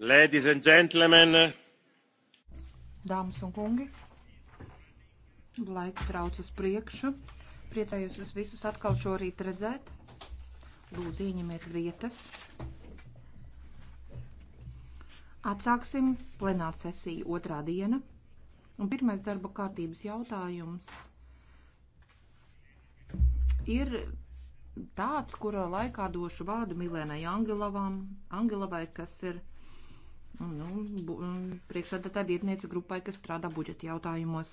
Ladies and gentlemen. Dāmas un kungi, laiks trauc uz priekšu. Priecājos jūs visus atkal šorīt redzēt. Lūdzu, ieņemiet vietas. Atsāksim plenāru sesiju otrā diena. Un pirmais darba kārtības jautājums ir tāds, kura laikā došu vārdu Milēnai Angelovām, Angelovai, kas ir nu, mm, priekšsēdētāja vietniece grupai, kas strādā budžeta jautājumos.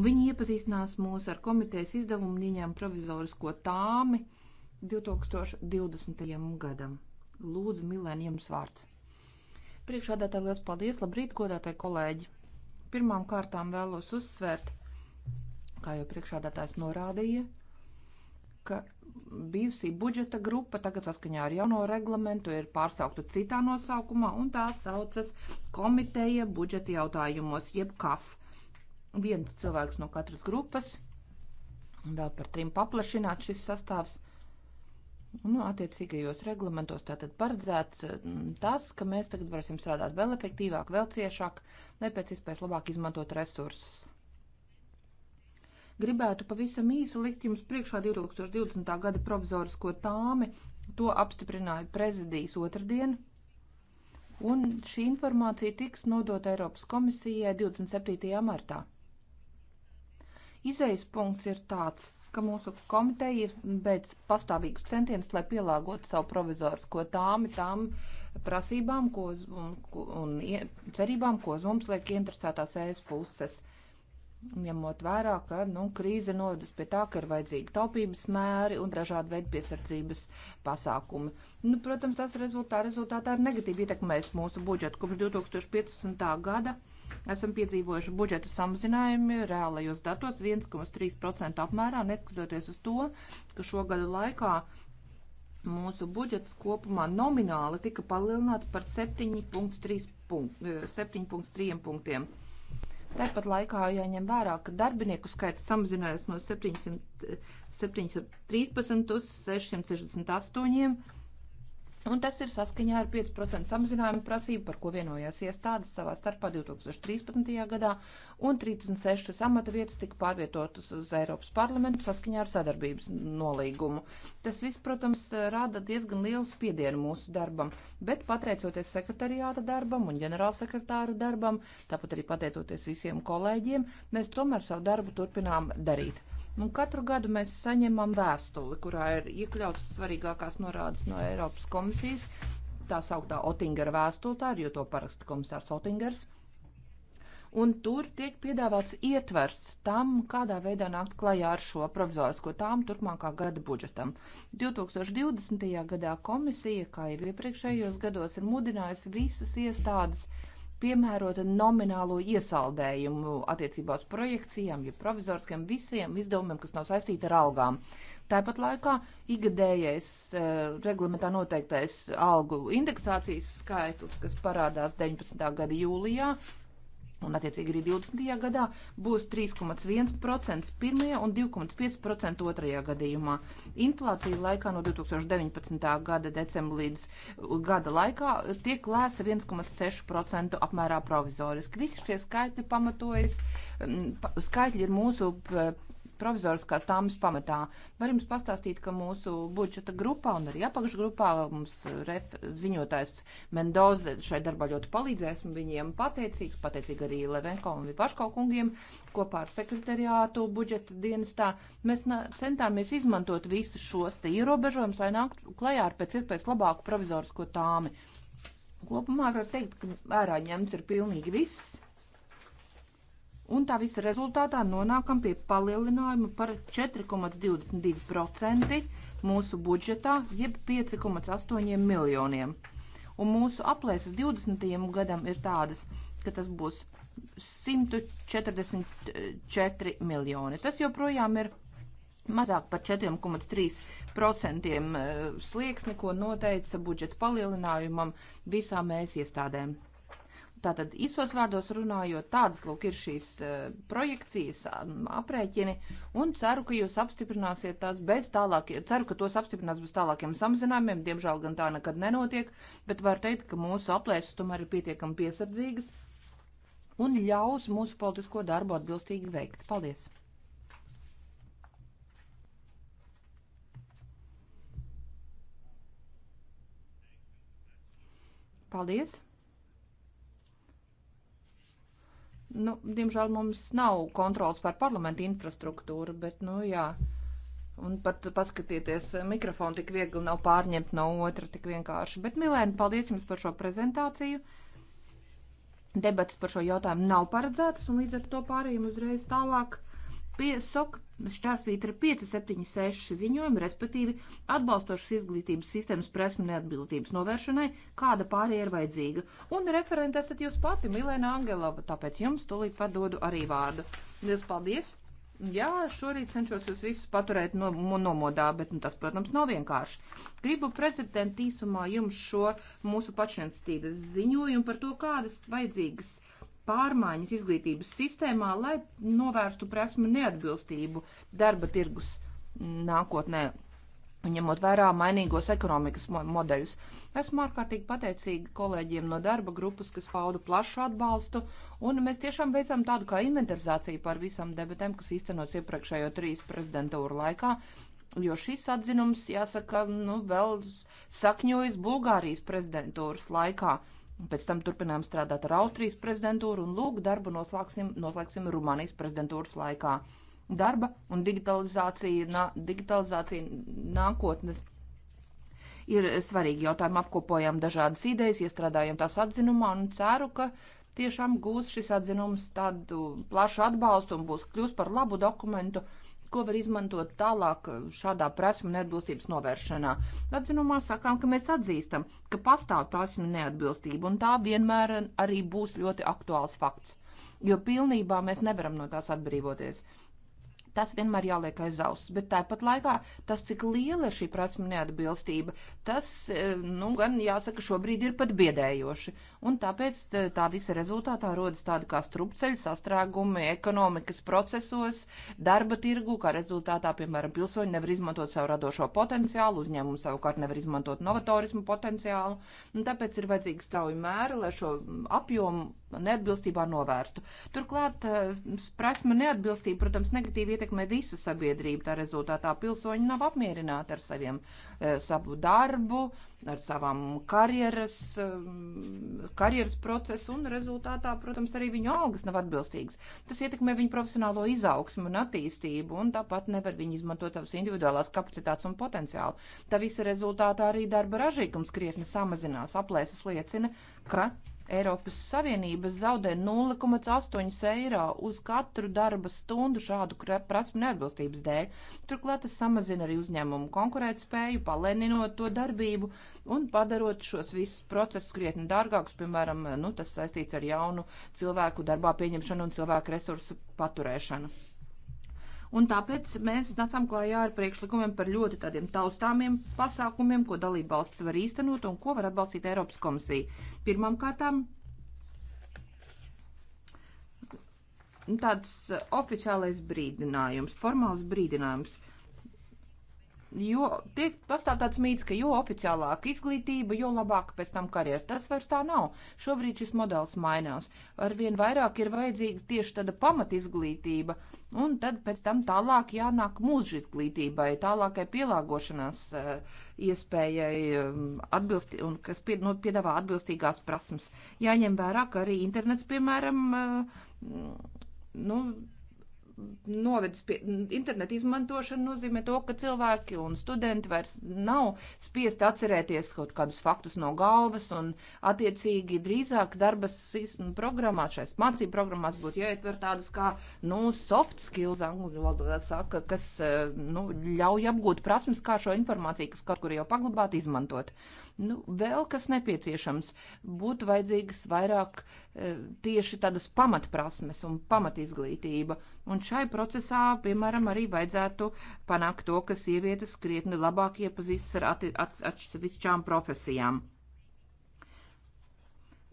Un viņi iepazīstinās mūs ar komitejas izdevumu ņēmumu provizorisko tāmi 2020. gadam. Lūdzu, Milēn, jums vārds. Priekšādātāji, liels paldies, labrīt, godātāji kolēģi. Pirmām kārtām vēlos uzsvērt, kā jau priekšādātājs norādīja, ka bijusī budžeta grupa tagad saskaņā ar jauno reglamentu ir pārsaukta citā nosaukumā, un tā saucas komiteja budžeta jautājumos, jeb KAF. Viens cilvēks no katras grupas, vēl par trim paplašināt šis sastāvs. Nu, attiecīgajos reglamentos tātad paredzēts mm, tas, ka mēs tagad varēsim strādāt vēl efektīvāk, vēl ciešāk, lai pēc iespējas labāk izmantot resursus gribētu pavisam īsi likt jums priekšā 2020. gada provizorisko tāmi. To apstiprināja prezidijas otrdien. Un šī informācija tiks nodota Eiropas komisijai 27. martā. Izejas punkts ir tāds, ka mūsu komiteja beidz pastāvīgus centienus, lai pielāgotu savu provizorisko tāmi tām prasībām ko, un, un, un cerībām, ko uz mums liek interesētās ēs puses ņemot vērā, ka nu, krīze novedus pie tā, ka ir vajadzīgi taupības mēri un dažādi veidi piesardzības pasākumi. Nu, protams, tas rezultā, rezultātā ir negatīvi ietekmējis mūsu budžetu. Kopš 2015. gada esam piedzīvojuši budžeta samazinājumi reālajos datos 1,3% apmērā, neskatoties uz to, ka šogada laikā mūsu budžets kopumā nomināli tika palielināts par 7,3 eh, punktiem Tāpat laikā jāņem vērā, ka darbinieku skaits samazinājās no 713 uz 668 Un tas ir saskaņā ar 5% samazinājumu prasību, par ko vienojās iestādes savā starpā 2013. gadā, un 36 amata vietas tika pārvietotas uz Eiropas parlamentu saskaņā ar sadarbības nolīgumu. Tas viss, protams, rada diezgan lielu spiedienu mūsu darbam, bet pateicoties sekretariāta darbam un ģenerālsekretāra darbam, tāpat arī pateicoties visiem kolēģiem, mēs tomēr savu darbu turpinām darīt. Un nu, katru gadu mēs saņemam vēstuli, kurā ir iekļautas svarīgākās norādes no Eiropas komisijas. Tā sauktā Otingera vēstule, tā ir, jo to paraksta komisārs Otingers. Un tur tiek piedāvāts ietvers tam, kādā veidā nākt klajā ar šo provizorisko tām turpmākā gada budžetam. 2020. gadā komisija, kā jau iepriekšējos gados, ir mudinājusi visas iestādes uh, piemērota nominālo iesaldējumu attiecībā uz projekcijām, ja provizoriskiem visiem izdevumiem, kas nav saistīti ar algām. Tāpat laikā ikgadējais uh, reglamentā noteiktais algu indeksācijas skaitlis, kas parādās 19. gada jūlijā, uh, Un, attiecīgi, arī 20. gadā būs 3,1% pirmajā un 2,5% otrajā gadījumā. Inflācija laikā no 2019. gada decembra līdz gada laikā tiek lēsta 1,6% apmērā provizoriski. Visi šie skaitļi pamatojas, skaitļi ir mūsu provizoriskās tāmas pamatā. Var jums pastāstīt, ka mūsu budžeta grupā un arī apakšgrupā mums eh, ref, ziņotājs Mendoze šai darbā ļoti palīdzēs un viņiem pateicīgs, pateicīgi arī Levenko un Vipaško kungiem kopā ar sekretariātu budžeta dienestā. Mēs centāmies izmantot visus šos te ierobežojumus, lai nāktu klajā ar pēc iespējas labāku provizorisko tāmi. Kopumā var teikt, ka ārā ņemts ir pilnīgi viss Un tā visa rezultātā nonākam pie palielinājuma par 4,22% mūsu budžetā, jeb 5,8 miljoniem. Un mūsu aplēses 20. gadam ir tādas, ka tas būs 144 miljoni. Tas joprojām ir mazāk par 4,3% eh, slieksni, ko noteica budžeta palielinājumam visām mēs iestādēm. Tātad īsos vārdos runājot, tādas lūk ir šīs uh, projekcijas, aprēķini, un ceru, ka jūs apstiprināsiet tās bez tālākiem, ceru, ka tos apstiprinās bez tālākiem samazinājumiem, diemžēl gan tā nekad nenotiek, bet var teikt, ka mūsu aplēses tomēr ir pietiekami piesardzīgas un ļaus mūsu politisko darbu atbilstīgi veikt. Paldies! Paldies! Nu, diemžēl mums nav kontrols pār parlamentu infrastruktūru, bet, nu, jā. Un pat paskatieties, mikrofonu tik viegli nav pārņemt no otra tik vienkārši. Bet, Milēna, paldies jums par šo prezentāciju. Debatas par šo jautājumu nav paredzētas, un līdz ar to pārējiem uzreiz tālāk pie SOK šķērsvītra 576 ziņojumi, respektīvi atbalstošas izglītības sistēmas presmu neatbildības novēršanai, kāda pārējai ir vajadzīga. Un referenta esat jūs pati, Milena Angelova, tāpēc jums tūlīt padodu arī vārdu. Liels paldies! Jā, šorīt cenšos jūs visus paturēt no, nomodā, bet nu, tas, protams, nav vienkārši. Gribu prezident īsumā jums šo mūsu pašnestības ziņojumu par to, kādas vajadzīgas uh, pārmaiņas izglītības sistēmā, lai novērstu prasmu neatbilstību darba tirgus nākotnē ņemot vērā mainīgos ekonomikas modeļus. Esmu ārkārtīgi pateicīga kolēģiem no darba grupas, kas pauda plašu atbalstu, un mēs tiešām veicam tādu kā inventarizāciju par visam debatēm, kas īstenots iepriekšējo trīs prezidentūru laikā, jo šis atzinums, jāsaka, nu, vēl sakņojas Bulgārijas prezidentūras laikā. Pēc tam turpinām strādāt ar Austrijas prezidentūru un lūk, darbu noslēgsim, noslēgsim Rumānijas prezidentūras laikā. Darba un digitalizācija, nā, digitalizācija nākotnes ir svarīgi jautājumi. Apkopojam dažādas idejas, iestrādājam tās atzinumā un ceru, ka tiešām gūs šis atzinums tādu plašu atbalstu un būs kļūst par labu dokumentu ko var izmantot tālāk šādā prasmu neatbilstības novēršanā. Atzinumā sakām, ka mēs atzīstam, ka pastāv prasmu neatbilstība, un tā vienmēr arī būs ļoti aktuāls fakts, jo pilnībā mēs nevaram no tās atbrīvoties. Tas vienmēr jāliek aiz auss, bet tāpat laikā tas, cik liela ir šī prasme neatbilstība, tas, eh, nu, gan jāsaka, šobrīd ir pat biedējoši un tāpēc e, tā visa rezultātā rodas tāda kā strupceļa sastrēgumi ekonomikas procesos, darba tirgu, kā rezultātā, piemēram, pilsoņi nevar izmantot savu radošo potenciālu, uzņēmumu savukārt nevar izmantot novatorismu potenciālu, un tāpēc ir vajadzīgi strauji mēri, lai šo apjomu neatbilstībā novērstu. Turklāt e, prasme neatbilstība, protams, negatīvi ietekmē visu sabiedrību, tā rezultātā pilsoņi nav apmierināti ar saviem, e, savu darbu, ar savām karjeras, um, karjeras procesu un rezultātā, protams, arī viņu algas nav atbilstīgas. Tas ietekmē viņu profesionālo izaugsmu un attīstību, un tāpat nevar viņi izmantot savus individuālās kapacitātes un potenciālu. Tā visa rezultātā arī darba ražīgums krietni samazinās. Aplēses liecina, ka Eiropas Savienība zaudē 0,8 eiro uz katru darba stundu šādu prasmu neatbilstības dēļ. Turklāt tas samazina arī uzņēmumu konkurētspēju, palēninot to darbību un padarot šos visus procesus krietni dārgākus, piemēram, nu, tas saistīts ar jaunu cilvēku darbā pieņemšanu un cilvēku resursu paturēšanu. Un tāpēc mēs nācām klājā ar priekšlikumiem par ļoti tādiem taustāmiem pasākumiem, ko dalība valsts var īstenot un ko var atbalstīt Eiropas komisija. Pirmām kārtām tāds oficiālais brīdinājums, formāls brīdinājums – Jo tiek pastāv tāds mīts, ka jo oficiālāka izglītība, jo labāka pēc tam karjera. Tas vairs tā nav. Šobrīd šis modelis mainās. Arvien vairāk ir vajadzīga tieši tāda pamatizglītība, un tad pēc tam tālāk jānāk mūža izglītībai, tālākai pielāgošanās eh, iespējai, um, atbilsti, un kas pie, nu, piedāvā atbilstīgās prasmes. Jāņem vērā, ka arī internets, piemēram, eh, mm, nu, novedis pie interneta izmantošana nozīmē to, ka cilvēki un studenti vairs nav spiest atcerēties kaut kādus faktus no galvas un attiecīgi drīzāk darbas programmās, šais mācību programmās būtu jāietver tādas kā, nu, soft skills, angļu valodā saka, kas, e, nu, ļauj apgūt prasmes, kā šo informāciju, kas kaut kur jau paglabāt, izmantot. Uh, Nu, vēl kas nepieciešams. Būtu vajadzīgas vairāk e, tieši tādas pamatprasmes un pamatizglītība. Un šai procesā, piemēram, arī vajadzētu panākt to, ka sievietes krietni labāk iepazīstas ar atsevišķām profesijām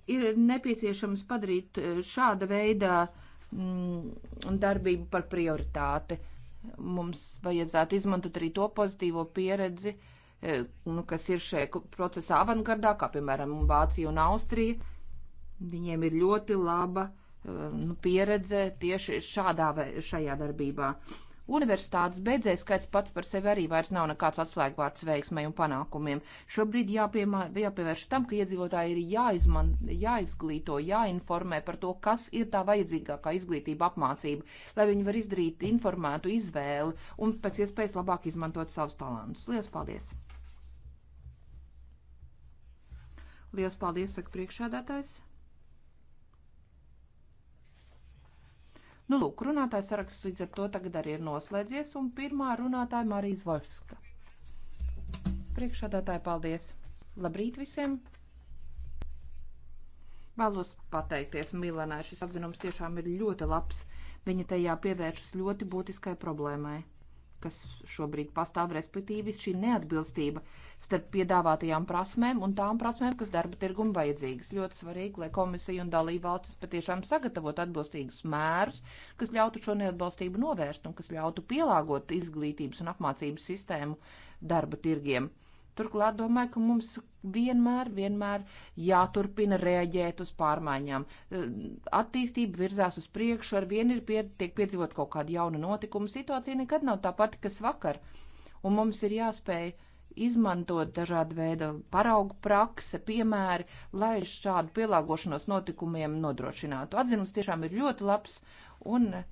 ir nepieciešams padarīt e, šāda veida mm, darbību par prioritāti. Mums vajadzētu izmantot arī to pozitīvo pieredzi, E, nu, kas ir šajā procesā avangardā, kā piemēram Vācija un Austrija. Viņiem ir ļoti laba e, nu, pieredze tieši šādā vai šajā darbībā. Universitātes beidzējas skaits pats par sevi arī vairs nav nekāds atslēgvārds veiksmai un panākumiem. Šobrīd jāpiemā, jāpievērš tam, ka iedzīvotāji ir jāizman, jāizglīto, jāinformē par to, kas ir tā vajadzīgākā izglītība apmācība, lai viņi var izdarīt informētu izvēli un pēc iespējas labāk izmantot savus talantus. Lielas paldies! Lielas paldies, saka priekšādātājs. Nu, lūk, runātājs saraksts līdz ar to tagad arī ir noslēdzies, un pirmā runātāja Marija Zvolska. Priekšādātāji, paldies! Labrīt visiem! Vēlos pateikties Milanai, šis atzinums tiešām ir ļoti labs. Viņa tajā pievēršas ļoti būtiskai problēmai kas šobrīd pastāv, respektīvi šī neatbilstība starp piedāvātajām prasmēm un tām prasmēm, kas darba tirgum vajadzīgas. Ļoti svarīgi, lai komisija un dalība valstis patiešām sagatavot atbilstīgus mērus, kas ļautu šo neatbilstību novērst un kas ļautu pielāgot izglītības un apmācības sistēmu darba tirgiem. Turklāt domāju, ka mums vienmēr, vienmēr jāturpina reaģēt uz pārmaiņām. Eh, attīstība virzās uz priekšu, ar vienu ir pie, tiek piedzīvot kaut kāda jauna notikuma. Situācija nekad nav tā pati, kas vakar. Un mums ir jāspēj izmantot dažādu veidu paraugu prakse, piemēri, lai šādu pielāgošanos notikumiem nodrošinātu. Atzinums tiešām ir ļoti labs un eh,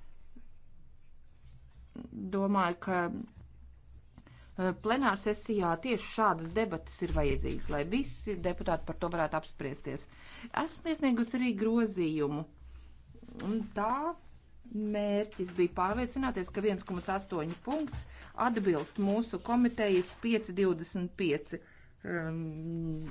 domāju, ka Eh, plenāra sesijā tieši šādas debatas ir vajadzīgas, lai visi deputāti par to varētu apspriesties. Esmu iesniegusi arī grozījumu. Un tā mērķis bija pārliecināties, ka 1,8 punkts atbilst mūsu komitejas 525 Um,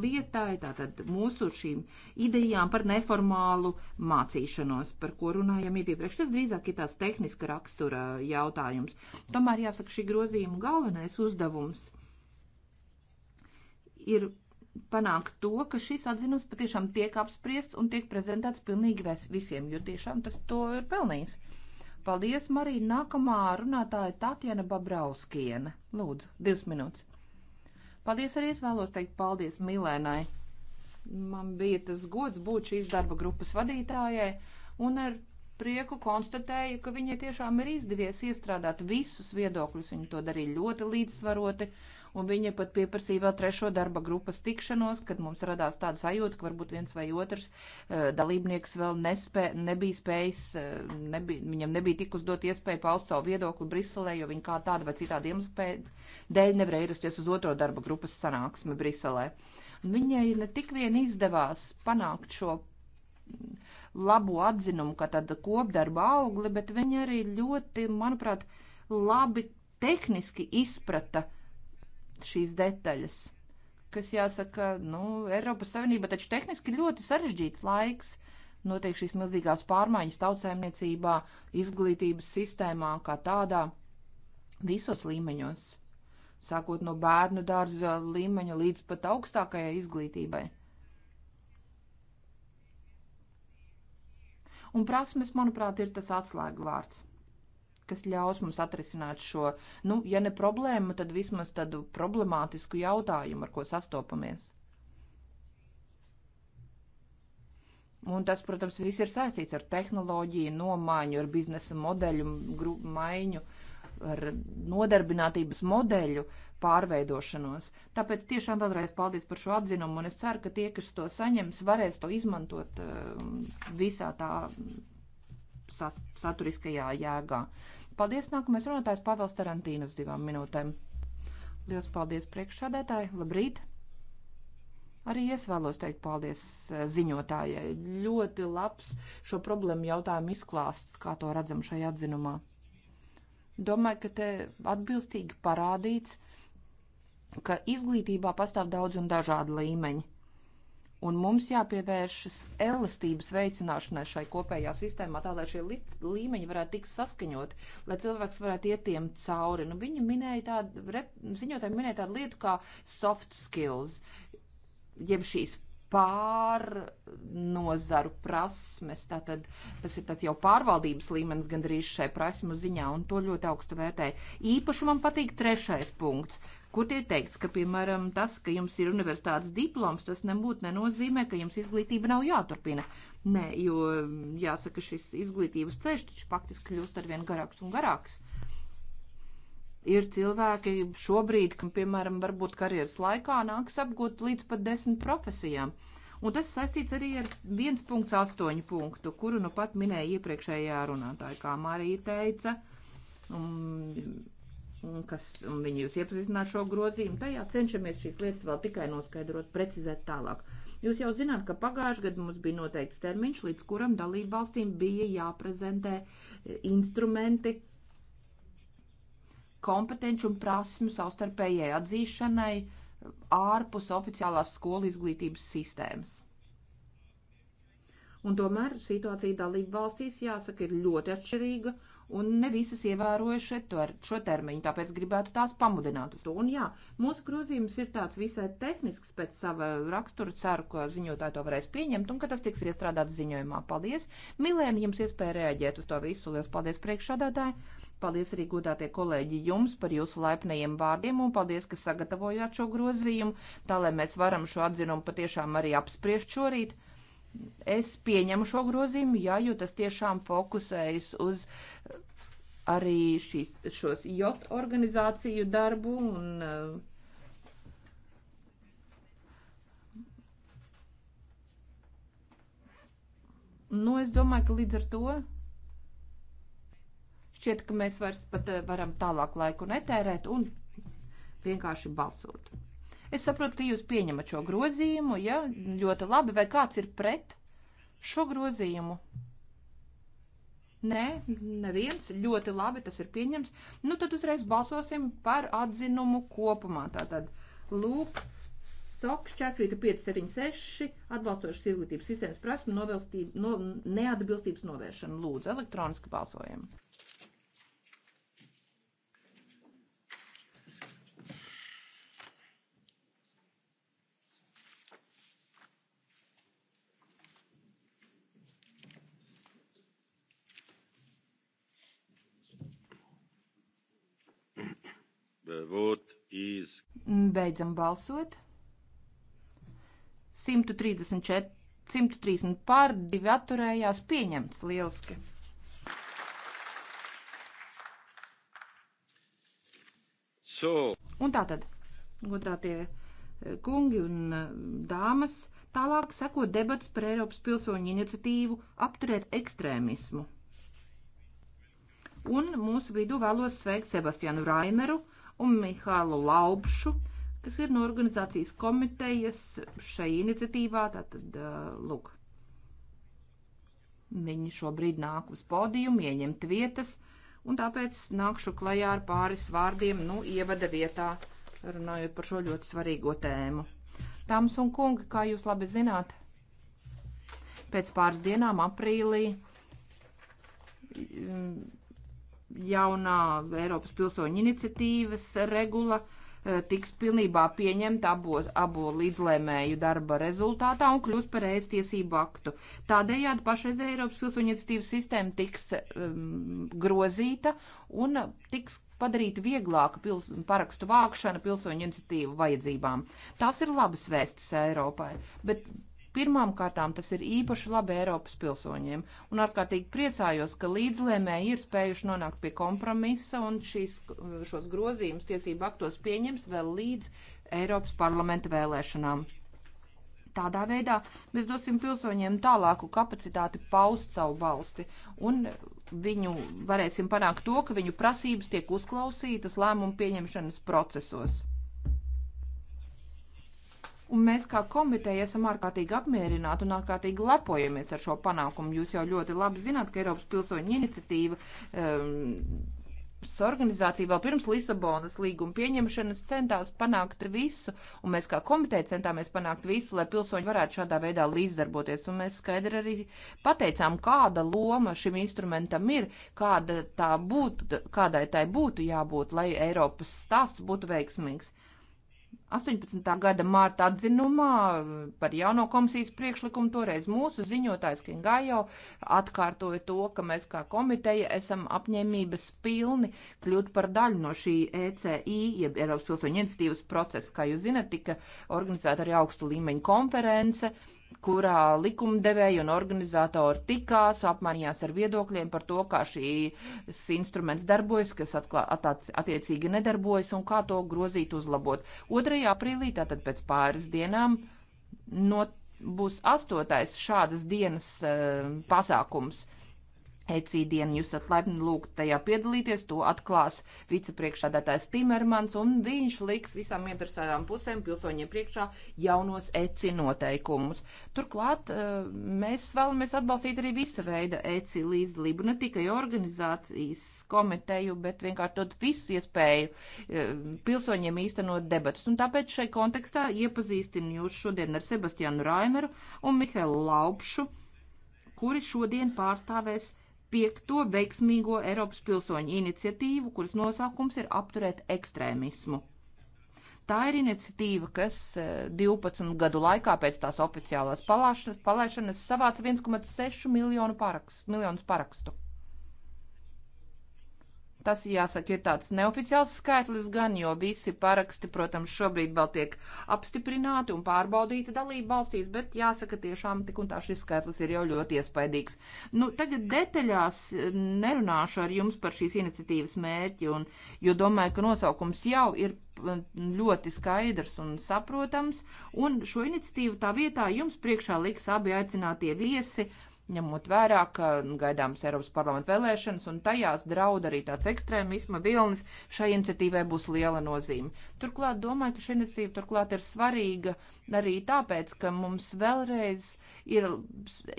lietai, tātad mūsu šīm idejām par neformālu mācīšanos, par ko runājam jau iepriekš. Tas drīzāk ir tāds tehniska rakstura jautājums. Tomēr jāsaka, šī grozījuma galvenais uzdevums ir panākt to, ka šis atzinums patiešām tiek apspriests un tiek prezentēts pilnīgi visiem, jo tiešām tas to ir pelnījis. Paldies, Marija. Nākamā runātāja Tatjana Babrauskiene. Lūdzu, divas minūtes. Paldies arī es vēlos teikt paldies Milēnai. Man bija tas gods būt šīs darba grupas vadītājai un ar prieku konstatēju, ka viņai tiešām ir izdevies iestrādāt visus viedokļus. Viņa to darīja ļoti līdzsvaroti un viņa pat pieprasīja vēl trešo darba grupas tikšanos, kad mums radās tāda sajūta, ka varbūt viens vai otrs uh, dalībnieks vēl nespē, nebija spējis, uh, nebi, viņam nebija tik uzdot iespēju paust savu viedokli Briselē, jo viņi kā tāda vai citāda iemesla dēļ nevarēja ierasties uz otro darba grupas sanāksmi Briselē. Viņai ne tik vien izdevās panākt šo mm, labu atzinumu, ka tāda kopdarba augli, bet viņa arī ļoti, manuprāt, labi tehniski izprata uh, šīs detaļas, kas jāsaka, nu, Eiropas Savienība taču tehniski ļoti sarežģīts laiks. Notiek šīs milzīgās pārmaiņas tautsēmniecībā, izglītības sistēmā kā tādā, visos līmeņos, sākot no bērnu dārza līmeņa līdz pat augstākajai izglītībai. Un prasmes, manuprāt, ir tas atslēgvārds kas ļaus mums atrisināt šo, nu, ja ne problēmu, tad vismaz tādu problemātisku jautājumu, ar ko sastopamies. Un tas, protams, viss ir saistīts ar tehnoloģiju, nomaiņu, ar biznesa modeļu, maiņu, ar nodarbinātības modeļu pārveidošanos. Tāpēc tiešām vēlreiz paldies par šo atzinumu, un es ceru, ka tie, kas to saņems, varēs to izmantot um, visā tā saturiskajā jēgā. Paldies, nākamais runātājs Pāvils Tarantīnus divām minūtēm. Liels paldies priekšsādētāji, labrīt! Arī es vēlos teikt paldies eh, ziņotājai. Ļoti labs šo problēmu jautājumu izklāsts, kā to redzam šajā atzinumā. Domāju, ka te atbilstīgi parādīts, ka izglītībā pastāv daudz un dažādi līmeņi. Un mums jāpievēršas elastības veicināšanai šai kopējā sistēmā, tā lai šie līmeņi varētu tikt saskaņot, lai cilvēks varētu iet tiem cauri. Nu, viņa minēja tādu, ziņotāji minēja tādu lietu kā soft skills, jeb šīs pārnozaru prasmes. Tātad tas ir tāds jau pārvaldības līmenis gandrīz šai prasmu ziņā, un to ļoti augstu vērtēju. Īpaši man patīk trešais punkts Kur tiek teikts, ka, piemēram, tas, ka jums ir universitātes diploms, tas nebūtu nenozīmē, ka jums izglītība nav jāturpina. Nē, jo, jāsaka, šis izglītības ceļš taču faktiski kļūst arvien garāks un garāks. Ir cilvēki šobrīd, kam, piemēram, varbūt karjeras laikā nāks apgūt līdz pat desmit profesijām. Un tas saistīts arī ar 1.8 punktu, kuru nu pat minēja iepriekšējā runātāja, kā Marija teica. Un, kas, un viņi jūs iepazīstinās šo grozījumu, tajā cenšamies šīs lietas vēl tikai noskaidrot, precizēt tālāk. Jūs jau zināt, ka pagājušajā gadā mums bija noteikts termiņš, līdz kuram dalību valstīm bija jāprezentē e, instrumenti kompetenci un prasmu savstarpējai atzīšanai e, ārpus oficiālās skolu izglītības sistēmas. Un tomēr situācija dalību valstīs, jāsaka, ir ļoti atšķirīga, un ne visas ievēroja šo, šo termiņu, tāpēc gribētu tās pamudināt uz to. Un jā, mūsu grozījums ir tāds visai tehnisks pēc sava rakstura, ceru, ka ziņotāji to varēs pieņemt un ka tas tiks iestrādāts ziņojumā. Paldies! Milēni, jums iespēja reaģēt uz to visu, liels paldies priekšādātāji! Paldies arī godātie kolēģi jums par jūsu laipnajiem vārdiem un paldies, ka sagatavojāt šo grozījumu, tā lai mēs varam šo atzinumu patiešām arī apspriest šorīt. Es pieņemu šo grozījumu, jā, jo tas tiešām fokusējas uz arī šīs, šos jot organizāciju darbu un eh, Nu, es domāju, ka līdz ar to šķiet, ka mēs vairs pat eh, varam tālāk laiku netērēt un vienkārši balsot. Es saprotu, ka jūs pieņemat šo grozījumu, ja ļoti labi, vai kāds ir pret šo grozījumu? Nē, neviens. Ļoti labi, tas ir pieņems. Nu, tad uzreiz balsosim par atzinumu kopumā. Tātad, lūk, SOKS 4576 atbalstošas izglītības sistēmas prasmu no, neatbilstības novēršanu. Lūdzu, elektroniski balsojam. The vote is. Beidzam balsot. 134, 130 pār, 2 atturējās pieņemts. Lieliski! So. Un tā tad, godātie eh, kungi un eh, dāmas, tālāk seko debats par Eiropas pilsoņu iniciatīvu apturēt ekstrēmismu. Un mūsu vidū vēlos sveikt Sebastianu Raimeru, un Mihālu Laupšu, kas ir no organizācijas komitejas šai iniciatīvā. Tātad, uh, lūk, viņi šobrīd nāk uz podiumu, ieņemt vietas, un tāpēc nākšu klajā ar pāris vārdiem, nu, ievada vietā, runājot par šo ļoti svarīgo tēmu. Tāms un kungi, kā jūs labi zināt, pēc pāris dienām aprīlī jaunā Eiropas pilsoņu iniciatīvas regula eh, tiks pilnībā pieņemta abos, abo līdzlēmēju darba rezultātā un kļūs par ēst tiesību aktu. Tādējādi pašreiz Eiropas pilsoņu iniciatīvas sistēma tiks um, grozīta un tiks padarīta vieglāka pils, parakstu vākšana pilsoņu iniciatīvu vajadzībām. Tās ir labas vēstis Eiropai, bet Pirmām kārtām tas ir īpaši labi Eiropas pilsoņiem, un ārkārtīgi priecājos, ka līdzlēmēji ir spējuši nonākt pie kompromisa un šīs, šos grozījumus tiesību aktos pieņems vēl līdz Eiropas parlamenta vēlēšanām. Tādā veidā mēs dosim pilsoņiem tālāku kapacitāti paust savu balsti un viņu varēsim panākt to, ka viņu prasības tiek uzklausītas lēmumu pieņemšanas procesos. Un mēs kā komiteja esam ārkārtīgi apmierināti un ārkārtīgi lepojamies ar šo panākumu. Jūs jau ļoti labi zināt, ka Eiropas pilsoņu iniciatīva. Um, organizācija vēl pirms Lisabonas līguma pieņemšanas centās panākt visu, un mēs kā komiteja centāmies panākt visu, lai pilsoņi varētu šādā veidā līdzdarboties, un mēs skaidri arī pateicām, kāda loma šim instrumentam ir, kāda tā būtu, kādai tai būtu jābūt, lai Eiropas stāsts būtu veiksmīgs. 18. gada mārta atzinumā eh, par jauno komisijas priekšlikumu toreiz mūsu ziņotājs Kingajo atkārtoja to, ka mēs kā komiteja esam apņēmības pilni kļūt par daļu no šī ECI, jeb Eiropas pilsoņu iniciatīvas procesa. Kā jūs zinat, tika organizēta arī augstu līmeņu konference kurā likumdevēji un organizatori tikās, apmainījās ar viedokļiem par to, kā šīs instruments darbojas, kas atklā, atāc, attiecīgi nedarbojas un kā to grozīt, uzlabot. 2. aprīlī, tātad pēc pāris dienām, no, būs astotais šādas dienas uh, pasākums. Uh, Ecīdienu jūs esat laipni lūgt tajā piedalīties, to atklās vicepriekšādātājs Timermans, un viņš liks visām interesētām pusēm pilsoņiem priekšā jaunos ECI noteikumus. Turklāt eh, mēs vēlamies atbalstīt arī visa veida ECI līdzdalību, ne tikai organizācijas komiteju, bet vienkārši dot visu iespēju eh, pilsoņiem īstenot debatas. Un tāpēc šai kontekstā iepazīstinu jūs šodien ar Sebastianu Raimeru un Mihelu Laupšu, kuri šodien pārstāvēs piekto veiksmīgo Eiropas pilsoņu iniciatīvu, kuras nosaukums ir apturēt ekstrēmismu. Tā ir iniciatīva, kas 12 eh, gadu laikā pēc tās oficiālās palaišanas savāca 1,6 miljonu parakstu, miljonus parakstu. Tas, jāsaka, ir tāds neoficiāls skaitlis gan, jo visi paraksti, protams, šobrīd vēl tiek apstiprināti un pārbaudīti dalību valstīs, bet jāsaka, tiešām tik un tā šis skaitlis ir jau ļoti iespaidīgs. Nu, tagad detaļās eh, nerunāšu ar jums par šīs iniciatīvas mērķi, un, jo domāju, ka nosaukums jau ir eh, ļoti skaidrs un saprotams, un šo iniciatīvu tā vietā jums priekšā liks abi aicinātie viesi ņemot vērā, ka gaidāmas Eiropas parlamenta vēlēšanas un tajās draud arī tāds ekstrēmisma vilnis, šai iniciatīvai būs liela nozīme. Turklāt domāju, ka šī iniciatīva turklāt ir svarīga arī tāpēc, ka mums vēlreiz ir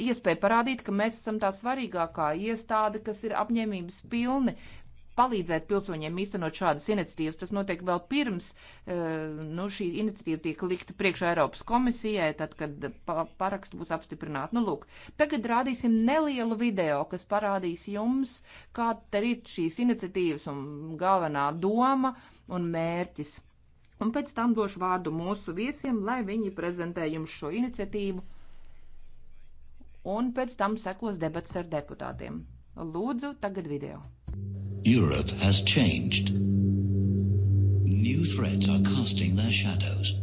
iespēja parādīt, ka mēs esam tā svarīgākā iestāde, kas ir apņēmības pilni palīdzēt pilsoņiem īstenot šādas iniciatīvas. Tas notiek vēl pirms eh, nu, šī iniciatīva tiek likta priekšā Eiropas komisijai, tad, kad paraksts būs apstiprināts. Nu, lūk, tagad rādīsim nelielu video, kas parādīs jums, kāda ir šīs iniciatīvas un galvenā doma un mērķis. Un pēc tam došu vārdu mūsu viesiem, lai viņi prezentē jums šo iniciatīvu. Un pēc tam sekos debats ar deputātiem. Lūdzu, tagad video. Europe has changed. New threats are casting their shadows.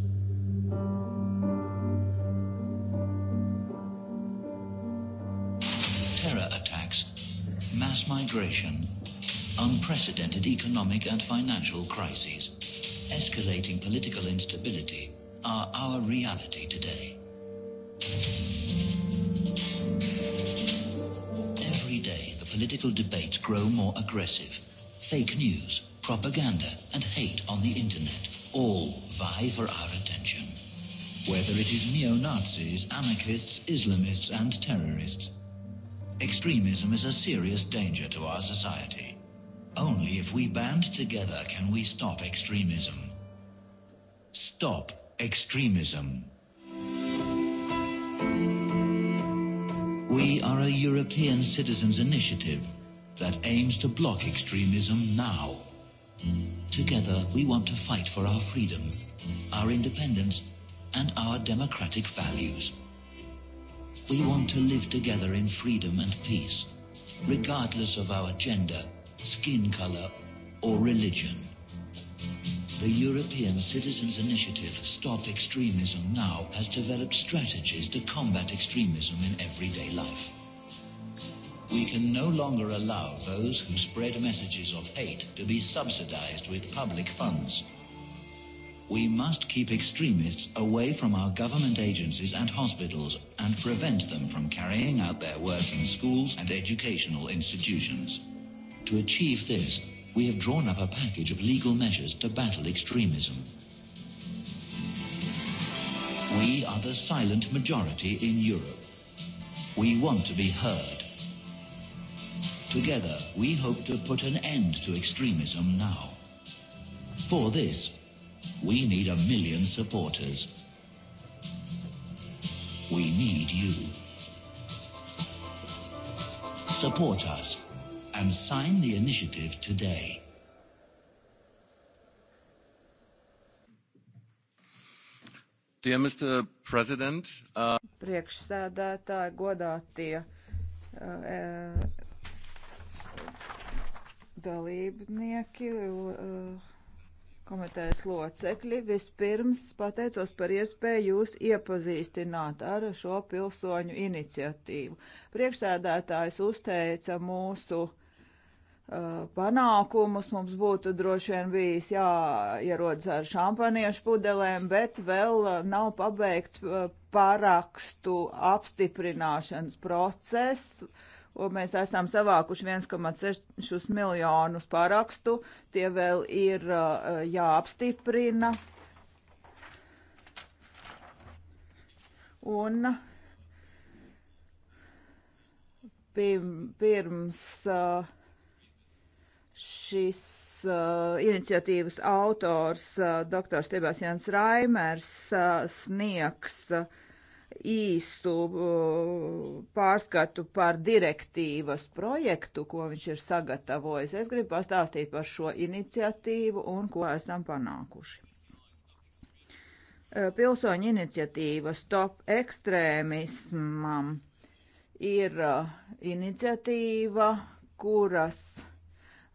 Terror attacks, mass migration, unprecedented economic and financial crises, escalating political instability are our reality today. political debate grow more aggressive. Fake news, propaganda, and hate on the internet all vie for our attention. Whether it is neo-Nazis, anarchists, Islamists, and terrorists, extremism is a serious danger to our society. Only if we band together can we stop extremism. Stop extremism. We are a European citizens' initiative that aims to block extremism now. Together, we want to fight for our freedom, our independence, and our democratic values. We want to live together in freedom and peace, regardless of our gender, skin color, or religion. The European Citizens Initiative Stop Extremism Now has developed strategies to combat extremism in everyday life. We can no longer allow those who spread messages of hate to be subsidized with public funds. We must keep extremists away from our government agencies and hospitals and prevent them from carrying out their work in schools and educational institutions. To achieve this, we have drawn up a package of legal measures to battle extremism. We are the silent majority in Europe. We want to be heard. Together, we hope to put an end to extremism now. For this, we need a million supporters. We need you. Support us and sign the initiative today. Dear Mr. President, uh... Priekšsēdētāji, godātie uh, e, dalībnieki, uh, komitejas locekļi, vispirms pateicos par iespēju jūs iepazīstināt ar šo pilsoņu iniciatīvu. Priekšsēdētājs uzteica mūsu uh, panākumus. Mums būtu droši vien bijis jāierodas ar šampaniešu pudelēm, bet vēl nav pabeigts uh, parakstu apstiprināšanas process. Mēs esam savākuši 1,6 miljonus parakstu. Tie vēl ir uh, jāapstiprina. Un pirms uh, Šis uh, iniciatīvas autors, uh, dr. Sebastians Raimers, uh, sniegs uh, īsu uh, pārskatu par direktīvas projektu, ko viņš ir sagatavojis. Es gribu pastāstīt par šo iniciatīvu un ko esam panākuši. Uh, pilsoņu iniciatīva Stop ekstrēmismam ir uh, iniciatīva, kuras uh,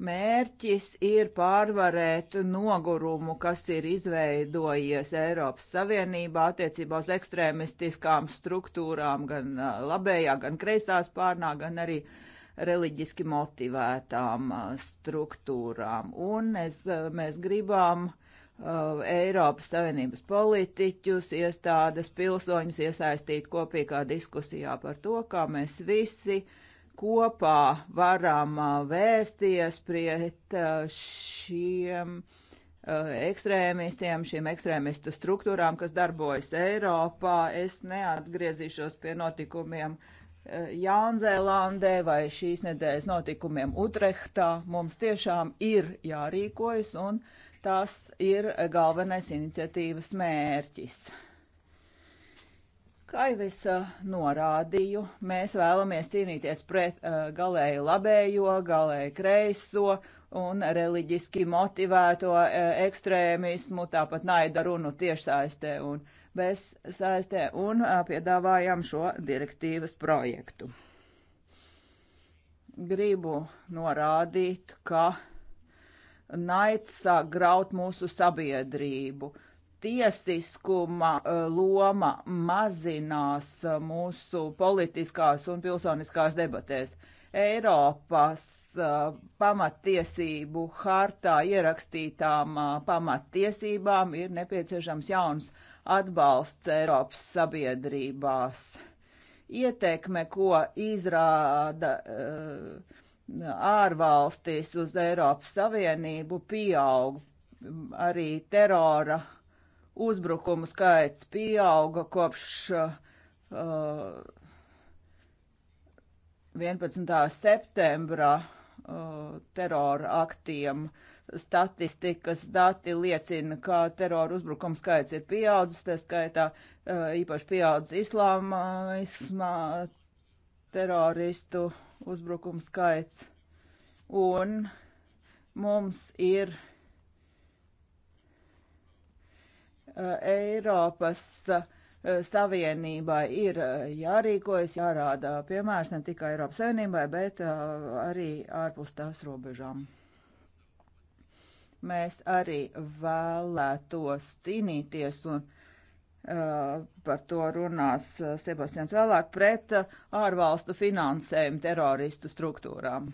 Mērķis ir pārvarēt nogurumu, kas ir izveidojies Eiropas Savienībā attiecībā uz ekstrēmistiskām struktūrām, gan labējā, gan kreisā spārnā, gan arī reliģiski motivētām struktūrām. Un es, mēs gribam uh, Eiropas Savienības politiķus, iestādes, pilsoņus iesaistīt kopīgā diskusijā par to, kā mēs visi uh, kopā varam vēsties pret šiem ekstrēmistiem, šīm ekstrēmistu struktūrām, kas darbojas Eiropā. Es neatgriezīšos pie notikumiem Jaunzēlandē vai šīs nedēļas notikumiem Utrehtā. Mums tiešām ir jārīkojas, un tas ir galvenais iniciatīvas mērķis. Kā jau es uh, norādīju, mēs vēlamies cīnīties pret uh, galēji labējo, galēji kreiso un reliģiski motivēto uh, ekstrēmismu, tāpat naida runu tiešsaistē un bezsaistē, un piedāvājam šo direktīvas projektu. Gribu norādīt, ka naids sāk graut mūsu sabiedrību. Uh, tiesiskuma eh, loma mazinās eh, mūsu politiskās un pilsoniskās debatēs. Eiropas eh, pamattiesību hartā ierakstītām pamattiesībām ir nepieciešams jauns atbalsts Eiropas sabiedrībās. Ietekme, ko izrāda ārvalstis uz Eiropas Savienību, pieaug arī terora uh, uzbrukumu skaits pieauga kopš uh, 11. septembra uh, terora aktiem. Statistikas dati liecina, ka terora uzbrukuma skaits ir pieaudzis, tā skaitā uh, īpaši pieaudzis islāma teroristu uzbrukuma skaits. Un mums ir uh, Eiropas eh, Savienībai ir eh, jārīkojas, jārāda piemērs ne tikai Eiropas Savienībai, bet eh, arī ārpus tās robežām mēs arī vēlētos cīnīties un uh, par to runās Sebastians vēlāk pret uh, ārvalstu finansējumu teroristu struktūrām.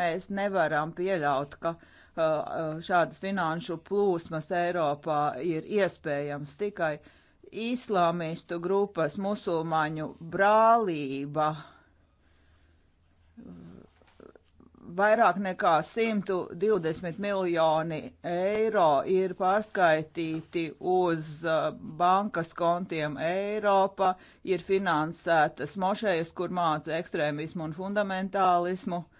Mēs nevaram pieļaut, ka uh, Eh, šādas finanšu plūsmas Eiropā ir iespējams tikai islāmistu grupas musulmaņu brālība vairāk nekā 120 miljoni eiro ir pārskaitīti uz eh, bankas kontiem Eiropa, ir finansētas mošejas, kur māca ekstrēmismu un fundamentālismu. Uh,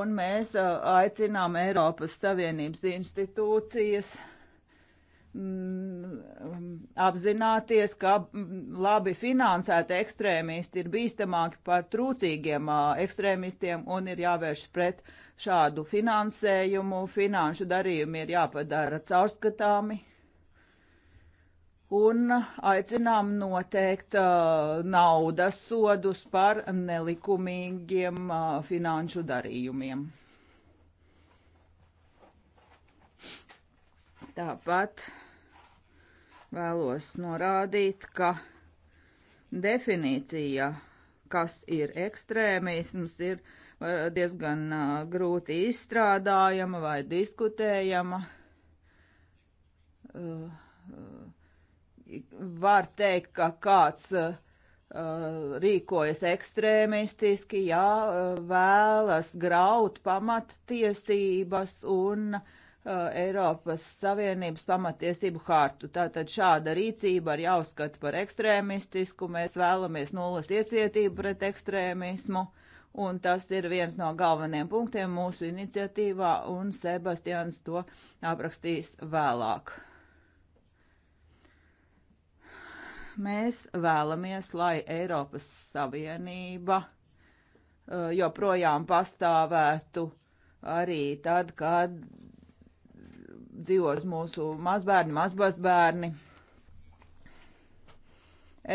un mēs aicinām Eiropas Savienības institūcijas mm, mm, apzināties, ka mm, labi finansēti ekstrēmisti ir bīstamāki par trūcīgiem ekstrēmistiem un ir jāvērš pret šādu finansējumu. Finanšu darījumi ir jāpadara caurskatāmi un aicinām noteikt uh, naudas sodus par nelikumīgiem uh, finanšu darījumiem. Tāpat vēlos norādīt, ka definīcija, kas ir ekstrēmisms, ir diezgan uh, grūti izstrādājama vai diskutējama. Uh, uh, var teikt, ka kāds uh, rīkojas ekstrēmistiski, jā, uh, vēlas graut pamattiesības un uh, Eiropas Savienības pamatiesību hartu. Tātad šāda rīcība ir jāuzskata par ekstrēmistisku, mēs vēlamies nulles iecietību pret ekstrēmismu, un tas ir viens no galvenajiem punktiem mūsu iniciatīvā, un Sebastians to aprakstīs vēlāk. mēs vēlamies, lai Eiropas Savienība uh, joprojām pastāvētu arī tad, kad dzīvos mūsu mazbērni, mazbazbērni.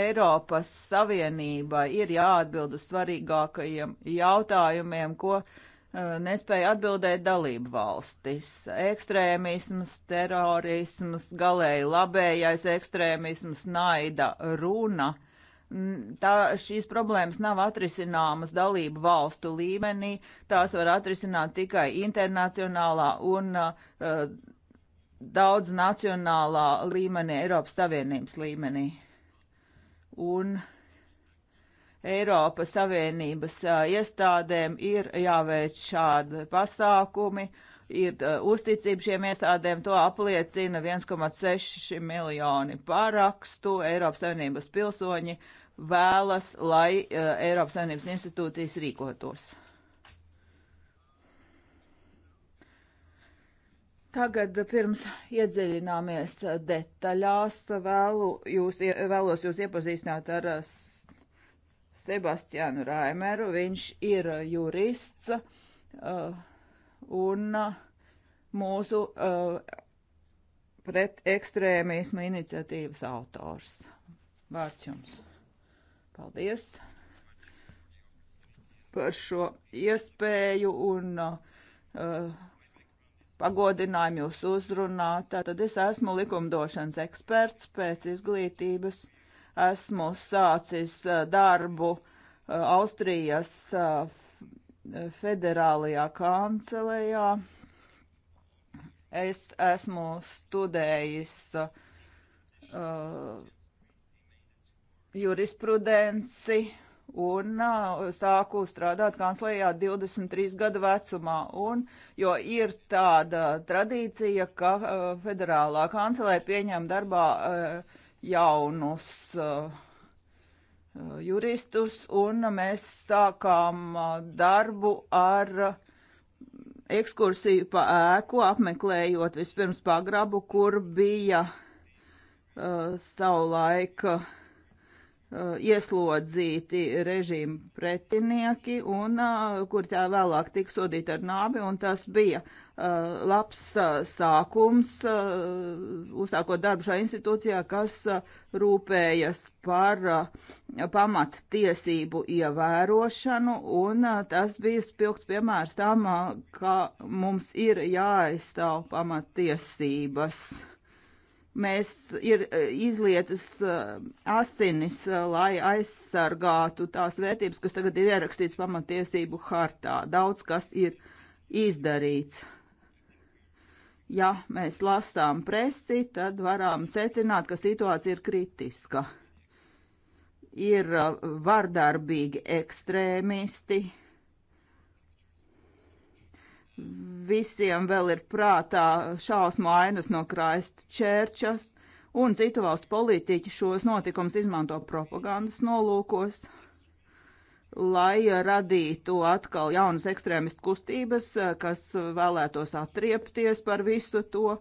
Eiropas Savienībai ir jāatbild uz svarīgākajiem jautājumiem, ko uh, Uh, nespēja atbildēt dalību valstis. Ekstrēmisms, terorisms, galēji labējais ekstrēmisms, naida runa. Tā, šīs problēmas nav atrisināmas dalību valstu līmenī, tās var atrisināt tikai internacionālā un uh, daudz nacionālā līmenī, Eiropas Savienības līmenī. Un uh, Eiropas Savienības iestādēm ir jāveic šādi pasākumi, ir uzticība šiem iestādēm, to apliecina 1,6 miljoni parakstu Eiropas Savienības pilsoņi vēlas, lai uh, Eiropas Savienības institūcijas rīkotos. Tagad pirms iedziļināmies detaļās, vēlu jūs, vēlos jūs iepazīstināt ar Sebastianu Raimeru. Viņš ir jurists uh, un uh, mūsu uh, pret ekstrēmismu iniciatīvas autors. Vārds jums. Paldies par šo iespēju un uh, pagodinājumu jūs uzrunāt. Tātad es esmu likumdošanas eksperts pēc izglītības esmu sācis darbu Austrijas federālajā kancelējā. Es esmu studējis uh, jurisprudenci un uh, sāku strādāt kanclējā 23 gadu vecumā, un, jo ir tāda tradīcija, ka uh, federālā kancelē pieņem darbā uh, jaunus uh, uh, juristus, un mēs sākām uh, darbu ar ekskursiju pa ēku, apmeklējot vispirms pagrabu, kur bija uh, savulaika Uh, ieslodzīti režīmu pretinieki, un uh, kur tā vēlāk tika sodīta ar nābi, un tas bija uh, labs sākums, uzsākot darbu šajā institūcijā, kas rūpējas par pamat tiesību ievērošanu, un tas bija spilgts piemērs tam, ka mums ir jāaizstāv pamat tiesības mēs ir e, izlietas e, asinis, e, lai aizsargātu tās vērtības, kas tagad ir ierakstīts pamatiesību hartā. Daudz kas ir izdarīts. Ja mēs lasām presi, tad varam secināt, ka situācija ir kritiska. Ir vardarbīgi ekstrēmisti, visiem vēl ir prātā šausmu ainas no Kraistčērčas, un citu valstu politiķi šos notikumus izmanto propagandas nolūkos, lai radītu atkal jaunas ekstrēmistu kustības, kas vēlētos atriepties par visu to,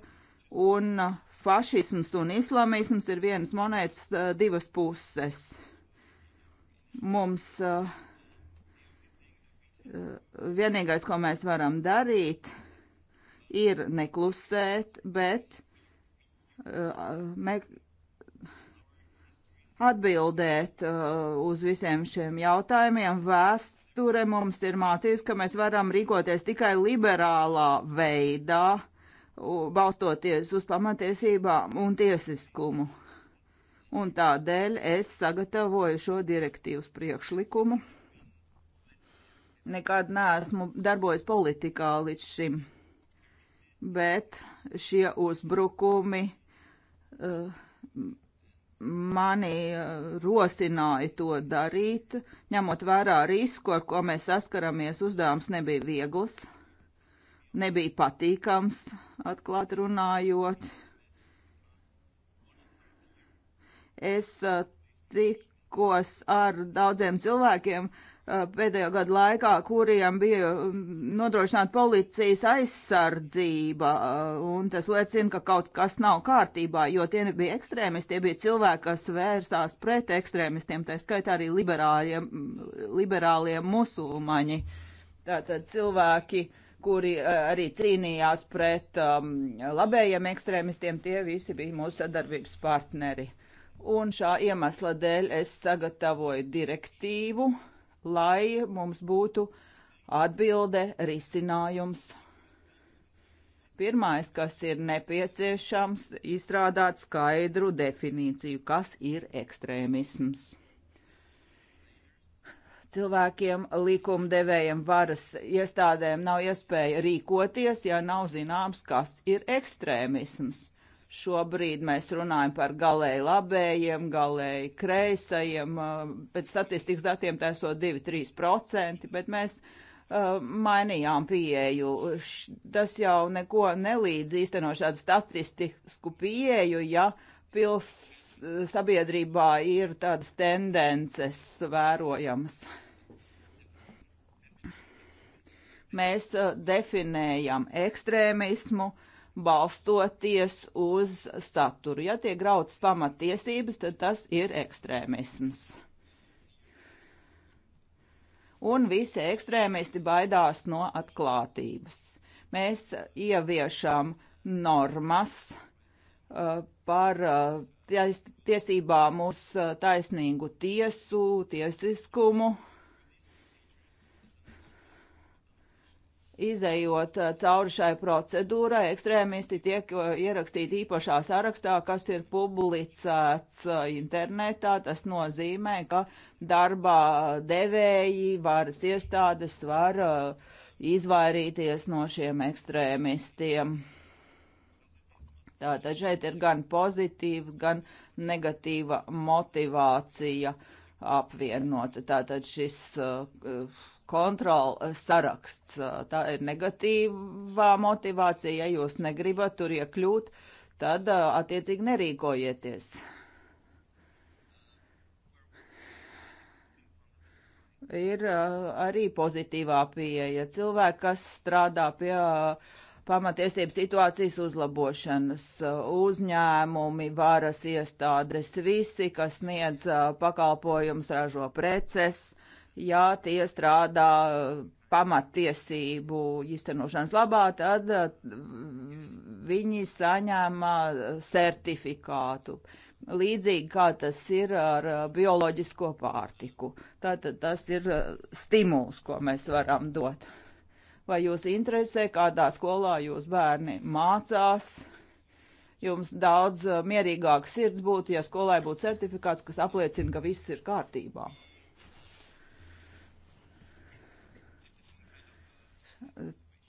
un fašisms un islamisms ir vienas monētas divas puses. Mums uh, vienīgais, ko mēs varam darīt, ir neklusēt, bet uh, atbildēt uh, uz visiem šiem jautājumiem. Vēsture mums ir mācījusi, ka mēs varam rīkoties tikai liberālā veidā, balstoties uz pamatiesībām un tiesiskumu. Un tādēļ es sagatavoju šo direktīvas priekšlikumu nekad neesmu darbojis politikā līdz šim, bet šie uzbrukumi uh, mani eh, rosināja to darīt, ņemot vērā risku, ar ko mēs saskaramies, uzdevums nebija viegls, nebija patīkams, atklāt runājot. Es eh, tikos ar daudziem cilvēkiem, uh, Uh, pēdējo gadu laikā, kuriem bija um, nodrošināta policijas aizsardzība, uh, un tas liecina, ka kaut kas nav kārtībā, jo tie nebija ekstrēmisti, tie bija cilvēki, kas vērsās pret ekstrēmistiem, tā skaitā arī liberāliem, liberāliem musulmaņi. Tātad cilvēki, kuri uh, arī cīnījās pret um, labējiem ekstrēmistiem, tie visi bija mūsu sadarbības partneri. Un šā iemesla dēļ es sagatavoju direktīvu, uh, lai mums būtu atbilde, risinājums. Pirmais, kas ir nepieciešams, izstrādāt skaidru definīciju, kas ir ekstrēmisms. Cilvēkiem, likumdevējiem, varas iestādēm nav iespēja rīkoties, ja nav zināms, kas ir ekstrēmisms. Šobrīd mēs runājam par galēji labējiem, galēji kreisajiem, uh, pēc statistikas datiem tā esot 2-3%, bet mēs uh, mainījām pieeju. Tas jau neko nelīdz īsteno šādu statistisku pieeju, ja pils uh, sabiedrībā ir tādas tendences vērojamas mēs uh, definējam ekstrēmismu, balstoties uz saturu. Ja tiek grautas pamatiesības, tad tas ir ekstrēmisms. Un visi ekstrēmisti baidās no atklātības. Mēs ieviešam normas uh, par uh, ties, tiesībām uz uh, taisnīgu tiesu, tiesiskumu. Uh, Izejot uh, cauri šai procedūrai, ekstrēmisti tiek uh, ierakstīti īpašā sarakstā, kas ir publicēts uh, internetā. Tas nozīmē, ka darbā devēji, varas iestādes var izvairīties no šiem ekstrēmistiem. Tātad šeit ir gan pozitīvs, gan negatīva motivācija apvienota. Tātad šis uh, kontrola eh, saraksts. Eh, tā ir negatīvā motivācija. Ja jūs negribat tur iekļūt, tad eh, attiecīgi nerīkojieties. Ir arī pozitīvā pieeja. Cilvēki, kas strādā pie pamatiesību situācijas uzlabošanas, uzņēmumi, varas iestādes, visi, kas sniedz pakalpojumus, ražo preces, ja tie strādā pamatiesību īstenošanas labā, tad eh, viņi saņēma eh, certifikātu. Līdzīgi kā tas ir ar eh, bioloģisko pārtiku. Tātad tas ir stimuls, ko mēs varam dot. Vai jūs interesē, kādā skolā jūs bērni mācās? Jums daudz mierīgāk sirds būtu, ja skolai būtu certifikāts, kas apliecina, ka viss ir kārtībā.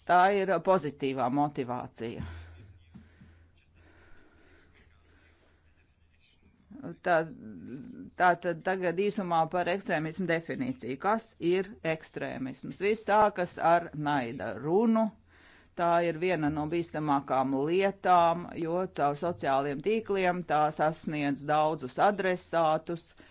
Tā ir pozitīvā motivācija. Tā, tā tad tagad īsumā par ekstrēmismu definīciju. Kas ir ekstrēmisms? Viss sākas ar naida runu. Tā ir viena no bīstamākām lietām, jo caur sociāliem tīkliem tā sasniedz daudzus adresātus. Uh,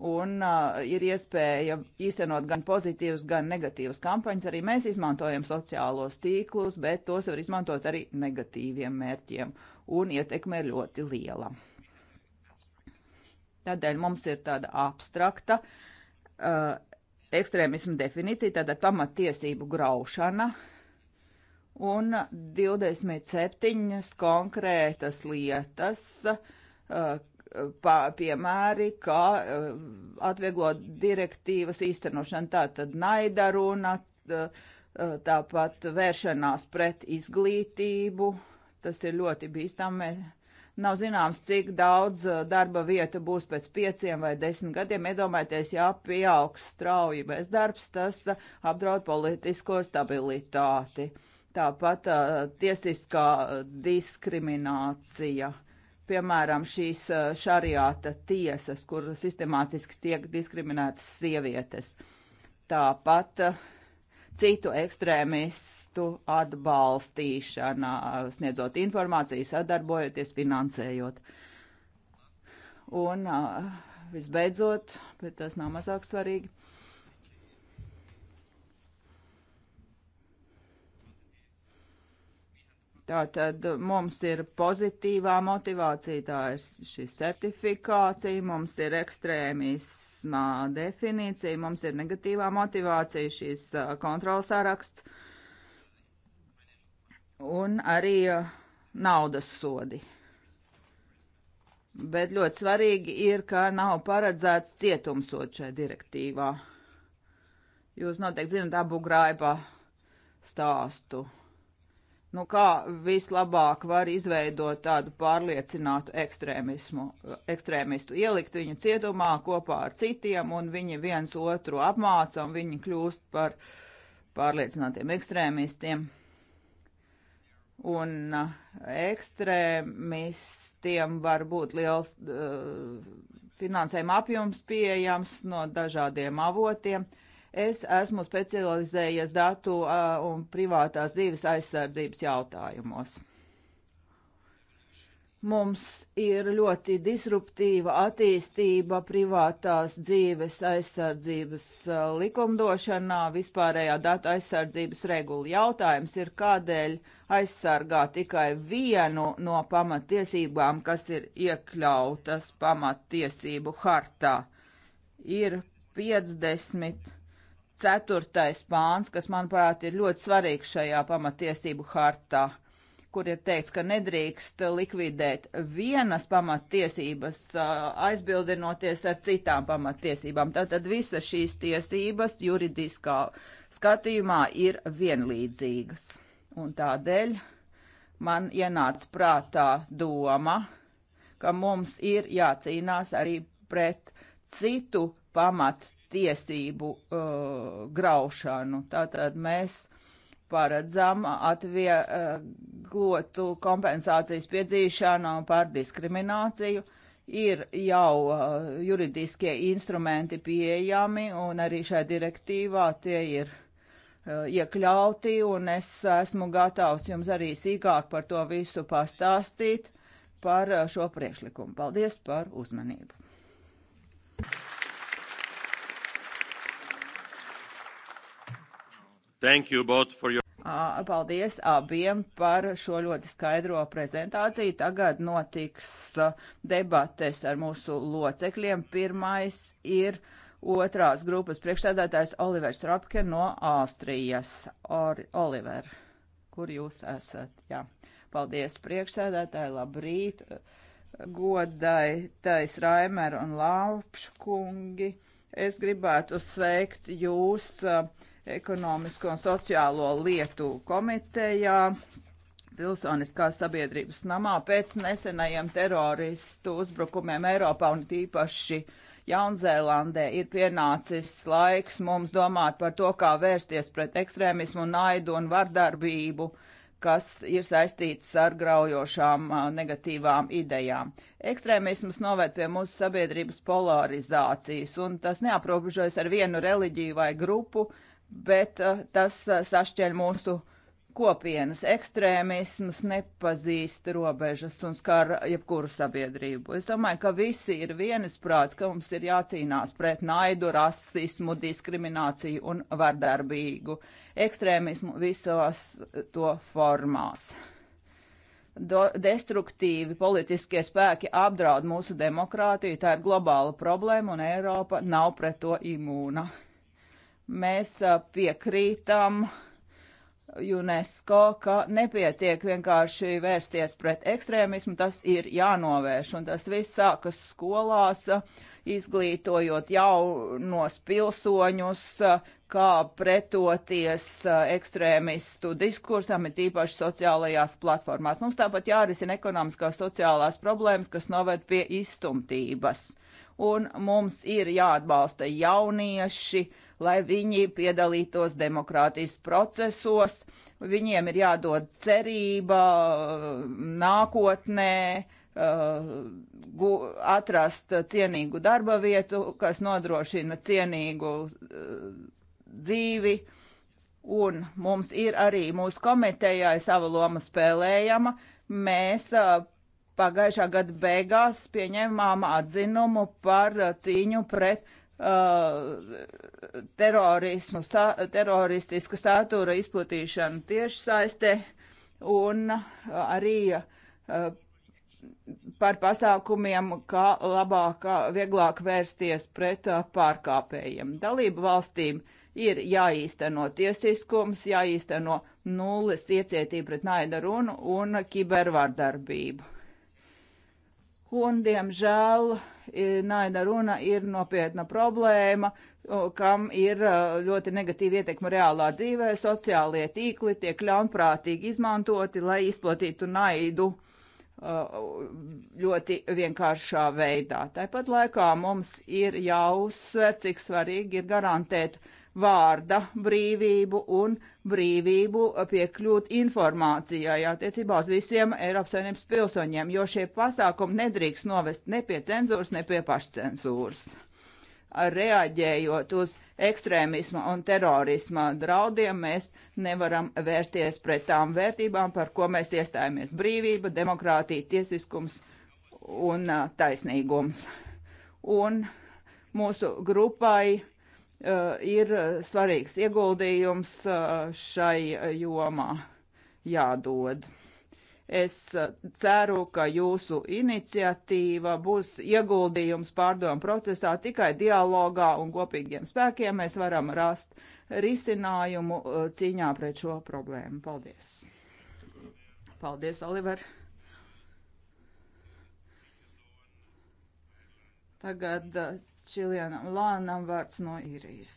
un uh, ir iespēja īstenot gan pozitīvas, gan negatīvas kampaņas. Arī mēs izmantojam sociālos tīklus, bet tos var izmantot arī negatīviem mērķiem, un ietekme ir ļoti liela. Tādēļ mums ir tāda abstrakta uh, ekstrēmismu definīcija, tātad pamatiesību graušana, un 27 konkrētas lietas, uh, piemēri, kā eh, atvieglot direktīvas īstenošanu. Tā tad naida runa, eh, tāpat vēršanās pret izglītību. Tas ir ļoti bīstami. Nav zināms, cik daudz eh, darba vietu būs pēc pieciem vai desmit gadiem. Iedomājieties, ja pieaugs strauji bezdarbs, tas apdraud politisko stabilitāti. Tāpat tiesiskā diskriminācija. Uh, piemēram, šīs eh, šariāta tiesas, kur sistemātiski tiek diskriminētas sievietes. Tāpat eh, citu ekstrēmistu atbalstīšana, eh, sniedzot informāciju, sadarbojoties, finansējot. Un visbeidzot, bet tas nav mazāk svarīgi, Tātad mums ir pozitīvā motivācija, tā ir šī certifikācija, mums ir ekstrēmismā definīcija, mums ir negatīvā motivācija, šīs kontrols saraksts un arī naudas sodi. Bet ļoti svarīgi ir, ka nav paredzēts cietumsot šajā direktīvā. Jūs noteikti zinat abu graiba stāstu Nu, kā vislabāk var izveidot tādu pārliecinātu ekstrēmismu, ekstrēmistu, ielikt viņu cietumā kopā ar citiem, un viņi viens otru apmāca, un viņi kļūst par pārliecinātiem ekstrēmistiem. Un uh, ekstrēmistiem var būt liels uh, finansējuma apjoms pieejams no dažādiem avotiem. Uh, Es esmu specializējies datu uh, un privātās dzīves aizsardzības jautājumos. Mums ir ļoti disruptīva attīstība privātās dzīves aizsardzības uh, likumdošanā, vispārējā datu aizsardzības regula. Jautājums ir, kādēļ aizsargā tikai vienu no pamatiesībām, kas ir iekļautas pamatiesību hartā. Ir 50 ceturtais pāns, kas, manuprāt, ir ļoti svarīgs šajā pamatiesību hartā, kur ir teikts, ka nedrīkst likvidēt vienas pamatiesības, aizbildinoties ar citām pamatiesībām. Tātad visas šīs tiesības juridiskā skatījumā ir vienlīdzīgas. Un tādēļ man ienāca prātā doma, ka mums ir jācīnās arī pret citu pamat tiesību uh, graušanu. Tātad mēs paredzam atvieglotu kompensācijas piedzīšanu par diskrimināciju. Ir jau uh, juridiskie instrumenti pieejami, un arī šajā direktīvā tie ir uh, iekļauti, un es esmu gatavs jums arī sīkāk par to visu pastāstīt par uh, šo priekšlikumu. Paldies par uzmanību! Thank you. Thank you both for your. Paldies abiem par šo ļoti skaidro prezentāciju. Tagad notiks debates ar mūsu locekļiem. Pirmais ir otrās grupas priekšsēdētājs Olivers Rapke no Austrijas. Or, Oliver, kur jūs esat? Jā. Paldies priekšsēdētāji, labrīt, godaitais Raimer un Laupškungi. Es gribētu sveikt jūs. Uh, ekonomisko un sociālo lietu komitejā pilsoniskā sabiedrības namā pēc nesenajiem teroristu uzbrukumiem Eiropā un tīpaši Jaunzēlandē ir pienācis laiks mums domāt par to, kā vērsties pret ekstrēmismu, naidu un vardarbību, kas ir saistīts ar graujošām negatīvām idejām. Ekstrēmisms noved pie mūsu sabiedrības polarizācijas, un tas neaprobežojas ar vienu reliģiju vai grupu, bet eh, tas eh, sašķeļ mūsu kopienas ekstrēmisms nepazīst robežas un skar jebkuru sabiedrību. Es domāju, ka visi ir vienisprāts, ka mums ir jācīnās pret naidu, rasismu, diskrimināciju un vardarbīgu ekstrēmismu visās eh, to formās. Do, destruktīvi politiskie spēki apdraud mūsu demokrātiju, tā ir globāla problēma un Eiropa nav pret to imūna. Mēs piekrītam UNESCO, ka nepietiek vienkārši vērsties pret ekstrēmismu, tas ir jānovērš, un tas viss sākas skolās, izglītojot jaunos pilsoņus, kā pretoties ekstrēmistu diskursam, ir tīpaši sociālajās platformās. Mums tāpat jārisina ekonomiskās sociālās problēmas, kas noved pie izstumtības. Un mums ir jāatbalsta jaunieši, uh, lai viņi piedalītos demokrātijas procesos. Viņiem ir jādod cerība nākotnē, uh, atrast cienīgu darba vietu, kas nodrošina cienīgu uh, dzīvi. Un mums ir arī mūsu komitejai sava loma spēlējama. Mēs uh, pagājušā gada beigās pieņēmām atzinumu par cīņu pret Uh, terorismu, stā, teroristiska satura izplatīšanu tieši saiste un uh, arī uh, par pasākumiem, kā labāk, uh, vieglāk vērsties pret uh, pārkāpējiem. Dalību valstīm ir jāīsteno tiesiskums, jāīsteno nulles iecietība pret naida runu un kibervardarbību. Un, diemžēl, uh, naida runa ir nopietna problēma, kam ir e, ļoti negatīva ietekme reālā dzīvē. Sociālie tīkli tiek ļaunprātīgi izmantoti, lai izplatītu naidu e, ļoti vienkāršā veidā. Tāpat laikā mums ir jāuzsver, cik svarīgi ir garantēt uh, vārda brīvību un brīvību piekļūt informācijai attiecībā uz visiem Eiropas Savienības pilsoņiem, jo šie pasākumi nedrīkst novest ne pie cenzūras, ne pie pašcenzūras. Reaģējot uz ekstrēmisma un terorisma draudiem, mēs nevaram vērsties pret tām vērtībām, par ko mēs iestājāmies - brīvība, demokrātija, tiesiskums un taisnīgums. Un mūsu grupai uh, Eh, ir eh, svarīgs ieguldījums eh, šai jomā jādod. Es ceru, ka jūsu iniciatīva būs ieguldījums pārdomu procesā tikai dialogā un kopīgiem spēkiem. Mēs varam rast risinājumu cīņā pret šo problēmu. Paldies! Paldies, Oliver! Tagad Čilianam Lānam vārds no īrijas.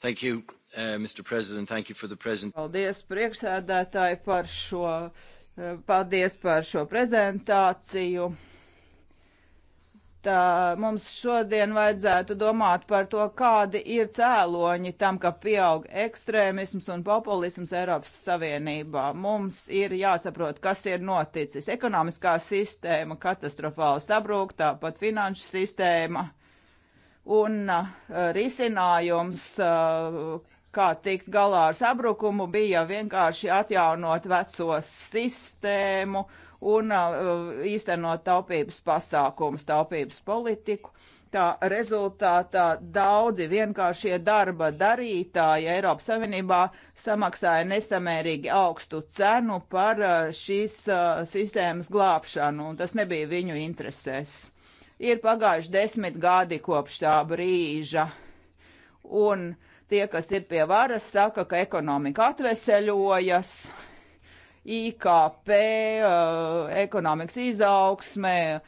Thank you, uh, Mr. President. Thank you for the present. Paldies priekšsēdētāji par šo, uh, paldies par šo prezentāciju tā, mums šodien vajadzētu domāt par to, kādi ir cēloņi tam, ka pieaug ekstrēmisms un populisms Eiropas Savienībā. Mums ir jāsaprot, kas ir noticis. Ekonomiskā sistēma katastrofāli sabrūk, tāpat finanšu sistēma un uh, risinājums. Uh, Kā tikt galā ar sabrukumu, bija vienkārši atjaunot veco sistēmu, uh, un uh, īstenot taupības pasākumus, taupības politiku. Tā rezultātā daudzi vienkāršie darba darītāji Eiropas Savienībā samaksāja nesamērīgi augstu cenu par uh, šīs uh, sistēmas glābšanu, un tas nebija viņu interesēs. Ir pagājuši desmit gadi kopš tā brīža, un tie, kas ir pie varas, saka, ka ekonomika atveseļojas, IKP, eh, ekonomikas izaugsme,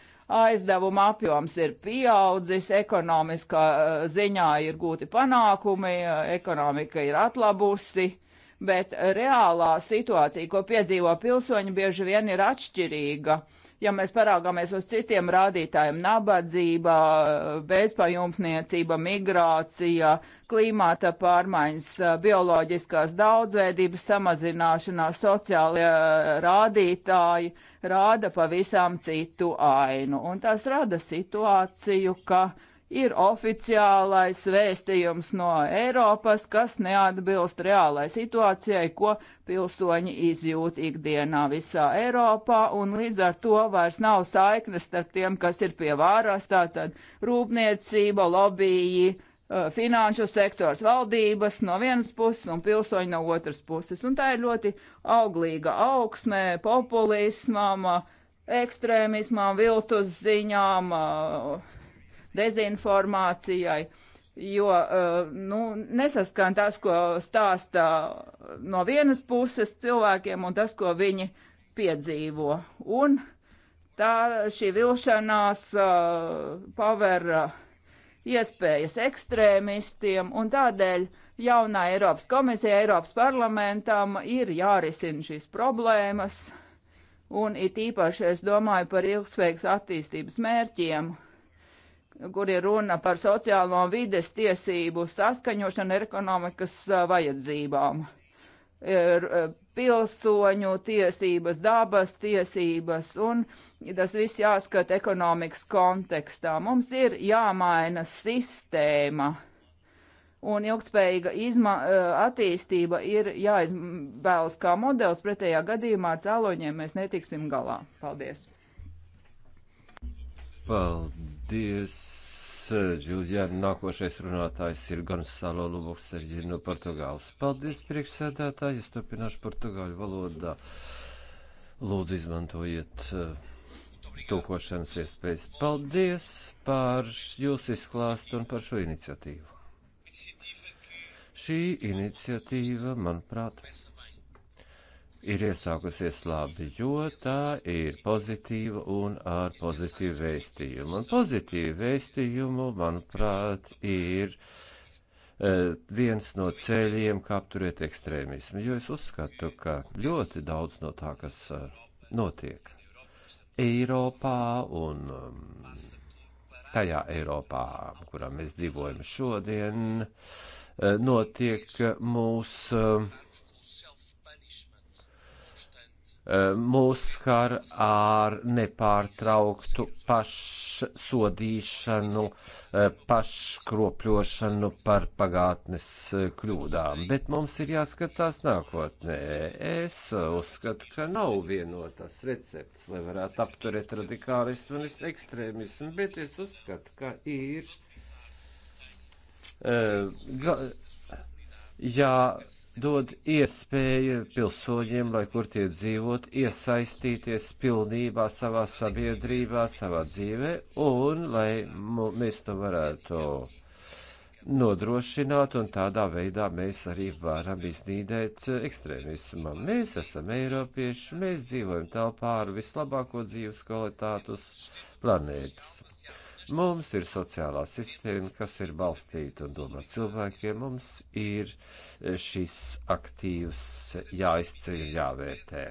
aizdevuma apjoms ir pieaudzis, ekonomiskā eh, ziņā ir gūti panākumi, eh, ekonomika ir atlabusi, bet reālā situācija, ko piedzīvo pilsoņi, bieži vien ir atšķirīga. Uh, Ja mēs parāgāmies uz citiem rādītājiem - nabadzība, bezpajumtniecība, migrācija, klimāta pārmaiņas, bioloģiskās daudzveidības samazināšanās, sociālie eh, rādītāji rāda pavisam citu ainu. Un tas rada situāciju, ka uh, ir oficiālais vēstījums no Eiropas, kas neatbilst reālai situācijai, ko pilsoņi izjūt ikdienā visā Eiropā, un līdz ar to vairs nav saiknes starp tiem, kas ir pie vārās, tātad rūpniecība, lobbyji, eh, finanšu sektors, valdības no vienas puses un pilsoņi no otras puses. Un tā ir ļoti auglīga augsme populismam, eh, ekstrēmismam, viltus ziņām, uh, dezinformācijai, jo eh, nu, nesaskan tas, ko stāsta no vienas puses cilvēkiem un tas, ko viņi piedzīvo. Un tā šī vilšanās eh, paver eh, iespējas ekstrēmistiem un tādēļ jaunā Eiropas komisija, Eiropas parlamentam ir jārisina šīs problēmas, un it īpaši es domāju par ilgspējīgas attīstības mērķiem kur ir runa par sociālo vides tiesību saskaņošanu ekonomikas vajadzībām. Ir pilsoņu tiesības, dabas tiesības, un tas viss jāskata ekonomikas kontekstā. Mums ir jāmaina sistēma, un ilgspējīga izma, attīstība ir jāizvēlas kā modelis, pretējā gadījumā ar cēloņiem mēs netiksim galā. Paldies! Paldies! Paldies, Džuljana. Nākošais runātājs ir Gonzalo Luboksarģi no Portugāles. Paldies, priekšsēdētāji. Es turpināšu portugāļu valodā. Lūdzu, izmantojiet eh, tūkošanas iespējas. Paldies par jūsu izklāstu un par šo iniciatīvu. Šī iniciatīva, manuprāt, ir ir iesākusies labi, jo tā ir pozitīva un ar pozitīvu vēstījumu. Un pozitīvu vēstījumu, manuprāt, ir uh, viens no ceļiem, kā apturēt ekstrēmismu, jo es uzskatu, ka ļoti daudz no tā, kas uh, notiek Eiropā un um, tajā Eiropā, kurā mēs dzīvojam šodien, uh, notiek mūsu Eh, mūs skar ar nepārtrauktu pašsodīšanu, eh, paškropļošanu par pagātnes eh, kļūdām, bet mums ir jāskatās nākotnē. Es uzskatu, ka nav vienotas recepts, lai varētu apturēt radikālismu un ekstrēmismu, bet es uzskatu, ka ir. Uh, ga, jā, ja, dod iespēju pilsoņiem, lai kur tie dzīvot, iesaistīties pilnībā savā sabiedrībā, savā dzīvē, un lai mēs to varētu nodrošināt, un tādā veidā mēs arī varam iznīdēt eh, ekstrēmismu. Mēs esam eiropieši, mēs dzīvojam telpā ar vislabāko dzīves kvalitātus planētas. Mums ir sociālā sistēma, kas ir balstīta un domā cilvēkiem. Mums ir šis aktīvs jāizceļ un jāvērtē.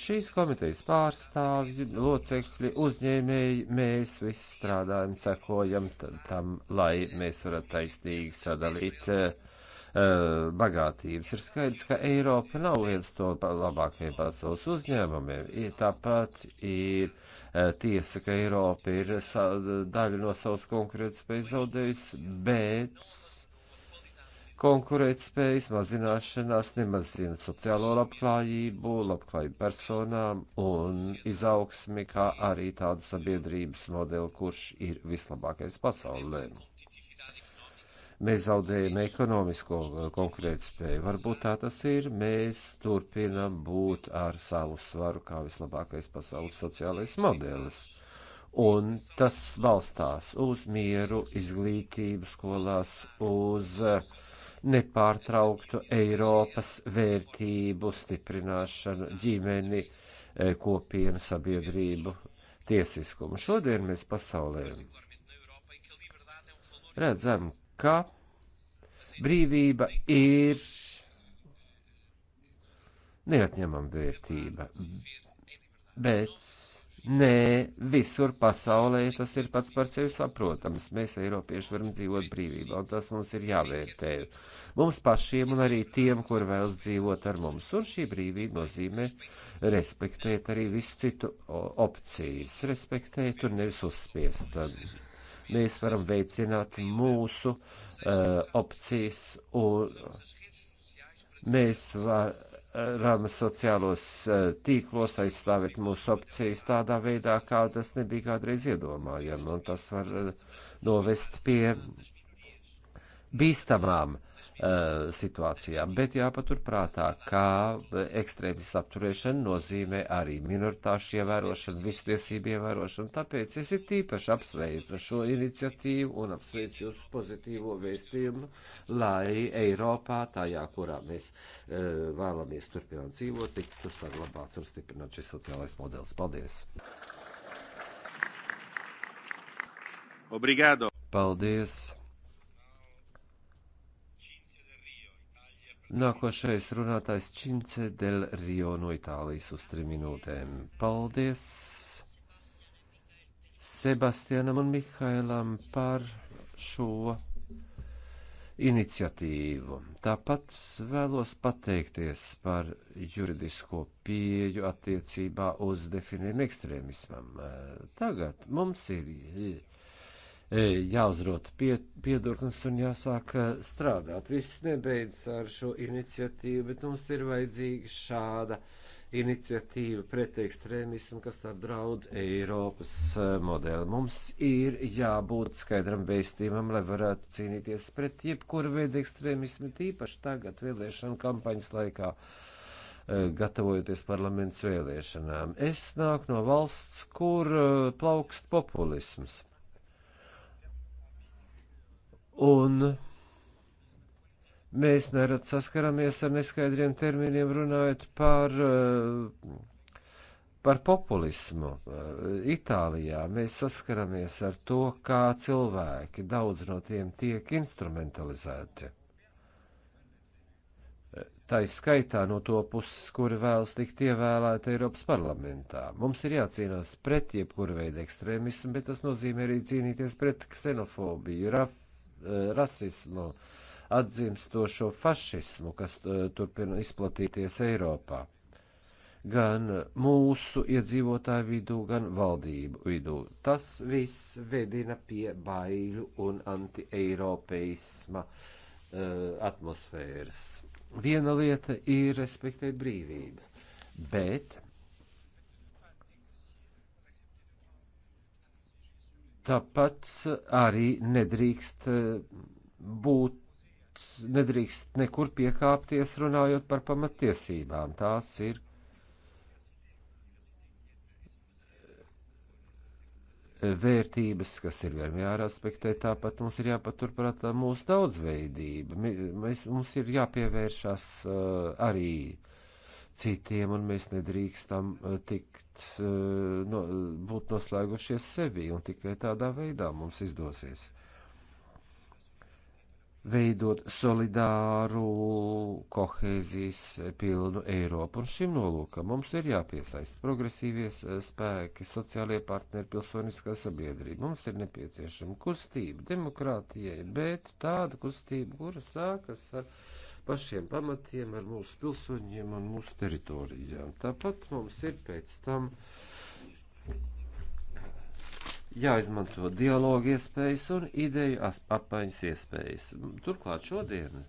Šīs komitejas pārstāvji, locekļi, uzņēmēji, mēs visi strādājam, cekojam tam, lai mēs varētu taisnīgi sadalīt uh, Eh, bagātības. Ir skaidrs, ka Eiropa nav viens no labākajiem pasaules uzņēmumiem. Tāpat ir eh, tiesa, ka Eiropa ir daļu no savas konkurētspējas zaudējusi, bet konkurētspējas mazināšanās nemazina sociālo labklājību, labklājību personām un izaugsmi, kā arī tādu sabiedrības modeli, kurš ir vislabākais pasaulē mēs zaudējam ekonomisko eh, konkurētspēju. Varbūt tā tas ir, mēs turpinam būt ar savu svaru kā vislabākais pasaules sociālais modelis. Un tas balstās uz mieru, izglītību skolās, uz uh, nepārtrauktu Eiropas vērtību stiprināšanu, ģimeni, eh, kopienu, sabiedrību, tiesiskumu. Šodien mēs pasaulē redzam, ka brīvība ir neatņemama vērtība, bet nē, visur pasaulē tas ir pats par sevi saprotams. Mēs, Eiropieši, varam dzīvot brīvībā, un tas mums ir jāvērtē. Mums pašiem un arī tiem, kur vēlas dzīvot ar mums, un šī brīvība nozīmē respektēt arī visu citu opcijas, respektēt un nevis uzspiest. Tad mēs varam veicināt mūsu uh, opcijas un mēs varam sociālos uh, tīklos aizstāvēt mūsu opcijas tādā veidā, kā tas nebija kādreiz iedomājami, un tas var uh, novest pie bīstamām uh, Eh, situācijām. Bet jāpaturprātā, ka ekstrēmis apturēšana nozīmē arī minoritāšu ievērošanu, vistiesību ievērošanu. Tāpēc es ir tīpaši apsveicu šo iniciatīvu un apsveicu jūsu pozitīvo vēstījumu, lai Eiropā, tajā, kurā mēs e, vēlamies turpināt dzīvot, tiktu saglabāt un stiprināt šis sociālais modelis. Paldies! Obrigado! Paldies! Nākošais runātājs Čince del Rio no Itālijas uz trim minūtēm. Paldies Sebastianam un Mihailam par šo iniciatīvu. Tāpat vēlos pateikties par juridisko pieju attiecībā uz definējumu ekstrēmismam. Tagad mums ir jāuzrota pie, piedurknes un jāsāk eh, strādāt. Viss nebeidz ar šo iniciatīvu, bet mums ir vajadzīga šāda iniciatīva pret ekstrēmismu, kas apdraud Eiropas eh, modeli. Mums ir jābūt skaidram vēstījumam, lai varētu cīnīties pret jebkuru veidu ekstrēmismu, tīpaši tagad vēlēšanu kampaņas laikā eh, gatavojoties parlaments vēlēšanām. Es nāku no valsts, kur plaukst populisms un mēs nerad saskaramies ar neskaidriem terminiem runājot par, eh, par populismu. Eh, Itālijā mēs saskaramies ar to, kā cilvēki, daudz no tiem tiek instrumentalizēti. Tā ir skaitā no to puses, kuri vēlas tikt ievēlēti Eiropas parlamentā. Mums ir jācīnās pret jebkuru veidu ekstrēmismu, bet tas nozīmē arī cīnīties pret ksenofobiju, raf, Eh, rasismu, atdzimstošo fašismu, kas eh, turpina izplatīties Eiropā. Gan mūsu iedzīvotāju vidū, gan valdību vidū. Tas viss vedina pie baiļu un anti-eiropeisma uh, atmosfēras. Viena lieta ir respektēt brīvību, bet Tāpat arī nedrīkst eh, būt, nedrīkst nekur piekāpties runājot par pamatiesībām. Tās ir eh, vērtības, kas ir vienmēr jārespektē, tāpat mums ir jāpaturprātā mūsu daudzveidība. Mēs, mums ir jāpievēršas uh, arī citiem, un mēs nedrīkstam eh, tikt, eh, no, būt noslēgušies sevi, un tikai tādā veidā mums izdosies veidot solidāru kohēzijas pilnu Eiropu. Un šim nolūkam mums ir jāpiesaist progresīvies spēki, sociālie partneri, pilsoniskā sabiedrība. Mums ir nepieciešama kustība demokrātijai, bet tāda kustība, kura sākas ar pašiem pamatiem, ar mūsu pilsoņiem un mūsu teritorijām. Tāpat mums ir pēc tam jāizmanto dialogu iespējas un ideju apmaiņas iespējas. Turklāt šodien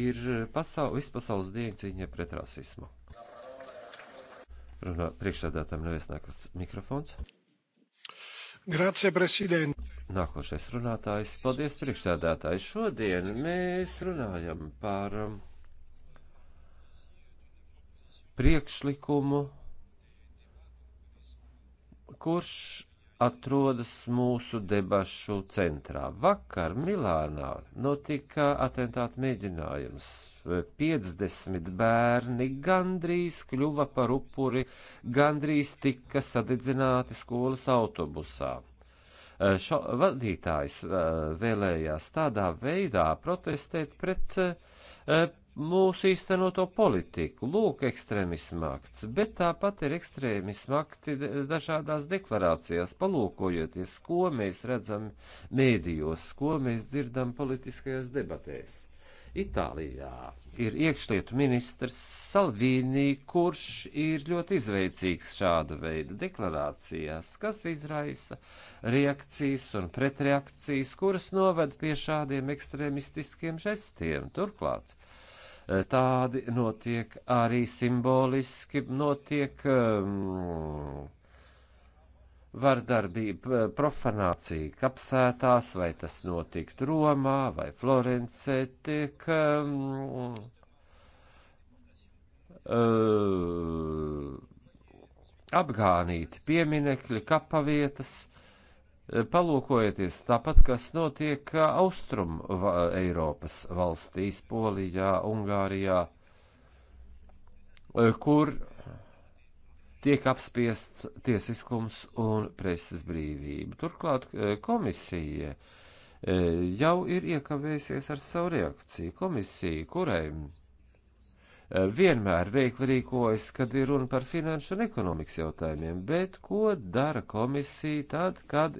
ir pasaul, vispasaules diena cīņa pret rasismu. Runā priekšsēdētājiem nevies nākas mikrofons. Grazie, prezident. Nākošais runātājs. Paldies, priekšsēdētāji. Šodien mēs runājam par um, priekšlikumu, kurš atrodas mūsu debašu centrā. Vakar Milānā notika atentāta mēģinājums 50 bērni gandrīz kļuva par upuri, gandrīz tika sadedzināti skolas autobusā. Eh, šo vadītājs eh, vēlējās tādā veidā protestēt pret eh, mūsu īstenoto politiku. Lūk, ekstrēmisma akts, bet tāpat ir ekstrēmisma akti dažādās deklarācijās. Palūkojieties, ko mēs redzam mēdījos, ko mēs dzirdam politiskajās debatēs. Itālijā ir iekšlietu ministrs Salvīnī, kurš ir ļoti izveicīgs šāda veida deklarācijās, kas izraisa reakcijas un pretreakcijas, kuras noved pie šādiem ekstremistiskiem žestiem. Turklāt eh, tādi notiek arī simboliski, notiek um, vardarbība, profanācija kapsētās, vai tas notiktu Romā vai Florencē, tiek um, uh, apgānīti pieminekļi, kapavietas. Uh, palūkojieties tāpat, kas notiek uh, Austrum Eiropas valstīs, Polijā, Ungārijā, uh, kur tiek apspiests tiesiskums un preses brīvība. Turklāt eh, komisija eh, jau ir iekavējusies ar savu reakciju. Komisija, kurai eh, vienmēr veikli rīkojas, kad ir runa par finanšu un ekonomikas jautājumiem, bet ko dara komisija tad, kad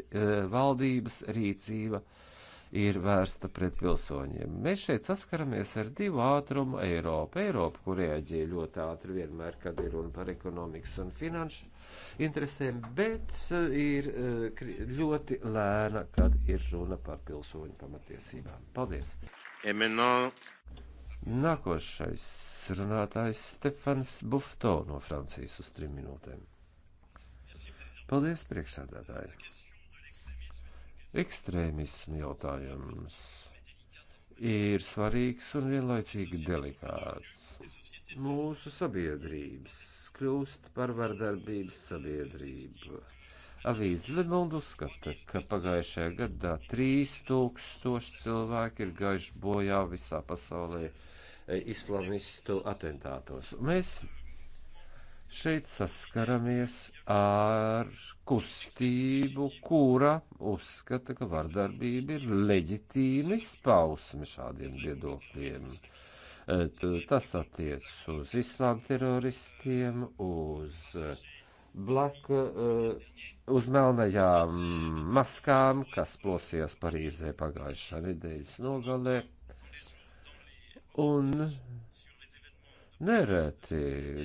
valdības rīcība uh, ir vērsta pret pilsoņiem. Mēs šeit saskaramies ar divu ātrumu Eiropu. Eiropa, kur reaģē ļoti ātri vienmēr, kad ir runa par ekonomikas un finanšu interesēm, bet eh, ir eh, ļoti lēna, kad ir runa par pilsoņu pamatiesībām. Paldies! Eminā. Nākošais runātājs Stefans Bufto no Francijas uz trim minūtēm. Paldies, priekšsādātāji! Ekstrēmismu jautājums ir svarīgs un vienlaicīgi delikāts. Mūsu sabiedrības kļūst par vardarbības sabiedrību. Avīze Lemonda uzskata, ka pagājušajā gadā 3000 cilvēki ir gājuši bojā visā pasaulē islamistu atentātos. Mēs Šeit saskaramies ar kustību, kura uzskata, ka vardarbība ir leģitīma izpausme šādiem viedokļiem. E, tas attiec uz islām teroristiem, uz blaku uh, e, uz melnajām maskām, kas plosījās Parīzē pagājušā nedēļas nogalē. Un Nereti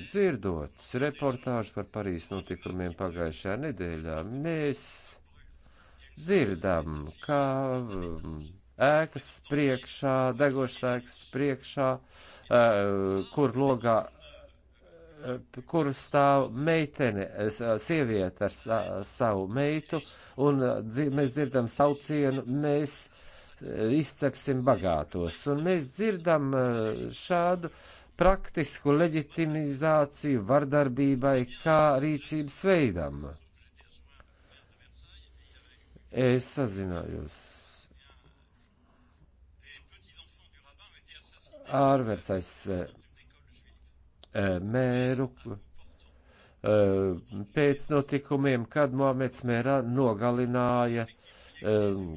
dzirdot reportāžu par Parīzes notikumiem pagājušajā nedēļā, mēs dzirdam, kā um, ēkas priekšā, degošas ēkas priekšā, uh, kur logā, uh, kur stāv meitene, uh, sieviete ar savu meitu, un mēs dzirdam saucienu, mēs izcepsim bagātos, un mēs dzirdam šādu praktisku leģitimizāciju vardarbībai kā rīcības veidam. Es sazinājos ārversais eh, mēru eh, pēc notikumiem, kad Mohameds Mērā nogalināja eh,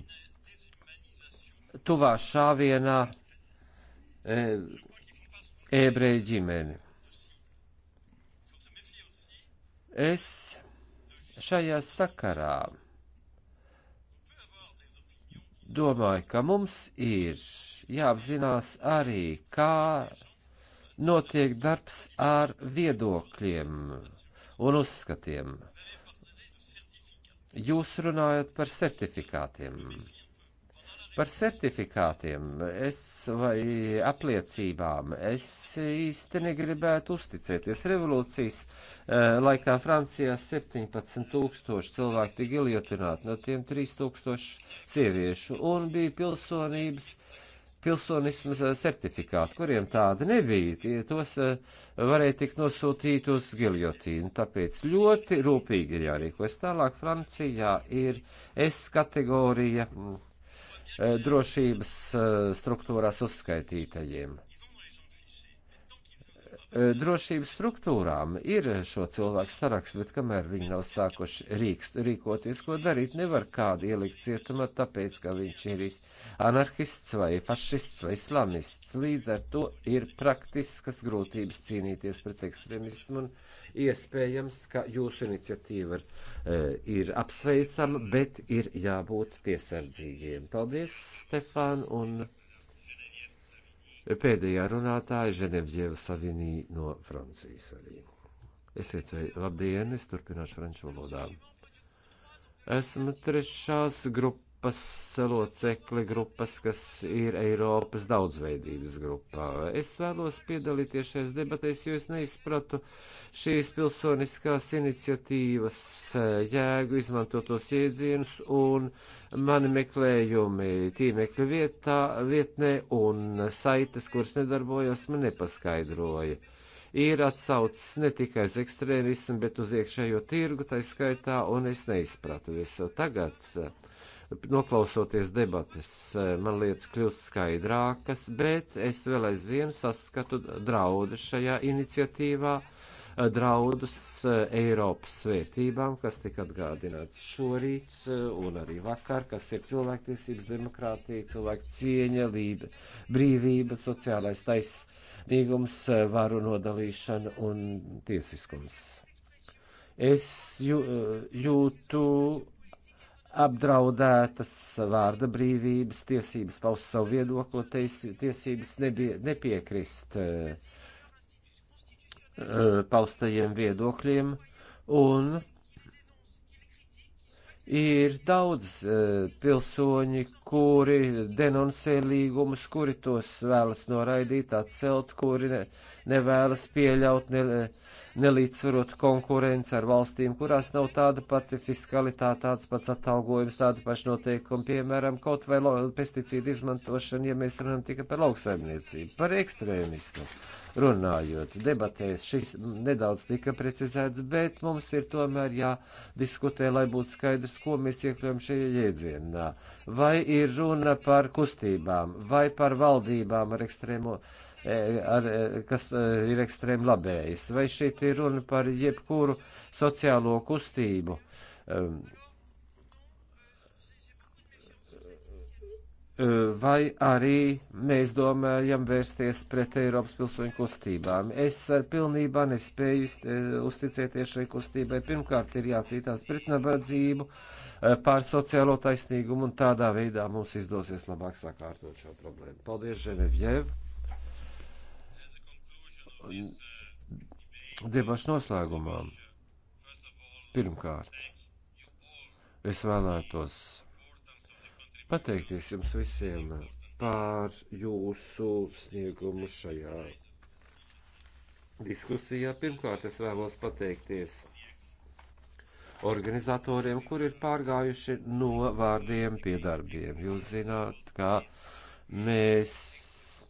tuvā šāvienā ebreju ģimeni. Es šajā sakarā domāju, ka mums ir jāapzinās arī, kā notiek darbs ar viedokļiem un uzskatiem. Jūs runājat par certifikātiem. Par certifikātiem es vai apliecībām es īsti negribētu uzticēties. Revolūcijas eh, laikā Francijā 17 tūkstoši cilvēku tika iljotināti, no tiem 3 tūkstoši sieviešu, un bija pilsonības pilsonismas eh, certifikāti, kuriem tāda nebija. Tie tos eh, varēja tikt nosūtīt uz giljotīnu. Tāpēc ļoti rūpīgi ir jārīkojas. Tālāk Francijā ir S kategorija mm, Eh, drošības eh, struktūrās uzskaitītajiem drošības struktūrām ir šo cilvēku saraksts, bet kamēr viņi nav sākuši rīkst, rīkoties, ko darīt, nevar kādu ielikt cietumā, tāpēc, ka viņš ir anarchists vai fašists vai islamists. Līdz ar to ir praktiskas grūtības cīnīties pret ekstremismu un iespējams, ka jūsu iniciatīva ir, ir apsveicama, bet ir jābūt piesardzīgiem. Paldies, Stefān! Un pēdējā runātāja Ženevģieva Savinī no Francijas arī. Esiet vai labdien, es turpināšu franču valodā. Esmu trešās grupas grupas locekli, grupas, kas ir Eiropas daudzveidības grupā. Es vēlos piedalīties šajās debatēs, jo es neizpratu šīs pilsoniskās iniciatīvas eh, jēgu, izmantotos jēdzienus un mani meklējumi tīmekļa vietā, vietnē un saites, kuras nedarbojas, man nepaskaidroja ir atsaucis ne tikai uz ekstrēmismu, bet uz iekšējo tirgu, tā skaitā, un es neizpratu visu. Tagad noklausoties debatas, e, man lietas kļūst skaidrākas, bet es vēl aizvien saskatu draudu šajā iniciatīvā, e, draudus e, Eiropas svētībām, kas tika atgādināts šorīt un arī vakar, kas ir cilvēktiesības, demokrātija, cilvēku cieņa, lība, brīvība, sociālais taisnīgums, varu nodalīšana un tiesiskums. Es jū, jūtu apdraudētas vārda brīvības, tiesības paust savu viedokli, tais, tiesības nebija, nepiekrist uh, paustajiem viedokļiem, un Ir daudz uh, pilsoņi, kuri denoncē līgumus, kuri tos vēlas noraidīt, atcelt, kuri ne, nevēlas pieļaut ne, nelīdzsvarot konkurenci ar valstīm, kurās nav tāda pati fiskalitāte, tāds pats atalgojums, tāda paša noteikuma, piemēram, kaut vai pesticīdu izmantošana, ja mēs runājam tikai par lauksaimniecību, par ekstrēmismu. Uh, runājot. Debatēs šis nedaudz tika precizēts, bet mums ir tomēr jādiskutē, lai būtu skaidrs, ko mēs iekļaujam šajā jēdzienā. Vai ir runa par kustībām, vai par valdībām ar ekstrēmo e, ar, e, kas e, ir ekstrēmi labējis, vai šeit ir runa par jebkuru sociālo kustību. Um, vai arī mēs domājam vērsties pret Eiropas pilsoņu kustībām. Es eh, pilnībā nespēju eh, uzticēties šai kustībai. Pirmkārt, ir jācītās pret nabadzību, eh, pār sociālo taisnīgumu, un tādā veidā mums izdosies labāk sakārtot šo problēmu. Paldies, Ženevjev! Debašu noslēgumā. Pirmkārt, es vēlētos pateikties jums visiem par jūsu sniegumu šajā diskusijā. Pirmkārt, es vēlos pateikties organizatoriem, kur ir pārgājuši no vārdiem pie darbiem. Jūs zināt, ka mēs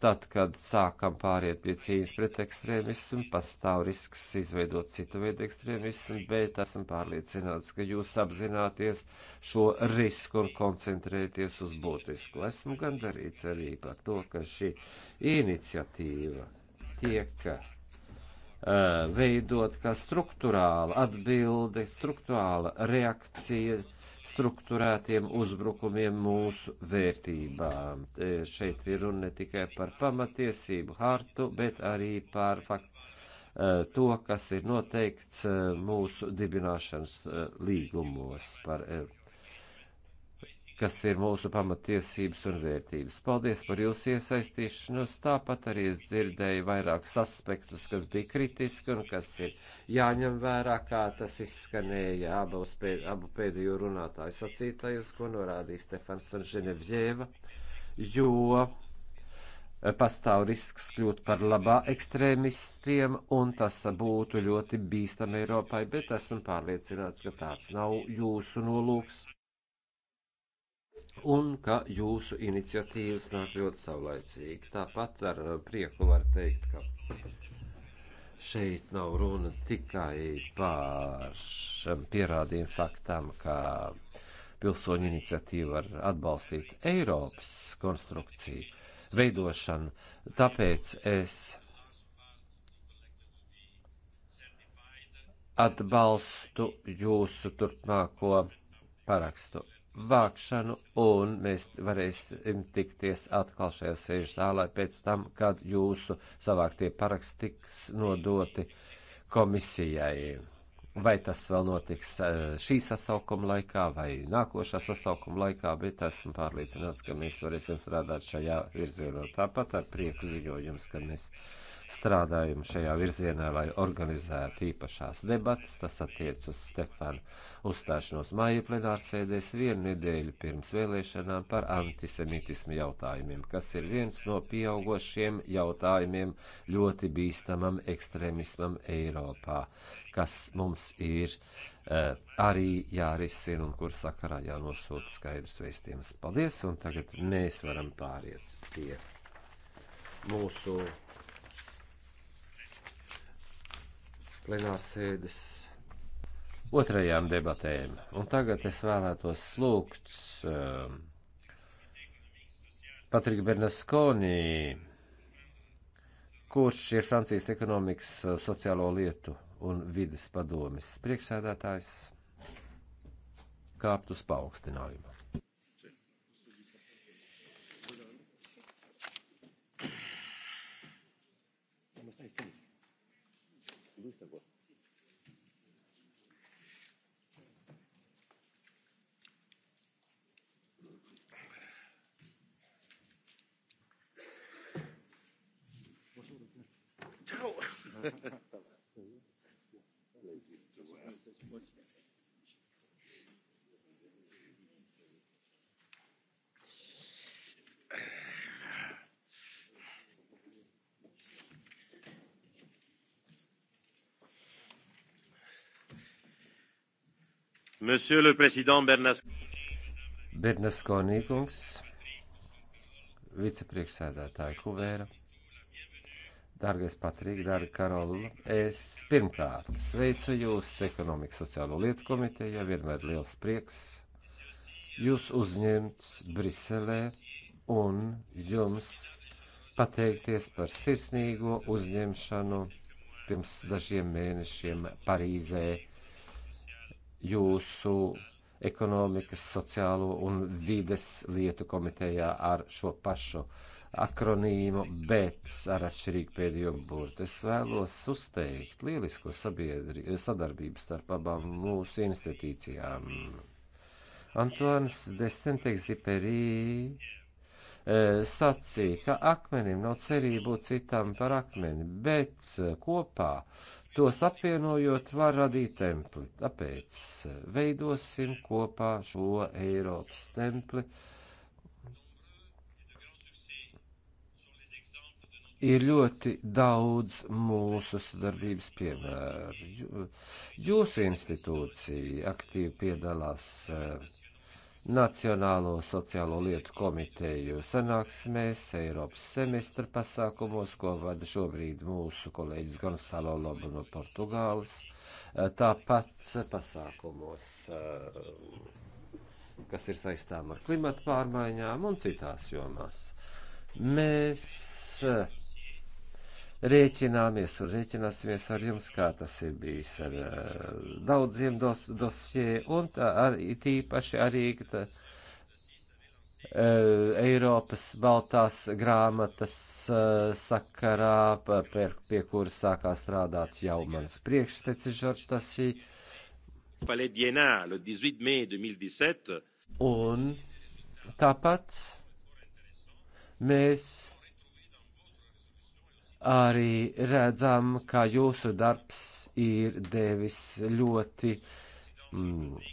tad, kad sākam pāriet pie cīņas pret ekstrēmismu, pastāv risks izveidot citu veidu ekstrēmismu, bet esam pārliecināts, ka jūs apzināties šo risku un koncentrēties uz būtisku. Esmu gandarīts arī par to, ka šī iniciatīva tiek eh, veidot kā struktūrāla atbilde, struktūrāla reakcija strukturētiem uzbrukumiem mūsu vērtībām. E, šeit ir runa ne tikai par pamatiesību hartu, bet arī par fakt, e, to, kas ir noteikts e, mūsu dibināšanas līgumos par kas ir mūsu pamatiesības un vērtības. Paldies par jūsu iesaistīšanos. Tāpat arī es dzirdēju vairākus aspektus, kas bija kritiski un kas ir jāņem vērā, kā tas izskanēja abos, pēd, abu pēdējo runātāju sacītājus, ko norādīja Stefans un Ženevjēva, jo pastāv risks kļūt par labā ekstrēmistiem, un tas būtu ļoti bīstam Eiropai, bet esmu pārliecināts, ka tāds nav jūsu nolūks un ka jūsu iniciatīvas nāk ļoti savlaicīgi. Tāpat ar uh, prieku var teikt, ka šeit nav runa tikai par um, pierādījumu faktām, ka pilsoņu iniciatīva var atbalstīt Eiropas konstrukciju veidošanu. Tāpēc es atbalstu jūsu turpmāko parakstu vākšanu, un mēs varēsim tikties atkal šajā sēžu zālē pēc tam, kad jūsu savāktie paraksti tiks nodoti komisijai. Vai tas vēl notiks eh, šī sasaukuma laikā vai nākošā sasaukuma laikā, bet esmu pārliecināts, ka mēs varēsim strādāt šajā virzienā. Tāpat ar prieku ziņojums, ka mēs. Mēs strādājam šajā virzienā, lai organizētu īpašās debatas. Tas attiec uz Stefanu uzstāšanos māja plenārsēdēs vienu nedēļu pirms vēlēšanām par antisemitismu jautājumiem, kas ir viens no pieaugošiem jautājumiem ļoti bīstamam ekstremismam Eiropā, kas mums ir uh, arī jārisina un kur sakarā jānosūta skaidrs veistījums. Paldies, un tagad mēs varam pāriet pie mūsu plenārsēdes otrajām debatēm. Un tagad es vēlētos lūgt um, Patriku Bernasconi, kurš ir Francijas ekonomikas, uh, sociālo lietu un vides padomis priekšsēdētājs, kāpt uz paaugstinājumu. Monsieur le Président Bernasconi kungs, vicepriekšsēdētāja Kuvēra. Dārgais Patrīk, dārga Karola, es pirmkārt sveicu jūs ekonomikas sociālo lietu komiteja, vienmēr liels prieks jūs uzņemt Briselē un jums pateikties par sirsnīgo uzņemšanu pirms dažiem mēnešiem Parīzē jūsu ekonomikas, sociālo un vides lietu komitejā ar šo pašu uh, akronīmu, bet ar atšķirīgu pēdējo burtu. Es vēlos uzteikt lielisko sabiedri, sadarbību starp abām mūsu institīcijām. Antoans Desentexiperi eh, sacīja, ka akmenim nav cerību citam par akmeni, bet eh, kopā tos apvienojot var radīt templi. Tāpēc eh, veidosim kopā šo Eiropas templi. Uh, ir ļoti daudz mūsu sadarbības piemēru. Jūsu institūcija aktīvi piedalās eh, Nacionālo sociālo lietu komiteju sanāksmēs, Eiropas semestra pasākumos, ko vada šobrīd mūsu kolēģis Gonzalo Lobo no Portugāles, eh, tāpat pasākumos, eh, kas ir saistām ar klimatu pārmaiņām un citās jomās. Mēs rēķināmies un rēķināsimies ar jums, kā tas ir bijis ar eh, daudziem dos, dosie un tā ar, tīpaši arī tā, eh, Eiropas baltās grāmatas eh, sakarā, per, pie kuras sākā strādāt jau mans priekštecis Žorž Tasī. Palais Dienā, 18. mai 2017. Un tāpat mēs arī redzam, ka jūsu darbs ir devis ļoti mm,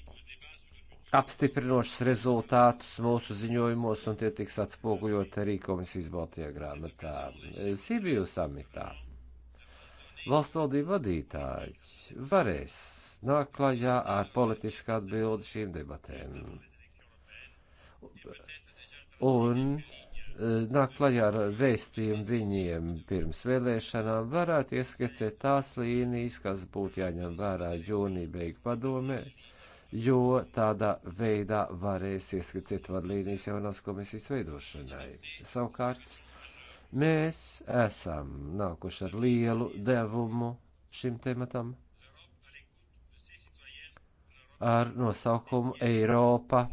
apstiprinošus rezultātus mūsu ziņojumos, un tie tiks atspoguļot arī komisijas Baltijā grāmatā Sibiju samitā. Valsts valdība vadītāji varēs nāk klajā ar politisku atbildi šīm debatēm. Un Eh, nāk klajā ar vēstījumu viņiem pirms vēlēšanām, varētu ieskicēt tās līnijas, kas būtu jāņem vērā jūnija beigu padomē, jo tādā veidā varēs ieskicēt vadlīnijas jaunās komisijas veidošanai. Savukārt, mēs esam nākuši ar lielu devumu šim tematam ar nosaukumu Eiropa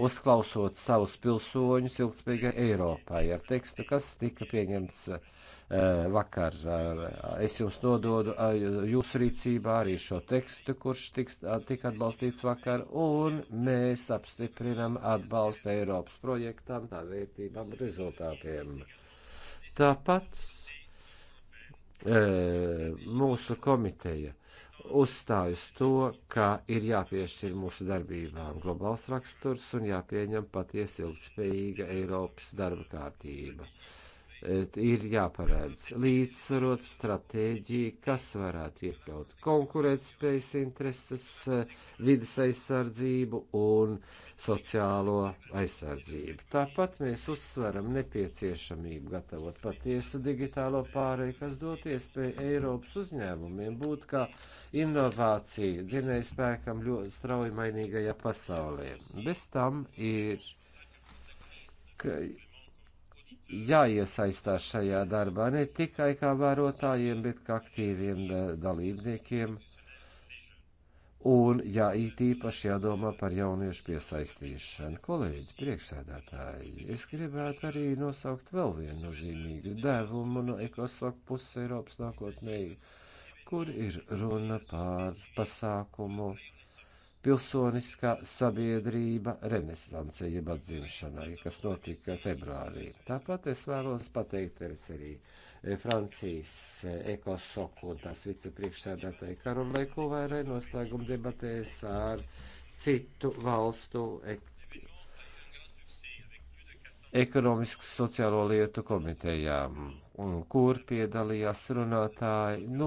uzklausot savus pilsoņus ilgspējīgai Eiropai ar tekstu, kas tika pieņemts uh, vakar. Uh, es jums nododu uh, jūsu rīcībā arī šo tekstu, kurš tiks, tika atbalstīts vakar, un mēs apstiprinam atbalstu Eiropas projektam, tā vērtībām, rezultātiem. Tāpat mūsu komiteja uzstājus to, ka ir jāpiešķir mūsu darbībām globāls raksturs un jāpieņem patiesi ilgspējīga Eiropas darba kārtība. Uh, ir jāparādz līdzsvarot stratēģiju, kas varētu iekļaut konkurētspējas intereses, vidas aizsardzību un sociālo aizsardzību. Tāpat mēs uzsveram nepieciešamību gatavot patiesu digitālo pārēju, kas dot iespēju Eiropas uzņēmumiem būt kā inovācija dzinējspēkam ļoti strauji mainīgajā pasaulē. Bez tam ir. Ka, jāiesaistās šajā darbā ne tikai kā vērotājiem, bet kā aktīviem eh, dalībniekiem. Un, ja it īpaši jādomā par jauniešu piesaistīšanu, kolēģi, priekšsēdētāji, es gribētu arī nosaukt vēl vienu nozīmīgu devumu no ekosoku puses Eiropas nākotnē, kur ir runa par pasākumu uh, pilsoniskā sabiedrība renesansē jeb atzimšanai, kas notika februārī. Tāpat es vēlos pateikt es arī eh, Francijas eh, ekosoku un tās vicepriekšsēdētāji Karolai Kuvērē noslēguma debatēs ar citu valstu ek ekonomiskas sociālo lietu komitejām, kur piedalījās runātāji no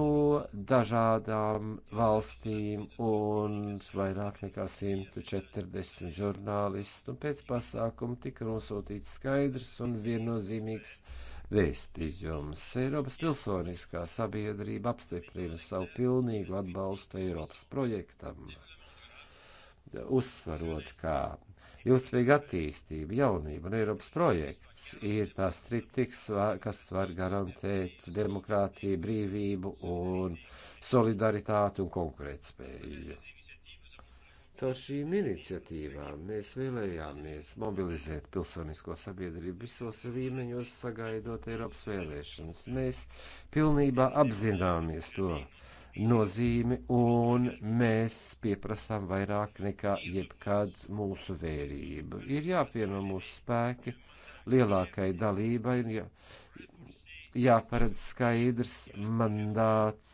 dažādām valstīm un vairāk nekā 140 žurnālistu. Un pēc pasākuma tika nosūtīts skaidrs un viennozīmīgs vēstījums. Eiropas pilsoniskā sabiedrība apstiprina savu pilnīgu atbalstu Eiropas projektam, uzsvarot, kā Ilgspējīga attīstība, jaunība un Eiropas projekts ir tās triptiks, kas var garantēt demokrātiju, brīvību un solidaritāti un konkurētspēju. Caur šīm iniciatīvām mēs vēlējāmies mobilizēt pilsonisko sabiedrību visos līmeņos, sagaidot Eiropas vēlēšanas. Mēs pilnībā apzināmies to, nozīmi, un mēs pieprasām vairāk nekā jebkad mūsu vērību. Ir jāpieno mūsu spēki lielākai dalībai, un jā, jāparedz skaidrs mandāts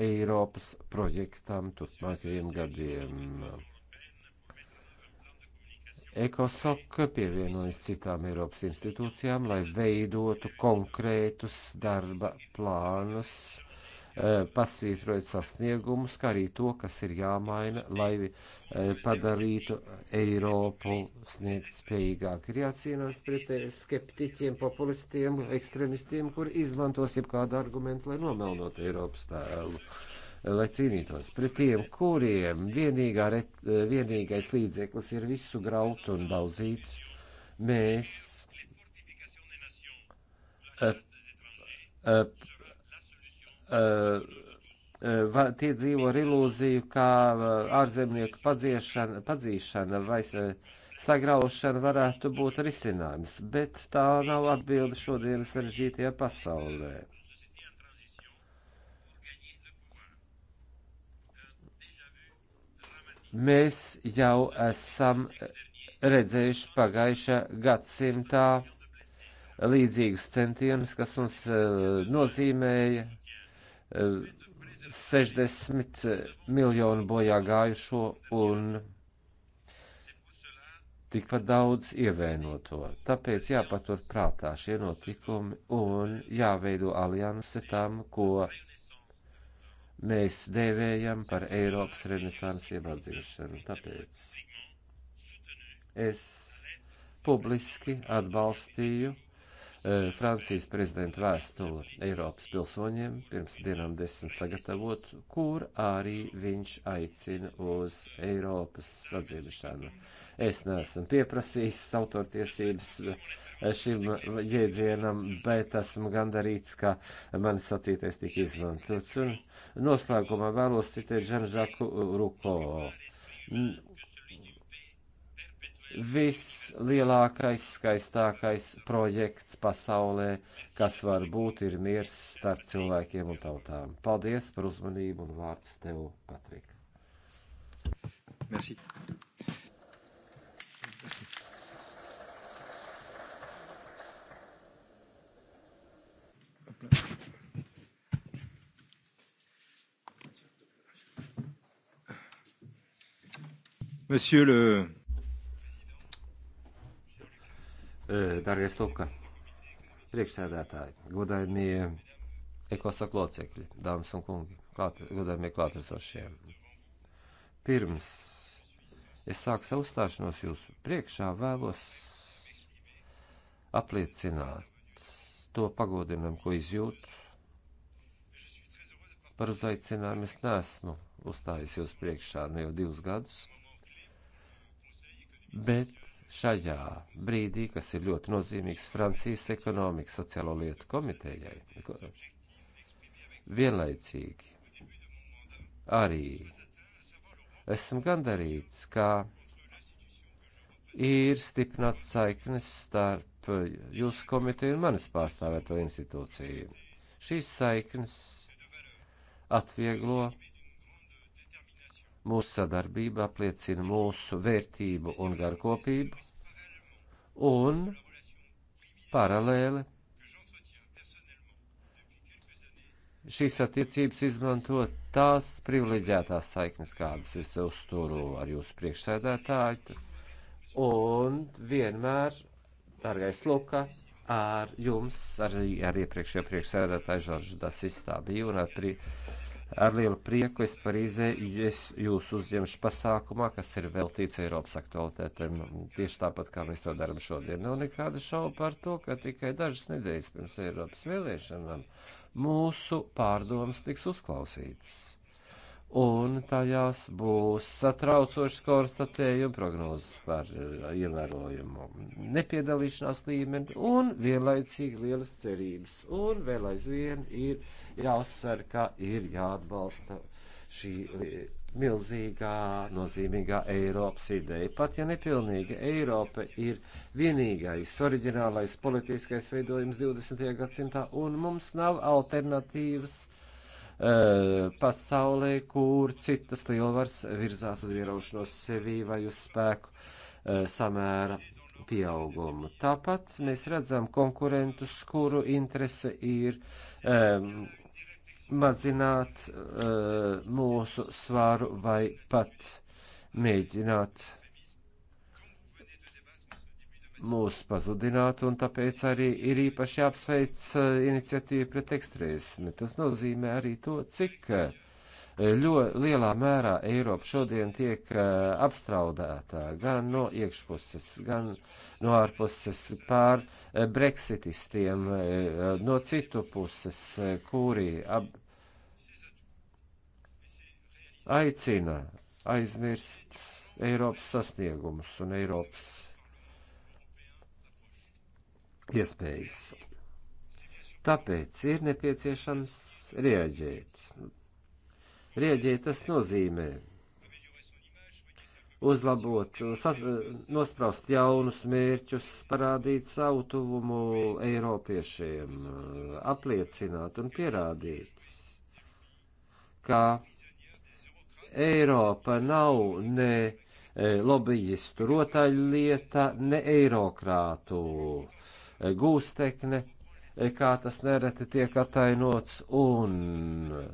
Eiropas projektam turpmākajiem gadiem. ECOSOC pievienojas citām Eiropas institūcijām, lai veidotu konkrētus darba plānus Eh, pasvītrojot sasniegumus, kā arī to, kas ir jāmaina, lai eh, padarītu Eiropu sniegt spējīgāk. Ir jācīnās pret eh, skeptiķiem, populistiem, ekstremistiem, kuri izmantos jebkādu argumentu, lai nomelnot Eiropas tēlu. Lai cīnītos pret tiem, kuriem vienīgā, ret, vienīgais līdzeklis ir visu graut un daudzīts, mēs Eh, eh, tie dzīvo ar ilūziju, kā eh, ārzemnieku padziešana, padzīšana vai sagraušana varētu būt risinājums, bet tā nav atbilde šodienas sarežģītajā pasaulē. Mēs jau esam redzējuši pagājušā gadsimtā līdzīgus centienus, kas mums nozīmēja 60 miljonu bojā gājušo un tikpat daudz ievēnoto. Tāpēc jāpatur prātā šie notikumi un jāveido alianse tam, ko mēs dēvējam par Eiropas renesansu ievadzīšanu. Tāpēc es publiski atbalstīju Eh, Francijas prezidenta vēstuli Eiropas pilsoņiem pirms dienām desmit sagatavot, kur arī viņš aicina uz Eiropas sadzīvišanu. Es neesmu pieprasījis autortiesības eh, šim jēdzienam, bet esmu gandarīts, ka man sacītais tika izmantots. Un noslēgumā vēlos citēt Žanžaku Ruko vislielākais, skaistākais projekts pasaulē, kas var būt, ir miers starp cilvēkiem un tautām. Paldies par uzmanību un vārds tev, Patrik. Merci. Merci. Monsieur le Dargais Luka, priekšsēdētāji, godājumie ekosaka locekļi, dāmas un kungi, klāt, godājumie klātesošie. Pirms es sāku savu stāšanos jūsu priekšā, vēlos apliecināt to pagodinājumu, ko izjūtu. Par uzaicinājumu es neesmu uzstājies jūs priekšā ne jau divus gadus, bet šajā brīdī, kas ir ļoti nozīmīgs Francijas ekonomikas sociālo lietu komitejai, vienlaicīgi arī esmu gandarīts, ka ir stiprināts saiknes starp jūsu komiteju un manis pārstāvēto institūciju. Šīs saiknes atvieglo Mūsu sadarbība apliecina mūsu vērtību un garkopību, un paralēli šīs attiecības izmanto tās privileģētās saiknes, kādas es uzturu ar jūsu priekšsēdētāju, un vienmēr, dārgais Luka, ar jums, arī ar iepriekšējo priekšsēdētāju Žoržu Dasistā biju un ar priekšsēdētāju Ar lielu prieku es Parīzē es jūs uzņemšu pasākumā, kas ir veltīts Eiropas aktualitātēm. Tieši tāpat, kā mēs to darām šodien. Nav nekāda šauba par to, ka tikai dažas nedēļas pirms Eiropas vēlēšanām mūsu pārdomas tiks uzklausītas un tajās būs satraucoši konstatējumi prognozes par eh, ievērojumu nepiedalīšanās līmeni un vienlaicīgi lielas cerības. Un vēl aizvien ir jāuzsver, ka ir jāatbalsta šī milzīgā, nozīmīgā Eiropas ideja. Pat ja nepilnīga Eiropa ir vienīgais oriģinālais politiskais veidojums 20. gadsimtā un mums nav alternatīvas, uh, Eh, pasaulē, kur citas lielvars virzās uz ieraušanos sevī vai uz spēku eh, samēra pieaugumu. Tāpat mēs redzam konkurentus, kuru interese ir um, mazināt uh, mūsu svāru vai pat mēģināt mūs pazudināt, un tāpēc arī ir īpaši jāapsveic eh, iniciatīva pret ekstrēsmi. Tas nozīmē arī to, cik eh, ļoti lielā mērā Eiropa šodien tiek eh, apstraudētā gan no iekšpuses, gan no ārpuses pār breksitistiem, no citu puses, kuri ab... aicina aizmirst Eiropas sasniegumus un Eiropas iespējas. Tāpēc ir nepieciešams rēģēt. Rēģēt tas nozīmē uzlabot, sas, nospraust jaunus mērķus, parādīt savu tuvumu Eiropiešiem, apliecināt un pierādīt, ka Eiropa nav ne e, lobbyistu rotaļlieta, ne eirokrātu uh, gūstekne, e, kā tas nereti tiek atainots, un e,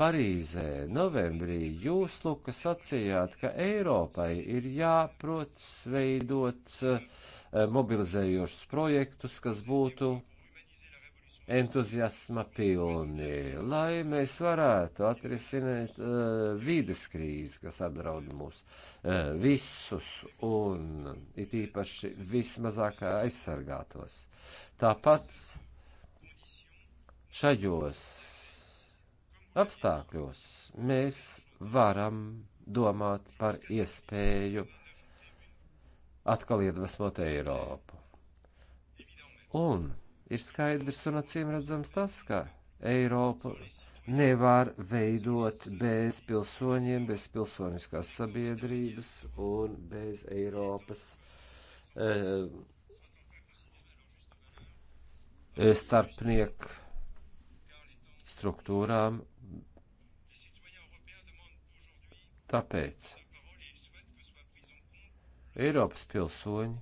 Parīzē novembrī jūs, Luka, sacījāt, ka Eiropai ir jāprot veidot e, mobilizējošus projektus, kas būtu entuziasma pilni, lai mēs varētu atrisināt uh, eh, vīdes krīzi, kas apdraud mūs uh, visus un it īpaši vismazāk aizsargātos. Tāpat šajos apstākļos mēs varam domāt par iespēju atkal iedvesmot Eiropu. Un ir skaidrs un acīm redzams tas, ka Eiropa nevar veidot bez pilsoņiem, bez pilsoniskās sabiedrības un bez Eiropas eh, starpnieku struktūrām. Tāpēc Eiropas pilsoņi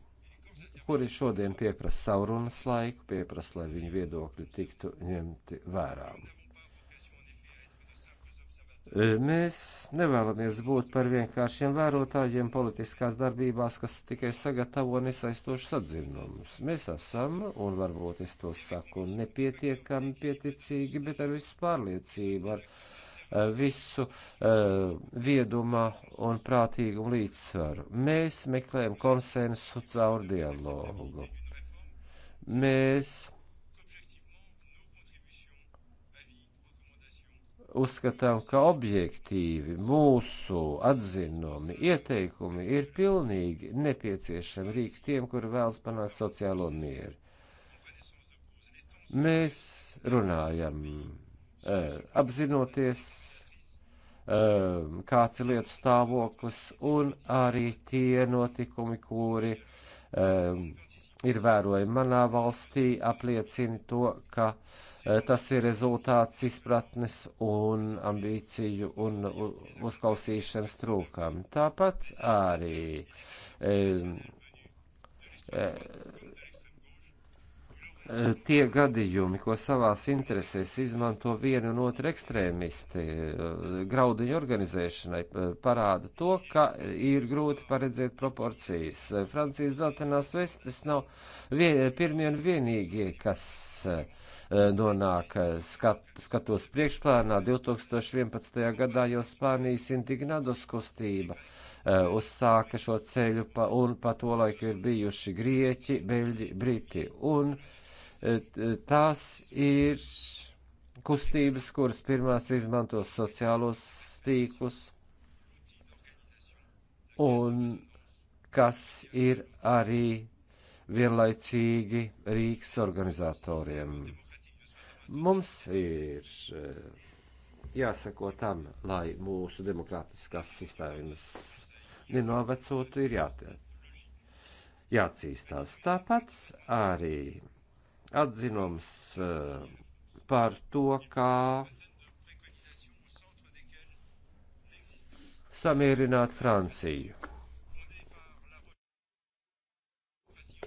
kuri šodien pieprasa savu runas laiku, pieprasa, lai viņu viedokļi tiktu ņemti vērā. E, mēs nevēlamies būt par vienkāršiem vērotājiem politiskās darbībās, kas tikai sagatavo nesaistošus atzinumus. Mēs esam, un varbūt es to saku nepietiekami pieticīgi, bet ar visu pārliecību, ar Eh, visu uh, eh, viedumā un prātīgumu līdzsvaru. Mēs meklējam konsensu caur dialogu. Mēs uzskatām, ka objektīvi mūsu atzinumi, ieteikumi ir pilnīgi nepieciešami rīki tiem, kuri vēlas panākt sociālo mieru. Mēs runājam Eh, apzinoties, eh, kāds ir lietu stāvoklis un arī tie notikumi, kuri eh, ir vērojami manā valstī, apliecina to, ka tas ir rezultāts izpratnes un ambīciju un uzklausīšanas trūkam. Tāpat arī e, e, Eh, tie gadījumi, ko savās interesēs izmanto vienu un otru ekstrēmisti eh, graudiņu organizēšanai, eh, parāda to, ka ir grūti paredzēt proporcijas. Francijas zeltainās vestes nav vien, pirmie un vienīgie, kas nonāk skat, skatos priekšplānā 2011. gadā, jo Spānijas Indignados kustība uzsāka šo ceļu, pa, un pa to laiku ir bijuši Grieķi, Beļģi, Briti. Un uh, E, tās ir kustības, kuras pirmās izmanto sociālos tīklus un kas ir arī vienlaicīgi Rīgas organizatoriem. Mums ir e, jāsako tam, lai mūsu demokrātiskās sistēmas nenovecotu, ir jātiek. Jācīstās tāpat arī atzinums eh, par to, kā samierināt Franciju.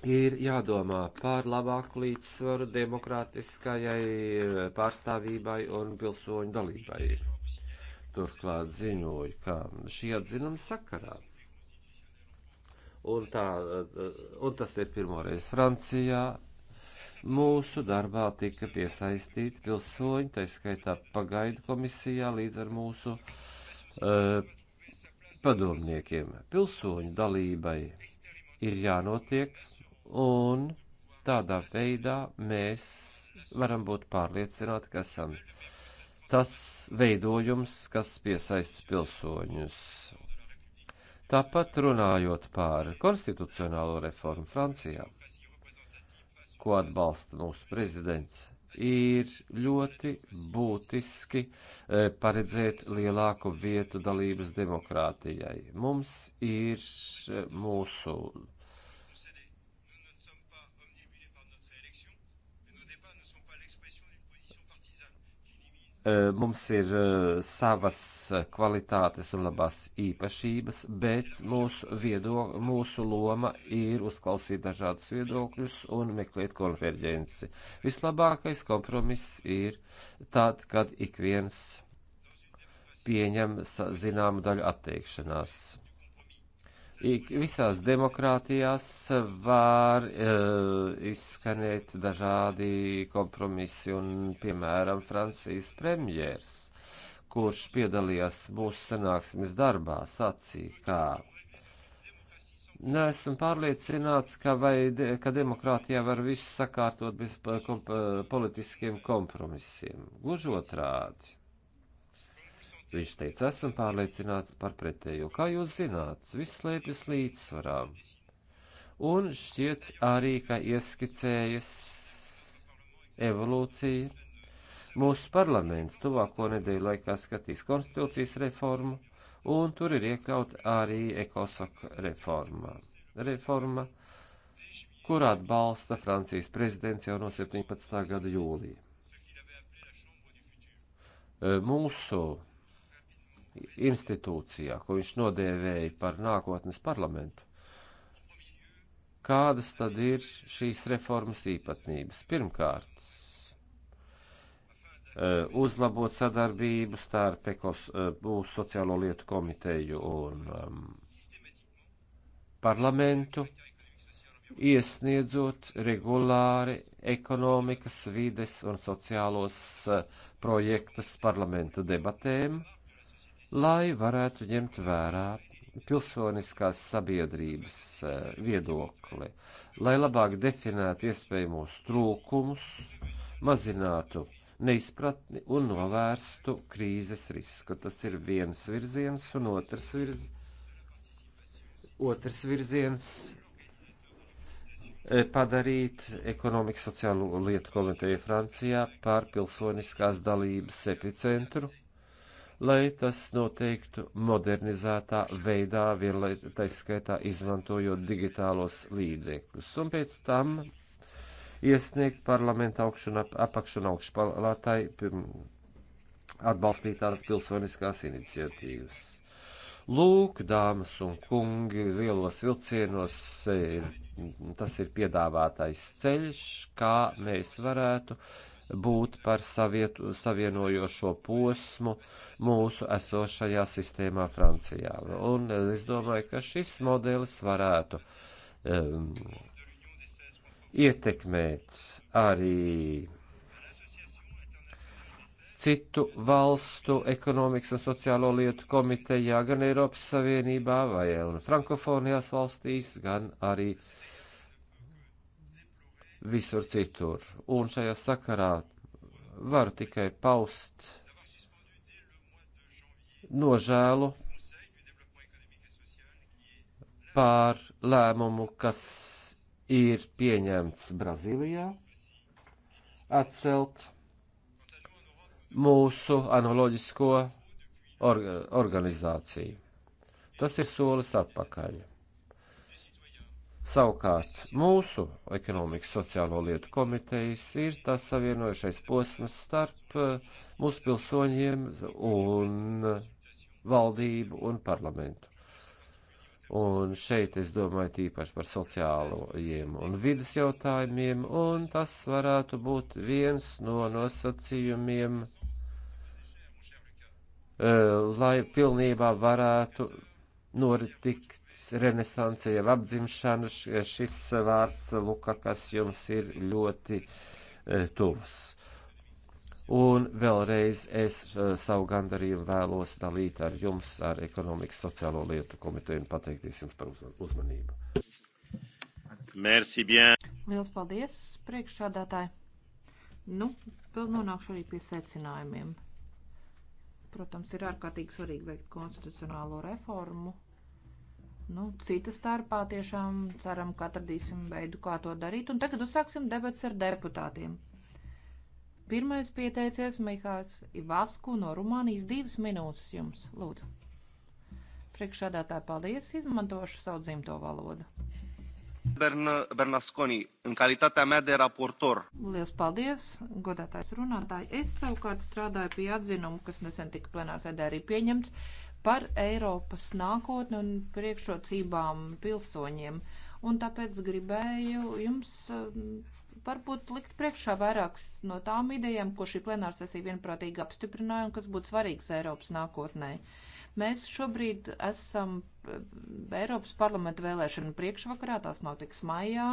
Ir jādomā par labāku līdzsvaru demokrātiskajai pārstāvībai un pilsoņu dalībai. Turklāt ziņoju, ka šī atzinuma sakarā un, tā, eh, un tas ir pirmoreiz Francijā, mūsu darbā tika piesaistīti pilsoņi, tā skaitā pagaidu komisijā līdz ar mūsu uh, padomniekiem. Pilsoņu dalībai ir jānotiek, un tādā veidā mēs varam būt pārliecināti, ka esam tas veidojums, kas piesaista pilsoņus. Tāpat runājot par konstitucionālo reformu Francijā ko atbalsta mūsu prezidents, ir ļoti būtiski e, paredzēt lielāku vietu dalības demokrātijai. Mums ir e, mūsu Eh, mums ir eh, savas eh, kvalitātes un labās īpašības, bet mūsu, viedok, mūsu loma ir uzklausīt dažādus viedokļus un meklēt konverģenci. Vislabākais kompromiss ir tad, kad ik viens pieņem zināmu daļu atteikšanās. Ik visās demokrātijās var uh, izskanēt dažādi kompromisi, un piemēram Francijas premjers, kurš piedalījās mūsu sanāksmes darbā, sacīja, ka neesmu pārliecināts, ka, vai, de, ka demokrātijā var visu sakārtot bez komp politiskiem kompromisiem. Gluži otrādi Viņš teica, esmu pārliecināts par pretējo. Kā jūs zināt, viss slēpjas līdzsvarā. Un šķiet arī, ka ieskicējas evolūcija. Mūsu parlaments tuvāko nedēļu laikā skatīs konstitūcijas reformu, un tur ir iekļaut arī ekosok reforma. Reforma, kur atbalsta Francijas prezidents jau no 17. gada jūlija. Mūsu institūcijā, ko viņš nodēvēja par nākotnes parlamentu. Kādas tad ir šīs reformas īpatnības? Pirmkārt, eh, uzlabot sadarbību starp Ekos, eh, mūsu sociālo lietu komiteju un um, parlamentu, iesniedzot regulāri ekonomikas, vides un sociālos uh, projektus parlamenta debatēm. Uh, lai varētu ņemt vērā pilsoniskās sabiedrības eh, viedokli, lai labāk definētu iespējamos trūkumus, mazinātu neizpratni un novērstu krīzes risku. Tas ir viens virziens, un otrs, virz... otrs virziens eh, padarīt ekonomikas sociālo lietu komiteju Francijā par pilsoniskās dalības epicentru lai tas noteiktu modernizētā veidā, vienlaicīgā izmantojot digitālos līdzekļus. Un pēc tam iesniegt parlamenta augšana, apakšana augšpalātai atbalstītās pilsoniskās iniciatīvas. Lūk, dāmas un kungi, lielos vilcienos ir, tas ir piedāvātais ceļš, kā mēs varētu uh, būt par savietu, savienojošo posmu mūsu esošajā sistēmā Francijā. Un eh, es domāju, ka šis modelis varētu um, ietekmēt arī citu valstu ekonomikas un sociālo lietu komitejā, gan Eiropas Savienībā vai Frankofonijās valstīs, gan arī uh, visur citur. Un šajā sakarā varu tikai paust nožēlu pār lēmumu, kas ir pieņemts Brazīlijā, atcelt mūsu analoģisko orga organizāciju. Tas ir solis atpakaļ. Savukārt mūsu ekonomikas sociālo lietu komitejas ir tas savienojušais posms starp eh, mūsu pilsoņiem un valdību un parlamentu. Un šeit es domāju tīpaši par sociālajiem un vidas jautājumiem, un tas varētu būt viens no nosacījumiem, eh, lai pilnībā varētu notikts renesanse, jeb apdzimšana. Šis vārds Luka, kas jums ir ļoti e, tuvs. Un vēlreiz es e, savu gandarījumu vēlos dalīt ar jums, ar ekonomikas sociālo lietu komiteju un pateikties jums par uzmanību. Merci bien. Liels paldies, priekšsādātāji. Nu, vēl nonākšu arī pie secinājumiem. Protams, ir ārkārtīgi svarīgi veikt konstitucionālo reformu. Nu, cita starpā tiešām ceram, ka atradīsim veidu, kā to darīt. Un tagad uzsāksim debats ar deputātiem. Pirmais pieteicies Mihāls Ivasku no Rumānijas divas minūtes jums. Lūdzu. Priekšādātāji, paldies, izmantošu savu dzimto valodu. Bern, Bernasconi, în calitatea mea de raportor. Lielas paldies, godātais runātāji. Es savukārt strādāju pie atzinuma, kas nesen tika plenārsēdē arī pieņemts, par Eiropas nākotni un priekšrocībām pilsoņiem. Un tāpēc gribēju jums eh, varbūt likt priekšā vairākas no tām idejām, ko šī plenārsesija vienprātīgi apstiprināja un kas būtu svarīgs Eiropas nākotnē. Uh, Mēs šobrīd esam eh, Eiropas parlamenta vēlēšanu priekšvakarā, tās notiks maijā.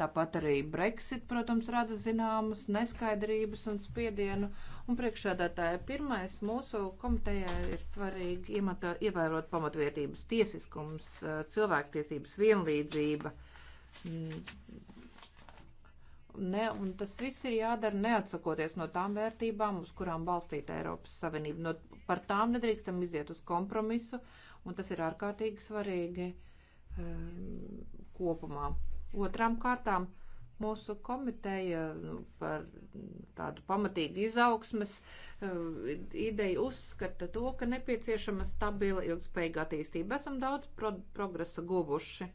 Tāpat arī Brexit, protams, rada zināmas neskaidrības un spiedienu. Un priekšādātāja pirmais mūsu komitejā ir svarīgi iemata, ievērot pamatvērtības tiesiskums, eh, cilvēktiesības vienlīdzība mm, Ne, un tas viss ir jādara neatsakoties no tām vērtībām, uz kurām balstīta Eiropas Savienība. No, par tām nedrīkstam iziet uz kompromisu, un tas ir ārkārtīgi svarīgi um, kopumā. Otrām kārtām mūsu komiteja nu, par tādu pamatīgu izaugsmes ehm, ideju uzskata to, ka nepieciešama stabila ilgspējīga attīstība. Esam daudz pro progresa guvuši.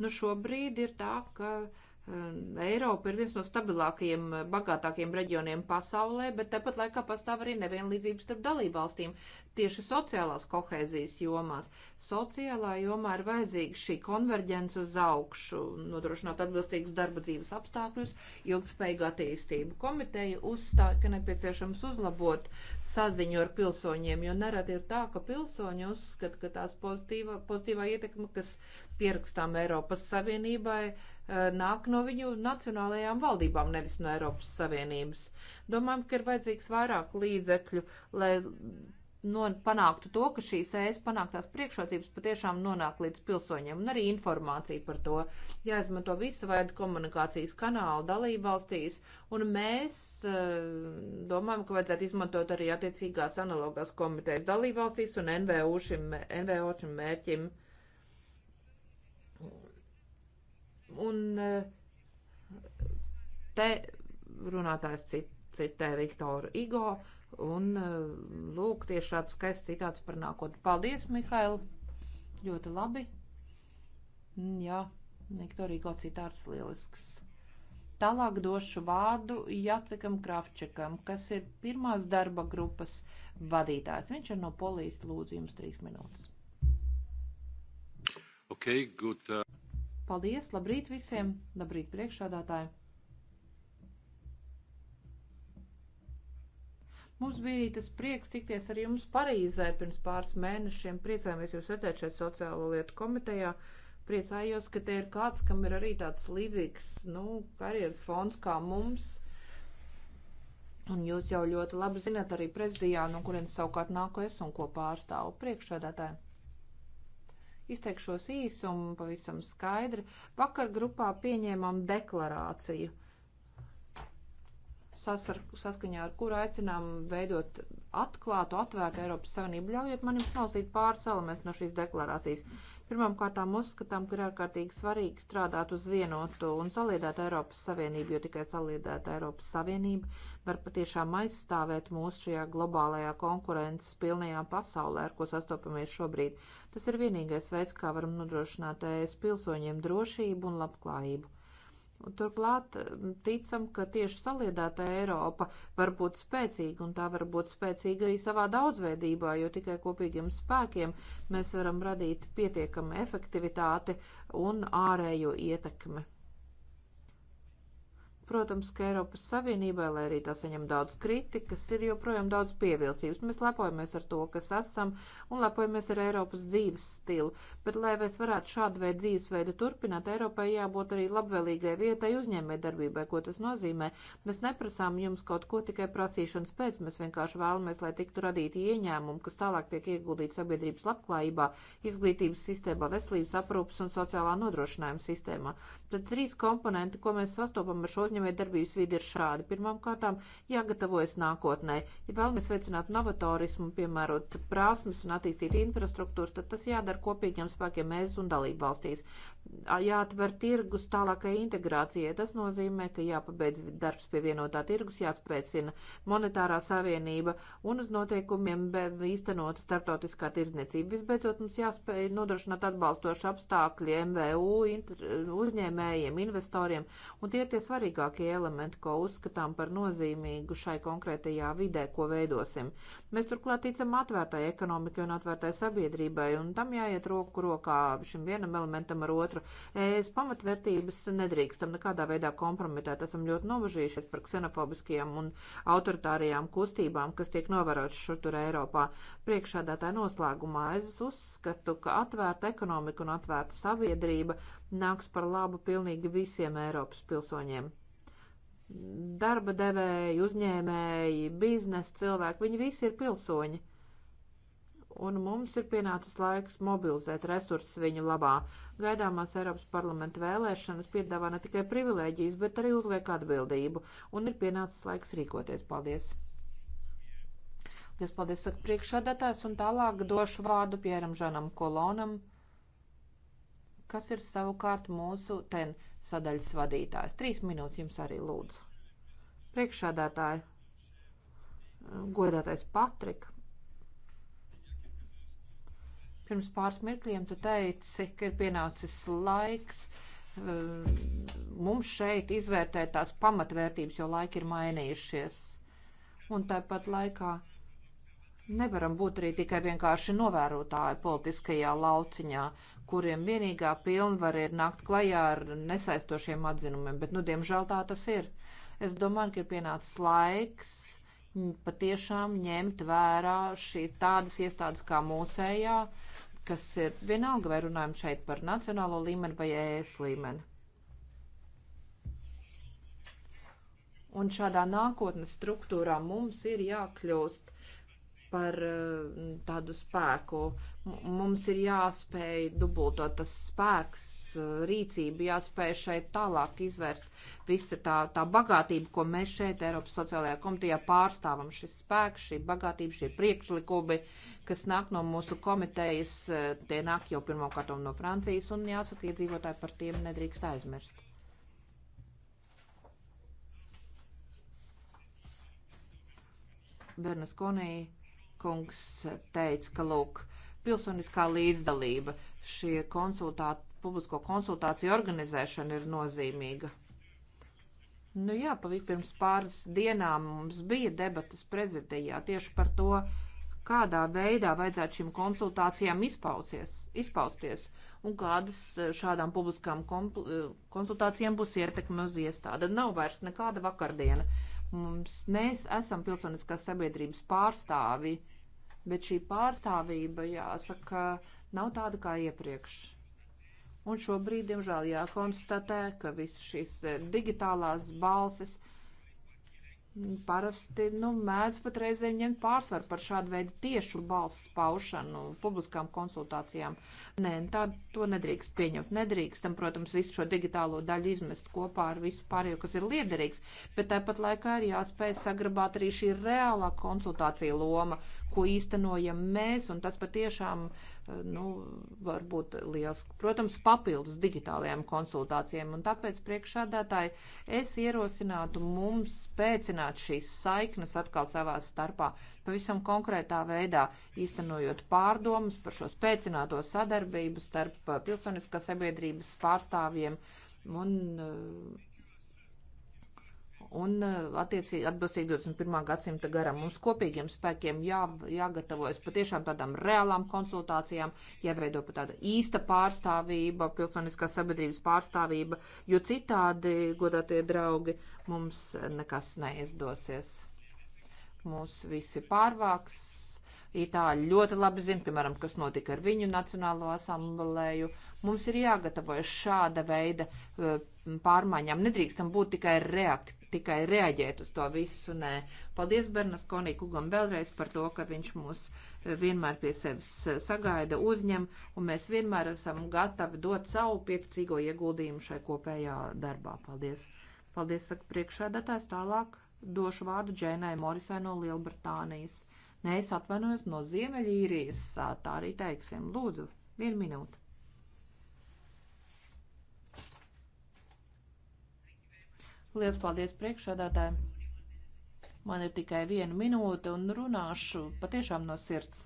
Nu, šobrīd ir tā, ka uh, Um, Eiropa ir viens no stabilākajiem, bagātākajiem reģioniem pasaulē, bet tepat laikā pastāv arī nevienlīdzības starp dalībvalstīm tieši sociālās kohēzijas jomās. Sociālā jomā ir vajadzīga šī konverģence uz augšu, nodrošināt atbilstīgus darba dzīves apstākļus, ilgspējīgu attīstību. Komiteja uzstāja, ka nepieciešams uzlabot saziņu ar pilsoņiem, jo nerad ir tā, ka pilsoņi uzskata, ka tās pozitīva, pozitīvā ietekme, kas pierakstām Eiropas Savienībai, Eh, nāk no viņu nacionālajām valdībām, nevis no Eiropas Savienības. Domājam, ka ir vajadzīgs vairāk līdzekļu, lai no, panāktu to, ka šīs ēst panāktās priekšrocības patiešām nonāk līdz pilsoņiem, un arī informācija par to. Jāizmanto visa veida komunikācijas kanāli dalībvalstīs, un mēs uh, domājam, ka vajadzētu izmantot arī attiecīgās analogās komitejas dalībvalstīs un NVO šim, NVO šim mērķim. Uh, Un eh, te runātājs cit, citē Viktoru Igo, un eh, lūk, tieši tāds skaists citāts par nākotni. Paldies, Mihail! Ļoti labi. Mm, jā, Viktor Igo citāts lielisks. Tālāk došu vārdu Jacekam Kravčekam, kas ir pirmās darba grupas vadītājs. Viņš ir no polijas lūdzu jums trīs minūtes. Okay, good. Uh... Paldies, labrīt visiem, labrīt priekšādātāji. Mums bija arī tas prieks tikties ar jums Parīzē pirms pāris mēnešiem. Priecājamies jūs redzēt šeit sociālo lietu komitejā. Priecājos, ka te ir kāds, kam ir arī tāds līdzīgs, nu, karjeras fonds kā mums. Un jūs jau ļoti labi zināt arī prezidijā, no kurienes savukārt nāku es un ko pārstāvu priekšādātāju. Izteikšos īsi un pavisam skaidri. Vakar grupā pieņēmām deklarāciju, sasar, saskaņā ar kuru aicinām veidot atklātu, atvērtu Eiropas Savienību. Ļaujiet man jums nolasīt pāris elementus no šīs deklarācijas. Pirmkārt, uzskatām, ka ir ārkārtīgi svarīgi strādāt uz vienotu un saliedētu Eiropas Savienību, jo tikai saliedēta Eiropas Savienība var patiešām aizstāvēt mūsu šajā globālajā konkurences pilnajā pasaulē, ar ko sastopamies šobrīd. Tas ir vienīgais veids, kā varam nodrošināt ES pilsoņiem drošību un labklājību. Un turklāt ticam, ka tieši saliedēta Eiropa var būt spēcīga, un tā var būt spēcīga arī savā daudzveidībā, jo tikai kopīgiem spēkiem mēs varam radīt pietiekamu efektivitāti un ārējo ietekmi. Protams, ka Eiropas Savienībai, lai arī tā saņem daudz kritikas, ir joprojām daudz pievilcības. Mēs lepojamies ar to, kas esam, un lepojamies ar Eiropas dzīves stilu. Bet, lai mēs varētu šādu veidu dzīvesveidu turpināt, Eiropai jābūt arī labvēlīgai vietai uzņēmē darbībai, ko tas nozīmē. Mēs neprasām jums kaut ko tikai prasīšanas pēc, mēs vienkārši vēlamies, lai tiktu radīti ieņēmumi, kas tālāk tiek ieguldīti sabiedrības labklājībā, izglītības sistēmā, veselības aprūpas un sociālā nodrošinājuma sistēmā. Tad trīs komponenti, ko mēs sastopam ar šo uzņēmumu, uzņēmējdarbības vidi ir šādi. Pirmkārtām, jāgatavojas nākotnē. Ja vēlamies veicināt novatorismu, piemērot prasmes un attīstīt infrastruktūras, tad tas jādara kopīgiem spēkiem mēs un dalību valstīs. Jāatver tirgus tālākai integrācijai. Tas nozīmē, ka jāpabeidz darbs pie vienotā tirgus, jāspēcina monetārā savienība un uz noteikumiem īstenota starptautiskā tirdzniecība. Visbeidzot, mums jāspēj nodrošināt atbalstošu apstākļu MVU, uzņēmējiem, investoriem, un tie ir tie svarīgākie būtiskākie elementi, ko uzskatām par nozīmīgu šai konkrētajā vidē, ko veidosim. Mēs turklāt ticam atvērtai ekonomikai un atvērtai sabiedrībai, un tam jāiet roku rokā šim vienam elementam ar otru. Es pamatvērtības nedrīkstam nekādā veidā kompromitēt. Esam ļoti novažījušies par ksenofobiskajām un autoritārajām kustībām, kas tiek novērotas šur tur Eiropā. Priekšādātāja noslēgumā es uzskatu, ka atvērta ekonomika un atvērta sabiedrība nāks par labu pilnīgi visiem Eiropas pilsoņiem darba devēji, uzņēmēji, biznesa cilvēki, viņi visi ir pilsoņi. Un mums ir pienācis laiks mobilizēt resursus viņu labā. Gaidāmās Eiropas parlamenta vēlēšanas piedāvā ne tikai privilēģijas, bet arī uzliek atbildību. Un ir pienācis laiks rīkoties. Paldies! Liels paldies, saka priekšādātājs, un tālāk došu vārdu Pieram Žanam Kolonam, kas ir savukārt mūsu ten sadaļas vadītājs. Trīs minūtes jums arī lūdzu. Priekšādātāji, godātais Patrik, pirms pāris mirkļiem tu teici, ka ir pienācis laiks eh, mums šeit izvērtēt tās pamatvērtības, jo laiki ir mainījušies. Un tāpat laikā Nevaram būt arī tikai vienkārši novērotāji politiskajā lauciņā, kuriem vienīgā pilnvara ir nākt klajā ar nesaistošiem atzinumiem, bet, nu, diemžēl tā tas ir. Es domāju, ka ir pienācis laiks patiešām ņemt vērā šīs tādas iestādes kā mūsējā, kas ir vienalga, vai runājam šeit par nacionālo līmeni vai ES līmeni. Un šādā nākotnes struktūrā mums ir jākļūst par eh, tādu spēku. Mums ir jāspēj dubultot tas spēks, eh, rīcība, jāspēj šeit tālāk izvērst visu tā, tā bagātību, ko mēs šeit Eiropas sociālajā komitejā pārstāvam. Šis spēks, šī bagātība, šie priekšlikumi, kas nāk no mūsu komitejas, eh, tie nāk jau pirmkārt no Francijas, un jāsaka, iedzīvotāji par tiem nedrīkst aizmirst. Bernas Konija kungs teica, ka, lūk, pilsoniskā līdzdalība, šie konsultāt, publisko konsultāciju organizēšana ir nozīmīga. Nu jā, pavisam pirms pāris dienām mums bija debatas prezidijā tieši par to, kādā veidā vajadzētu šīm konsultācijām izpausties un kādas šādām publiskām konsultācijām būs ietekme uz iestādi. Nav vairs nekāda vakardiena. Mums, mēs esam pilsoniskās sabiedrības pārstāvi, bet šī pārstāvība, jāsaka, nav tāda kā iepriekš. Un šobrīd, diemžēl, jākonstatē, ka visas šīs eh, digitālās balses uh, parasti nu, mēdz pat reizēm ņemt pārsvaru par šādu veidu tiešu balsu paušanu, publiskām konsultācijām. Nē, tā to nedrīkst pieņemt. Nedrīkstam, protams, visu šo digitālo daļu izmest kopā ar visu pārējo, kas ir liederīgs, bet tāpat laikā ir jāspēj sagrabāt arī šī reālā konsultācija loma, ko īstenojam mēs, un tas patiešām, eh, nu, var būt liels, protams, papildus digitālajām konsultācijām, un tāpēc priekšādātāji es ierosinātu mums spēcināt šīs saiknes atkal savās starpā, pavisam konkrētā veidā īstenojot pārdomas par šo spēcināto sadarbību starp eh, pilsoniskās sabiedrības pārstāvjiem un uh, un eh, attiecīgi atbilstīgi 21. gadsimta garam mums kopīgiem spēkiem jā, jāgatavojas patiešām tādām reālām konsultācijām, jāveido pat tāda īsta pārstāvība, pilsoniskā sabiedrības pārstāvība, jo citādi, godātie draugi, mums nekas neizdosies. Mūs visi pārvāks. Itāļi ļoti labi zina, piemēram, kas notika ar viņu Nacionālo asamblēju. Mums ir jāgatavojas šāda veida eh, pārmaiņām. Nedrīkstam būt tikai, reakt, tikai reaģēt uz to visu. Nē. Paldies Bernas Konīkungam vēlreiz par to, ka viņš mūs eh, vienmēr pie sevis eh, sagaida, uzņem, un mēs vienmēr esam gatavi dot savu pieticīgo ieguldījumu šai kopējā darbā. Paldies! Paldies, saka priekšēdētājs. Tālāk došu vārdu Džēnai Morisai no Lielbritānijas. Nē, es atvainojos no Ziemeļīrijas, tā arī teiksim. Lūdzu, vienu minūtu. Lielas paldies priekšādātājiem. Man ir tikai viena minūte un runāšu patiešām no sirds.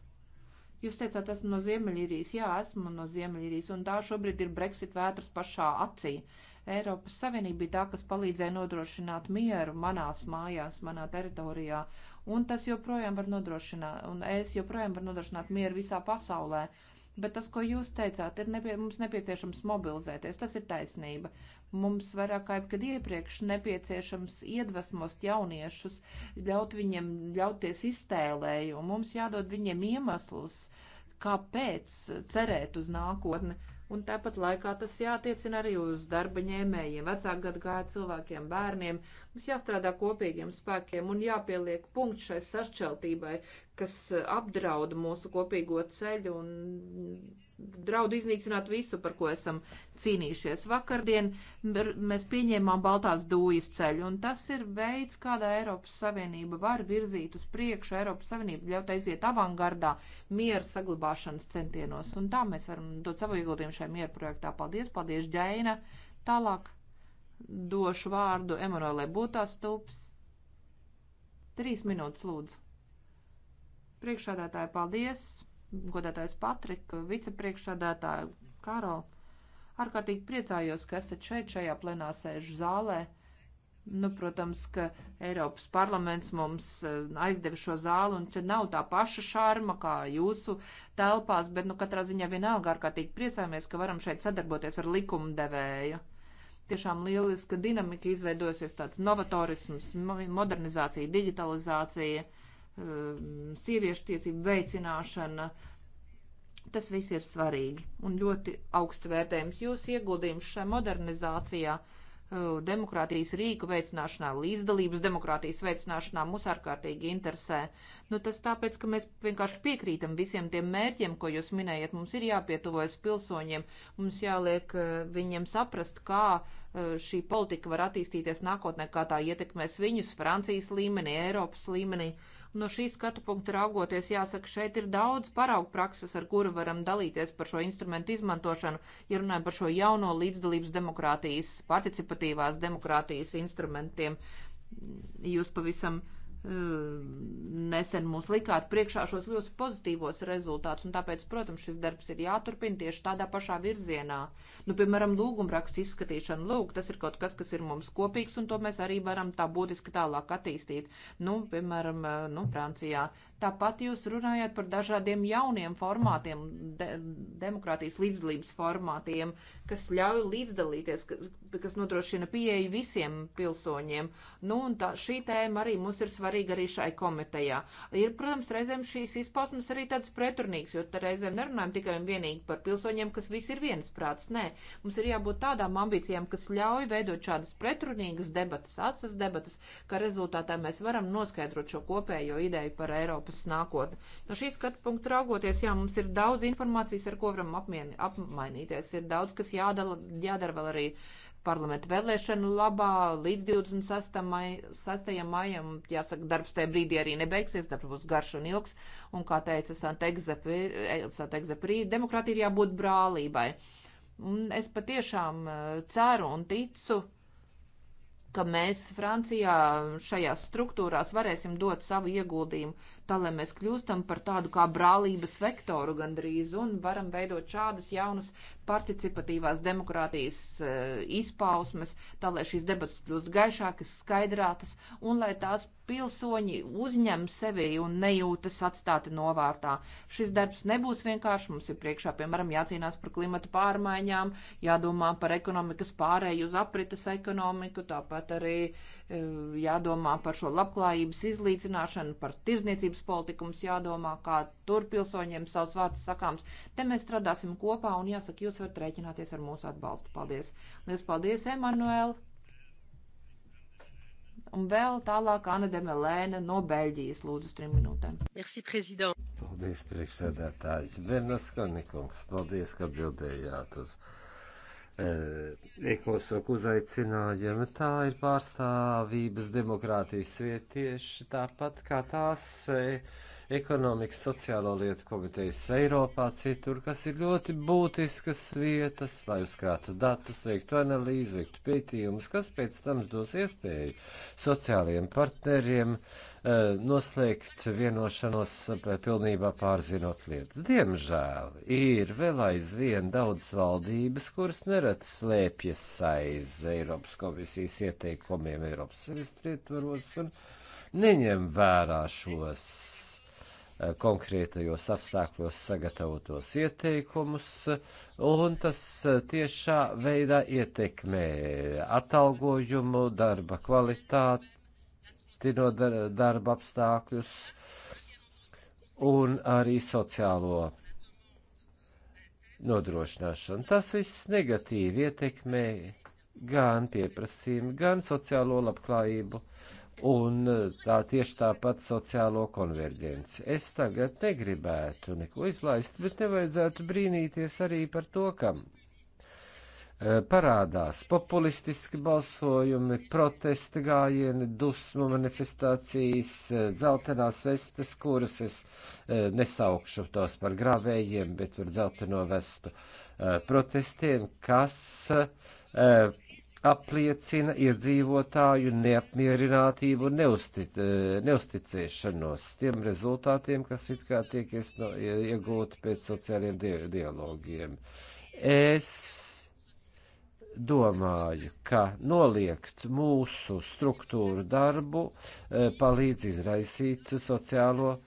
Jūs teicāt, esmu no Ziemeļīrijas. Jā, esmu no Ziemeļīrijas, un tā šobrīd ir Brexit vētras pašā acī. Eiropas Savienība bija tā, kas palīdzēja nodrošināt mieru manās mājās, manā teritorijā, un tas joprojām var nodrošināt, un es joprojām var nodrošināt mieru visā pasaulē. Bet tas, ko jūs teicāt, ir nepie, mums nepieciešams mobilizēties, tas ir taisnība. Mums vairāk kā jebkad iepriekš nepieciešams iedvesmost jauniešus, ļaut viņiem ļauties iztēlēju, un mums jādod viņiem iemesls, kāpēc cerēt uz nākotni. Un tāpat laikā tas jātiecina arī uz darba ņēmējiem, vecāku gadu gāju cilvēkiem, bērniem. Mums jāstrādā kopīgiem spēkiem un jāpieliek punkts šai sašķeltībai, kas apdrauda mūsu kopīgo ceļu un draudu iznīcināt visu, par ko esam cīnījušies. Vakardien mēs pieņēmām Baltās dūjas ceļu, un tas ir veids, kādā Eiropas Savienība var virzīt uz priekšu, Eiropas Savienība ļaut aiziet avangardā miera saglabāšanas centienos, un tā mēs varam dot savu ieguldījumu šai miera projektā. Paldies, paldies, Džaina! Tālāk došu vārdu Emanuelai Būtās Tūps. Trīs minūtes lūdzu. Priekšādātāji, paldies! godātājs Patrika, vicepriekšādātāja Karola. Ārkārtīgi priecājos, ka esat šeit, šajā plenāsēžu zālē. Nu, protams, ka Eiropas parlaments mums eh, aizdeva šo zāli, un te nav tā paša šarma kā jūsu telpās, bet, nu, katrā ziņā vienalga ārkārtīgi priecājamies, ka varam šeit sadarboties ar likumdevēju. Tiešām lieliska dinamika izveidojusies tāds novatorisms, modernizācija, digitalizācija Um, sieviešu tiesību veicināšana. Tas viss ir svarīgi un ļoti augstu vērtējums. Jūsu ieguldījums šajā modernizācijā, uh, demokrātijas rīku veicināšanā, līdzdalības demokrātijas veicināšanā mūs ārkārtīgi interesē. Nu, tas tāpēc, ka mēs vienkārši piekrītam visiem tiem mērķiem, ko jūs minējat. Mums ir jāpietuvojas pilsoņiem, mums jāliek uh, viņiem saprast, kā uh, šī politika var attīstīties nākotnē, kā tā ietekmēs viņus Francijas līmenī, Eiropas līmenī. Uh, No šī skatu punkta raugoties, jāsaka, šeit ir daudz paraugu prakses, ar kuru varam dalīties par šo instrumentu izmantošanu, ja runājam par šo jauno līdzdalības demokrātijas, participatīvās demokrātijas instrumentiem. Jūs pavisam uh, Ehm, nesen mums likāt priekšā šos ļoti pozitīvos rezultātus, un tāpēc, protams, šis darbs ir jāturpina tieši tādā pašā virzienā. Nu, piemēram, lūgumrakstu izskatīšana, lūk, tas ir kaut kas, kas ir mums kopīgs, un to mēs arī varam tā būtiski tālāk attīstīt. Nu, piemēram, eh, nu, Francijā Tāpat jūs runājat par dažādiem jauniem formātiem, de demokrātijas līdzdalības formātiem, kas ļauj līdzdalīties, kas, kas nodrošina pieeju visiem pilsoņiem. Nu, un tā, šī tēma arī mums ir svarīga arī šai komitejā. Ir, protams, reizēm šīs izpausmes arī tāds pretrunīgs, jo te reizēm nerunājam tikai un vienīgi par pilsoņiem, kas visi ir viensprāts. Nē, mums ir jābūt tādām ambīcijām, kas ļauj veidot šādas pretrunīgas debatas, asas debatas, ka rezultātā mēs varam noskaidrot šo kopējo ideju par Eiropas Eiropas nākotni. No šīs skatu punktu raugoties, jā, mums ir daudz informācijas, ar ko varam apmien, apmainīties. Ir daudz, kas jādala, jādara vēl arī parlamentu vēlēšanu labā līdz 26. Mai, 6. maijam. Jāsaka, darbs tajā brīdī arī nebeigsies, darbs būs garš un ilgs. Un, kā teica Santegzeprī, eh, demokrātija ir jābūt brālībai. Un es patiešām eh, ceru un ticu, ka mēs Francijā šajās struktūrās varēsim dot savu ieguldījumu tā lai mēs kļūstam par tādu kā brālības vektoru gandrīz un varam veidot šādas jaunas participatīvās demokrātijas uh, izpausmes, tā lai šīs debatas kļūst gaišākas, skaidrātas un lai tās pilsoņi uzņem sevi un nejūtas atstāti novārtā. Šis darbs nebūs vienkārši, mums ir priekšā, piemēram, jācīnās par klimatu pārmaiņām, jādomā par ekonomikas pārēju uz aprites ekonomiku, tāpat arī uh, Eh, jādomā par šo labklājības izlīdzināšanu, par tirzniecības politikums jādomā, kā tur pilsoņiem savs vārds sakāms. Te mēs strādāsim kopā un jāsaka, jūs varat rēķināties ar mūsu atbalstu. Paldies! Lielas paldies, Emanuēl! Un vēl tālāk Anna Demelēna no Beļģijas lūdzu trim minūtēm. Merci, prezident! Paldies, priekšsēdētājs Bernas Konikungs! Paldies, ka atbildējāt uz! Eh, Ekosok uzaicinājumi. Tā ir pārstāvības demokrātijas vietieši, tāpat kā tās. E, ekonomikas sociālo lietu komitejas Eiropā, citur, kas ir ļoti būtiskas vietas, lai uzkrātu datus, veiktu analīzi, veiktu pētījumus, kas pēc tam dos iespēju sociālajiem partneriem eh, noslēgt vienošanos eh, pilnībā pārzinot lietas. Diemžēl ir vēl aizvien daudz valdības, kuras nerad slēpjas aiz Eiropas komisijas ieteikumiem Eiropas semestri ietvaros un neņem vērā šos Eh, konkrētajos apstākļos sagatavotos ieteikumus, un tas eh, tiešā veidā ietekmē atalgojumu, darba kvalitāti no darba apstākļus un arī sociālo nodrošināšanu. Tas viss negatīvi ietekmē gan pieprasījumu, gan sociālo labklājību un e, tā tieši tāpat sociālo konverģenci. Es tagad negribētu neko izlaist, bet nevajadzētu brīnīties arī par to, ka e, parādās populistiski balsojumi, protesti gājieni, dusmu manifestācijas, e, dzeltenās vestes, kuras es nesaukšu tos par grāvējiem, bet par dzelteno vestu protestiem, kas apliecina iedzīvotāju neapmierinātību un neustic, e, neusticēšanos tiem rezultātiem, kas it kā tiek iesno, iegūti pēc sociāliem di dialogiem. Es domāju, ka noliegt mūsu struktūru darbu e, palīdz izraisīt sociālo e,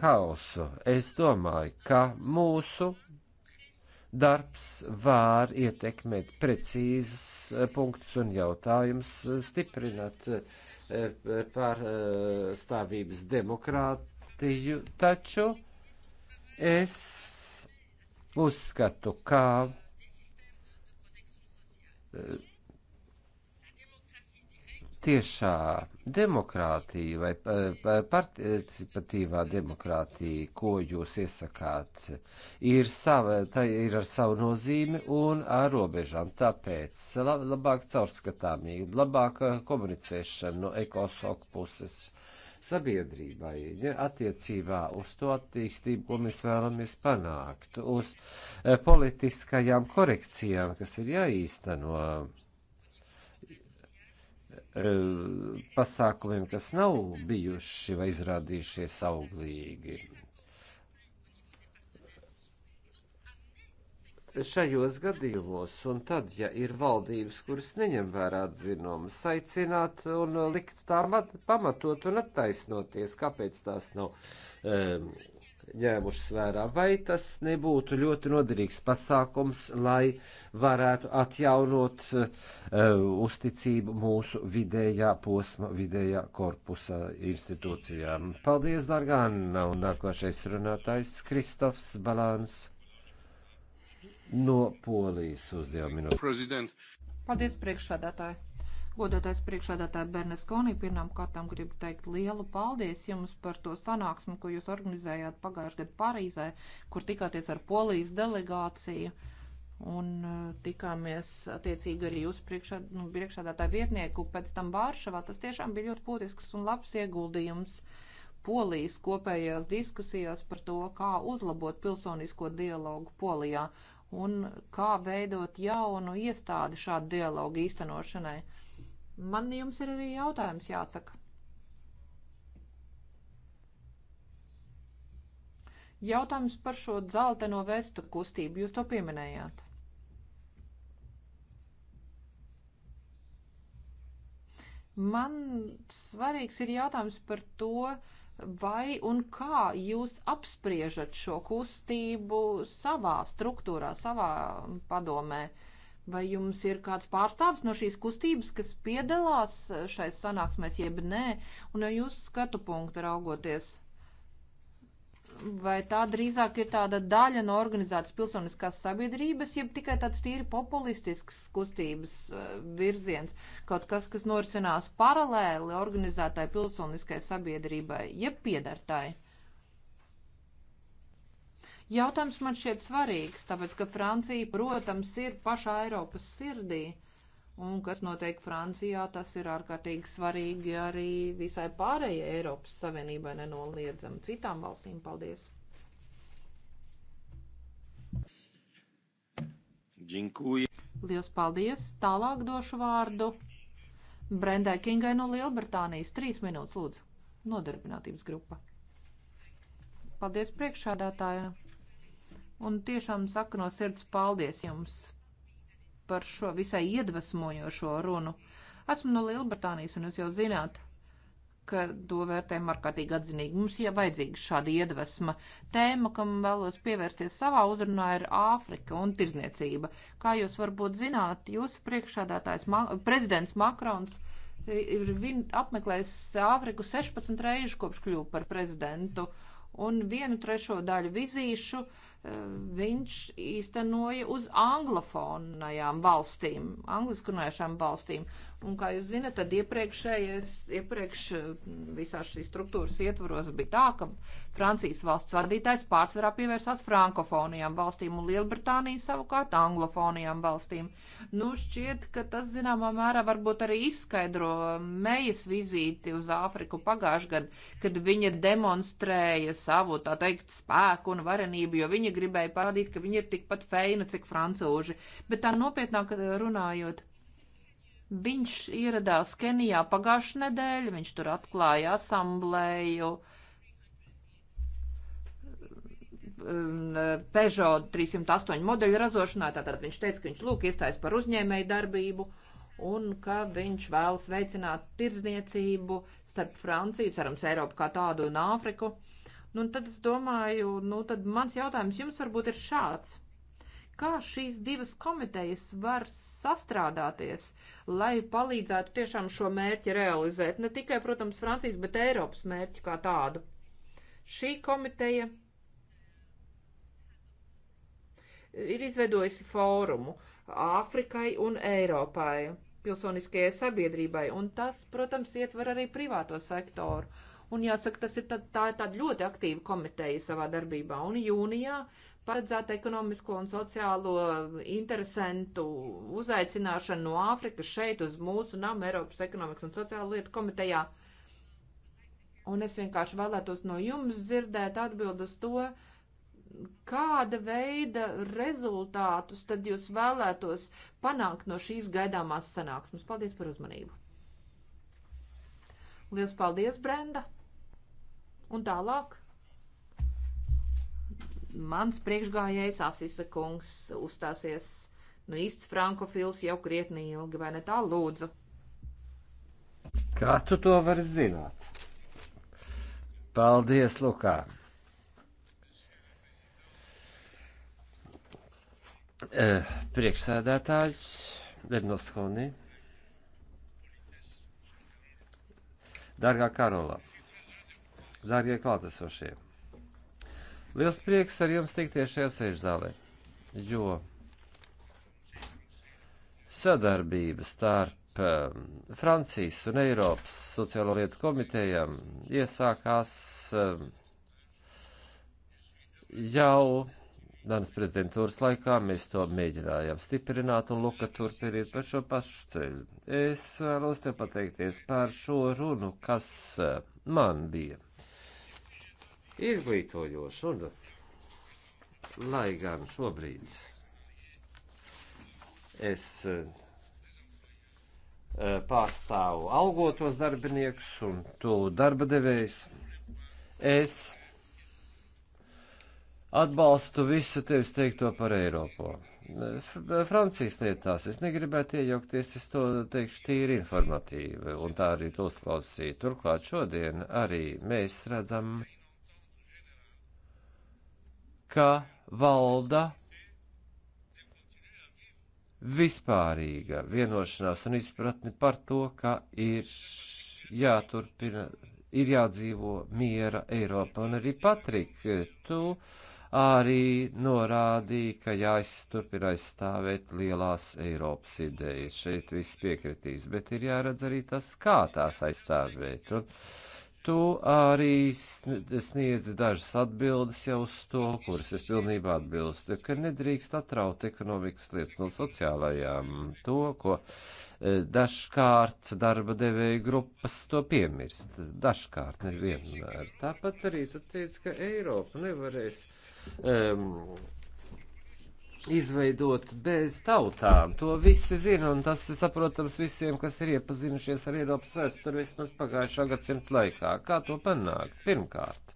haosu. Es domāju, ka mūsu darbs var ietekmēt precīzus eh, punktus un jautājumus, eh, stiprināt eh, pārstāvības demokrātiju, taču es uzskatu, ka tiešā demokrātija vai eh, participatīvā demokrātija, ko jūs iesakāt, ir, sava, ir ar savu nozīmi un ar robežām. Tāpēc labāk caurskatāmība, labāk eh, komunicēšana no ekosok puses sabiedrībai ja, attiecībā uz to attīstību, ko mēs vēlamies panākt, uz eh, politiskajām korekcijām, kas ir jāīsteno. No E, pasākumiem, kas nav bijuši vai izrādījušies auglīgi. Šajos gadījumos, un tad, ja ir valdības, kuras neņem vērā dzinumus, aicināt un likt tām pamatot un attaisnoties, kāpēc tās nav um, ņēmušas vērā. Vai tas nebūtu ļoti noderīgs pasākums, lai varētu atjaunot uh, uzticību mūsu vidējā posma, vidējā korpusa institūcijām? Paldies, dārgā Anna, un nākošais runātājs Kristofs Balāns no Polijas uz divu minūtu. Paldies, priekšsādātāji! Godātais priekšādātāja Berneskoni, pirmām kārtām gribu teikt lielu paldies jums par to sanāksmi, ko jūs organizējāt pagājušajā gadā Parīzē, kur tikāties ar polijas delegāciju. Un e, tikāmies attiecīgi arī jūsu priekšā, nu, priekšādātāju vietnieku pēc tam Vāršavā. Tas tiešām bija ļoti būtisks un labs ieguldījums. Polijas kopējās diskusijās par to, kā uzlabot pilsonisko dialogu Polijā un kā veidot jaunu iestādi šādu dialogu īstenošanai. Man jums ir arī jautājums jāsaka. Jautājums par šo dzelteno vestu kustību. Jūs to pieminējāt. Man svarīgs ir jautājums par to, vai un kā jūs apspriežat šo kustību savā struktūrā, savā padomē. Uh, Vai jums ir kāds pārstāvis no šīs kustības, kas piedalās šais sanāksmēs, jeb nē, un no jūsu skatu punktu raugoties? Vai tā drīzāk ir tāda daļa no organizētas pilsoniskās sabiedrības, jeb tikai tāds tīri populistisks kustības eh, virziens, kaut kas, kas norisinās paralēli organizētai pilsoniskai sabiedrībai, jeb piedartai? Jautājums man šķiet svarīgs, tāpēc, ka Francija, protams, ir pašā Eiropas sirdī. Un kas notiek Francijā, tas ir ārkārtīgi svarīgi arī visai pārējai Eiropas Savienībai nenoliedzam citām valstīm. Paldies! Džinkuja. Liels paldies! Tālāk došu vārdu Brendai Kingai no Lielbritānijas. Trīs minūtes, lūdzu. Nodarbinātības grupa. Paldies priekšādātājai! Un tiešām saku no sirds paldies jums par šo visai iedvesmojošo runu. Esmu no Lielbritānijas, un jūs jau zināt, ka to vērtējam ārkārtīgi atzinīgi. Mums ir vajadzīga šāda iedvesma. Tēma, kam vēlos pievērsties savā uzrunā, ir Āfrika un tirzniecība. Kā jūs varbūt zināt, jūsu priekšādātājs ma prezidents Makrons ir apmeklējis Āfriku 16 reižu kopš kļuva par prezidentu un vienu trešo daļu vizīšu uh, Eh, viņš īstenoja uz anglofonajām valstīm, angliskunājušām valstīm. Un, kā jūs zinat, tad iepriekšējais, iepriekš eh, visās šīs struktūras ietvaros bija tā, ka Francijas valsts vadītājs pārsvarā pievērsās frankofonijām valstīm un Lielbritānija savukārt anglofonijām valstīm. Nu, šķiet, ka tas, zināmā mērā, varbūt arī izskaidro mejas vizīti uz Āfriku pagājušajā gadā, kad viņa demonstrēja savu, tā teikt, spēku un varenību, jo viņa gribēja parādīt, ka viņa ir tikpat feina, cik francūži. Bet tā nopietnāk runājot Viņš ieradās Kenijā pagājušajā nedēļā, viņš tur atklāja asamblēju. Um, Peugeot 308 modeļu ražošanā. Tātad viņš teica, ka viņš lūk iestājas par uzņēmēju darbību un ka viņš vēlas veicināt tirdzniecību starp Franciju, cerams, Eiropu kā tādu un Āfriku. Nu, un tad es domāju, nu, tad mans jautājums jums varbūt ir šāds kā šīs divas komitejas var sastrādāties, lai palīdzētu tiešām šo mērķi realizēt. Ne tikai, protams, Francijas, bet Eiropas mērķi kā tādu. Šī komiteja ir izveidojusi fórumu Āfrikai un Eiropai, pilsoniskajai sabiedrībai, un tas, protams, ietver arī privāto sektoru. Un jāsaka, tas ir tā, tā ir tāda ļoti aktīva komiteja savā darbībā. Un jūnijā uh, paredzēta ekonomisko un sociālo interesentu uzaicināšana no Āfrikas šeit uz mūsu namu Eiropas ekonomikas un sociālo lietu komitejā. Un es vienkārši vēlētos no jums dzirdēt atbildus to, kāda veida rezultātus tad jūs vēlētos panākt no šīs gaidāmās sanāksmes. Paldies par uzmanību! Lielas paldies, Brenda! Un tālāk! mans priekšgājējs Asisa kungs uzstāsies, nu īsts frankofils jau krietni ilgi, vai ne tā lūdzu? Kā tu to vari zināt? Paldies, Lukā! Eh, priekšsēdētājs Ednoskoni. Dārgā Karola, dārgie klātesošie! Liels prieks ar jums tikties šajā sēžzālē, jo sadarbība starp um, Francijas un Eiropas sociālo lietu komitejām iesākās um, jau Danas prezidentūras laikā mēs to mēģinājām stiprināt, un Luka turpiniet par šo pašu ceļu. Es vēlos te pateikties par šo runu, kas uh, man bija izglītojoši. Un, lai gan šobrīd es eh, pārstāvu algotos darbiniekus un tu darba devējs, es atbalstu visu tevis teikto par Eiropu. Francijas lietās es negribētu iejaukties, es to teikšu tīri informatīvi, un tā arī to uzklausīju. Turklāt šodien arī mēs redzam, ka ka valda vispārīga vienošanās un izpratni par to, ka ir jāturpina, ir jādzīvo miera Eiropa. Un arī Patrik, tu arī norādīja, ka jāizturpina aizstāvēt lielās Eiropas idejas. Šeit viss piekritīs, bet ir jāredz arī tas, kā tās aizstāvēt. Un Tu arī sniedzi dažas atbildes jau uz to, kuras es pilnībā atbilstu, ka nedrīkst atraut ekonomikas lietas no sociālajām. To, ko e, dažkārt darba devēja grupas to piemirst. Dažkārt nevienmēr. Tāpat arī tu teici, ka Eiropa nevarēs um, izveidot bez tautām. To visi zina, un tas ir saprotams visiem, kas ir iepazinušies ar Eiropas vēsturi vismaz pagājušā gadsimta laikā. Kā to panākt? Pirmkārt,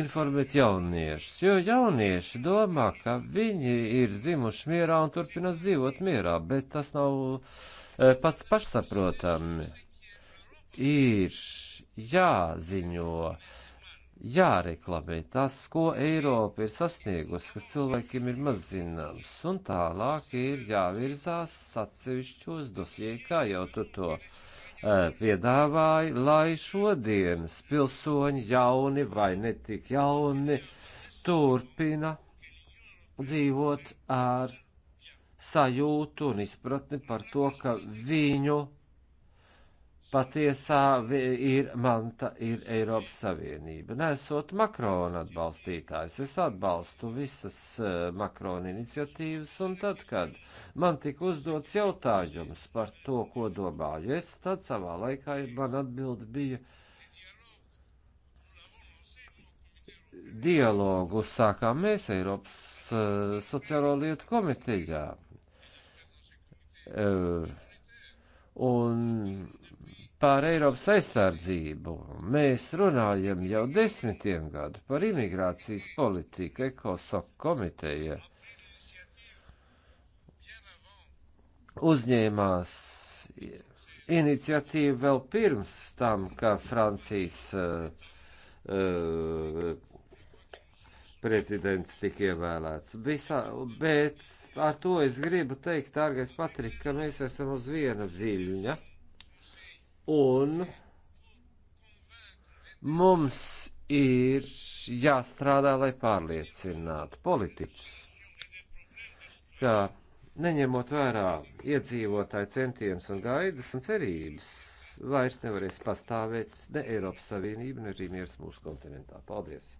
informēt jauniešus, jo jaunieši domā, ka viņi ir dzimuši mierā un turpinās dzīvot mierā, bet tas nav e, pats pašsaprotami. Ir jāziņo. Ja, jāreklamē tas, ko Eiropa ir sasniegusi, kas cilvēkiem ir maz zināms, un tālāk ir jāvirzās atsevišķos dosie, kā jau tu to uh, piedāvāji, lai šodienas pilsoņi jauni vai netik jauni turpina dzīvot ar sajūtu un izpratni par to, ka viņu patiesā ir manta, ir Eiropas Savienība. Nesot Makrona atbalstītājs, es atbalstu visas eh, Makrona iniciatīvas, un tad, kad man tika uzdots jautājums par to, ko domāju, es tad savā laikā man atbildi bija dialogu sākām mēs Eiropas uh, sociālo lietu komitejā. Uh, un par Eiropas aizsardzību. Mēs runājam jau desmitiem gadu par imigrācijas politiku ekosok komiteja. Uzņēmās iniciatīvu vēl pirms tam, ka Francijas uh, uh, prezidents tika ievēlēts. Visā, bet ar to es gribu teikt, dārgais Patrik, ka mēs esam uz viena viļņa un mums ir jāstrādā, lai pārliecinātu politiķus, ka neņemot vērā iedzīvotāju centienus un gaidas un cerības, vairs nevarēs pastāvēt ne Eiropas Savienība, ne arī miers mūsu kontinentā. Paldies!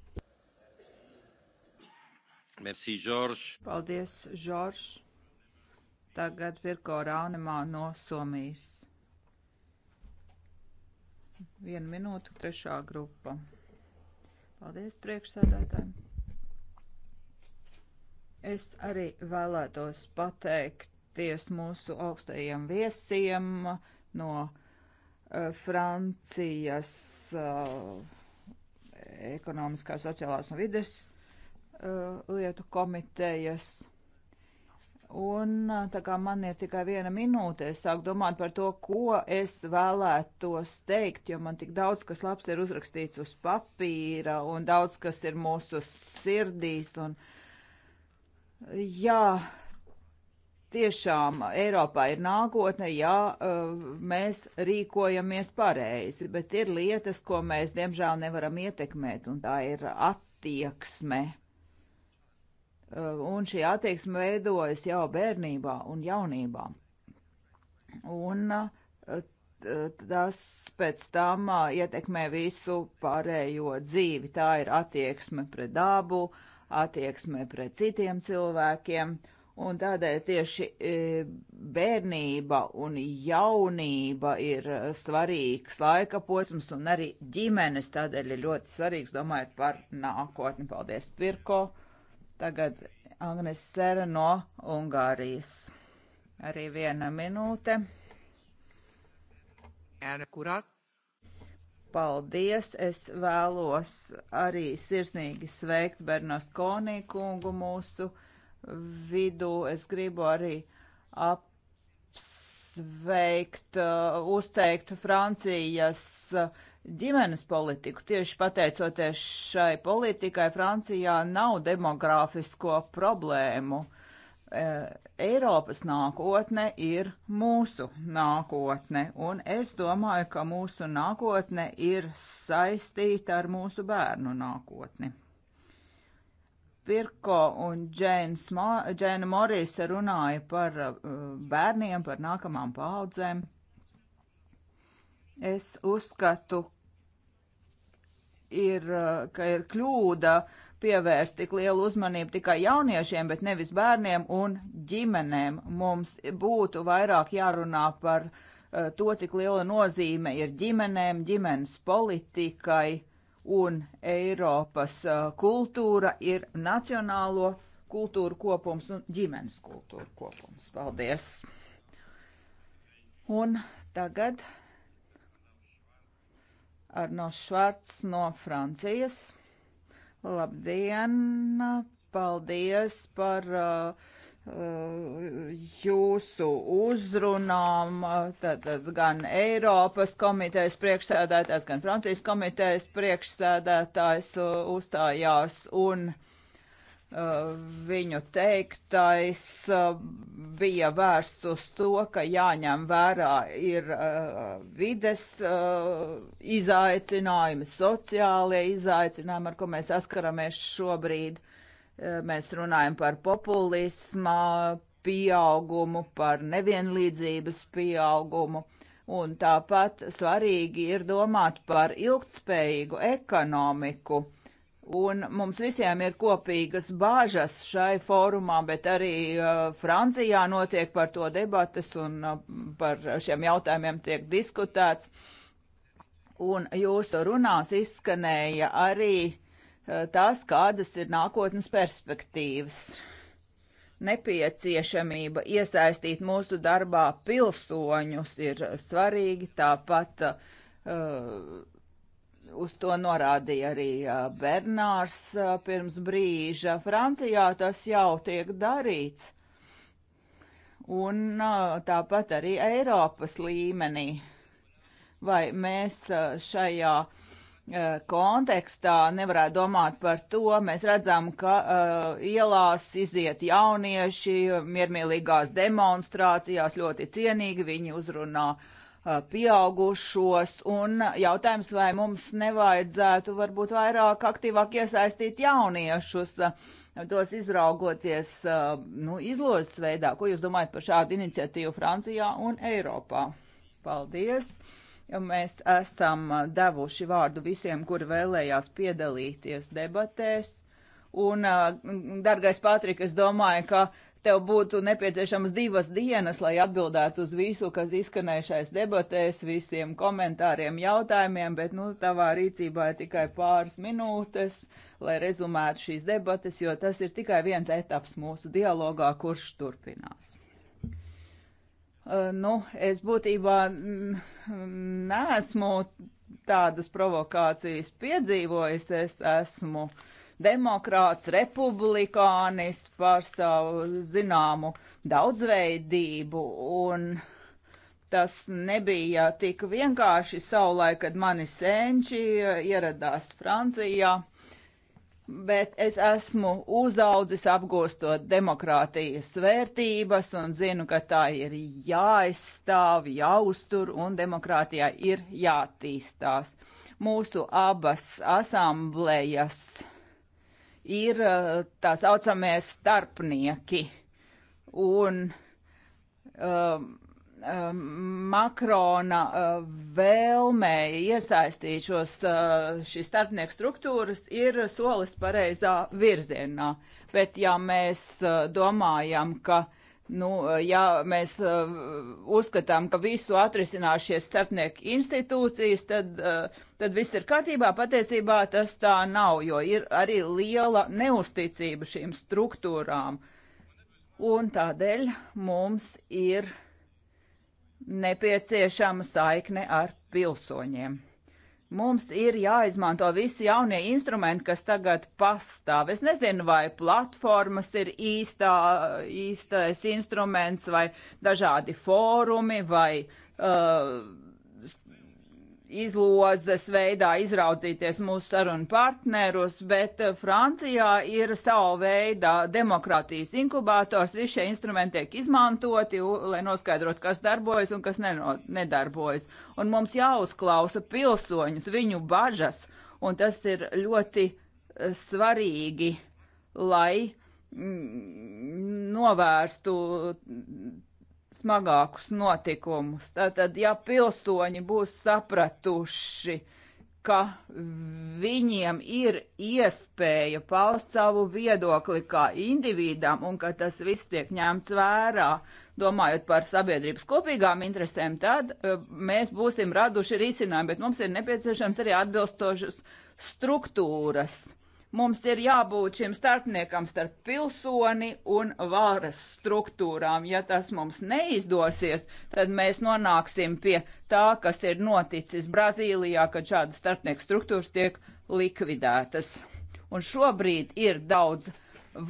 Merci, Žorž. Paldies, Žorž. Tagad Virko Rānemā no Somijas. Vienu minūtu, trešā grupa. Paldies priekšsēdētājiem. Es arī vēlētos pateikties mūsu augstajiem viesiem no uh, Francijas uh, ekonomiskās, sociālās un vides uh, lietu komitejas. Un tā kā man ir tikai viena minūte, es sāku domāt par to, ko es vēlētos teikt, jo man tik daudz kas labs ir uzrakstīts uz papīra un daudz kas ir mūsu sirdīs. Un, jā, tiešām Eiropā ir nākotne, jā, mēs rīkojamies pareizi, bet ir lietas, ko mēs diemžēl nevaram ietekmēt, un tā ir attieksme Eh, un šī attieksme veidojas jau bērnībā un jaunībā. Un eh, tas pēc tam eh, ietekmē visu pārējo dzīvi. Tā ir attieksme pret dabu, attieksme pret citiem cilvēkiem. Un tādēļ tieši bērnība un jaunība ir svarīgs laika posms un arī ģimenes tādēļ ir ļoti svarīgs domājot par nākotni. Paldies, Pirko! Tagad Agnes Sera no Ungārijas. Arī viena minūte. Ēna kurāt? Paldies! Es vēlos arī sirsnīgi sveikt Bernost Konī kungu mūsu vidū. Es gribu arī apsveikt, uh, uzteikt Francijas uh, ģimenes politiku. Tieši pateicoties šai politikai, Francijā nav demogrāfisko problēmu. E, Eiropas nākotne ir mūsu nākotne, un es domāju, ka mūsu nākotne ir saistīta ar mūsu bērnu nākotni. Pirko un Džēna Morisa runāja par e, bērniem, par nākamām paudzēm. Es uzskatu, ir, uh, ka ir kļūda pievērst tik lielu uzmanību tikai jauniešiem, bet nevis bērniem un ģimenēm. Mums būtu vairāk jārunā par uh, to, cik liela nozīme ir ģimenēm, ģimenes politikai un Eiropas uh, kultūra ir nacionālo kultūru kopums un ģimenes kultūru kopums. Paldies! Un tagad Arno Švarts no Francijas. Labdien! Paldies par uh, jūsu uzrunām, tad, tad gan Eiropas komitejas priekšsēdētājs, gan Francijas komitejas priekšsēdētājs uh, uzstājās un uh, viņu teiktais uh, bija vērsts uz to, ka jāņem vērā ir uh, vides uh, izaicinājumi, sociālie izaicinājumi, ar ko mēs saskaramies šobrīd. Mēs runājam par populismu, pieaugumu, par nevienlīdzības pieaugumu. Un tāpat svarīgi ir domāt par ilgtspējīgu ekonomiku. Uh, Un mums visiem ir kopīgas bāžas šai fórumā, bet arī uh, Francijā notiek par to debatas un uh, par šiem jautājumiem tiek diskutēts. Un jūsu runās izskanēja arī uh, tas, kādas ir nākotnes perspektīvas nepieciešamība iesaistīt mūsu darbā pilsoņus ir svarīgi, tāpat uh, uz to norādīja arī Bernārs pirms brīža. Francijā tas jau tiek darīts. Un tāpat arī Eiropas līmenī. Vai mēs šajā kontekstā nevarētu domāt par to, mēs redzam, ka uh, ielās iziet jaunieši miermīlīgās demonstrācijās ļoti cienīgi, viņi uzrunā uh, pieaugušos, un jautājums, vai mums nevajadzētu varbūt vairāk aktīvāk iesaistīt jauniešus, tos izraugoties nu, izlozes veidā. Ko jūs domājat par šādu iniciatīvu Francijā un Eiropā? Paldies! Mēs esam devuši vārdu visiem, kuri vēlējās piedalīties debatēs. Un, dargais Pārtrik, es domāju, ka tev būtu nepieciešamas divas dienas, lai atbildētu uz visu, kas izskanējušais debatēs, visiem komentāriem, jautājumiem, bet nu, tavā rīcībā ir tikai pāris minūtes, lai rezumētu šīs debates, jo tas ir tikai viens etaps mūsu dialogā, kurš turpinās. Uh, nu, es būtībā neesmu tādas provokācijas piedzīvojis, es esmu uh, demokrāts, republikānists, pārstāv zināmu daudzveidību un tas nebija tik vienkārši savulaik, kad mani senči ieradās Francijā, bet es esmu uzaudzis apgūstot demokrātijas vērtības un zinu, ka tā ir jāizstāv, jāuztur un demokrātijā ir jātīstās. Mūsu abas asamblējas ir tā saucamie starpnieki. Un um, Makrona vēlmē iesaistīt šos šīs starpnieku struktūras ir solis pareizā virzienā. Bet ja mēs domājam, ka uh, Nu, eh, ja mēs uh, uzskatām, ka visu atrisinās šie starpnieku institūcijas, tad, uh, tad viss ir kārtībā. Patiesībā tas tā nav, jo ir arī liela neusticība šīm struktūrām. Un tādēļ mums ir nepieciešama saikne ar pilsoņiem. Mums ir jāizmanto visi jaunie instrumenti, kas tagad pastāv. Es nezinu, vai platformas ir īstā, īstais instruments, vai dažādi fórumi, vai uh, izlozes veidā izraudzīties mūsu sarunu partnerus, bet eh, Francijā ir savu veidā demokrātijas inkubators. Visi šie instrumenti tiek izmantoti, lai noskaidrotu, kas darbojas un kas neno, nedarbojas. Un mums jāuzklausa pilsoņus, viņu bažas, un tas ir ļoti eh, svarīgi, lai mm, novērstu smagākus notikumus. Tātad, ja pilsoņi būs sapratuši, ka viņiem ir iespēja paust savu viedokli kā individam un ka tas viss tiek ņemts vērā, domājot par sabiedrības kopīgām interesēm, tad eh, mēs būsim raduši risinājumu, bet mums ir nepieciešams arī atbilstošas struktūras Mums ir jābūt šim starpniekam starp pilsoni un varas struktūrām. Ja tas mums neizdosies, tad mēs nonāksim pie tā, kas ir noticis Brazīlijā, kad šādas starpnieku struktūras tiek likvidētas. Un šobrīd ir daudz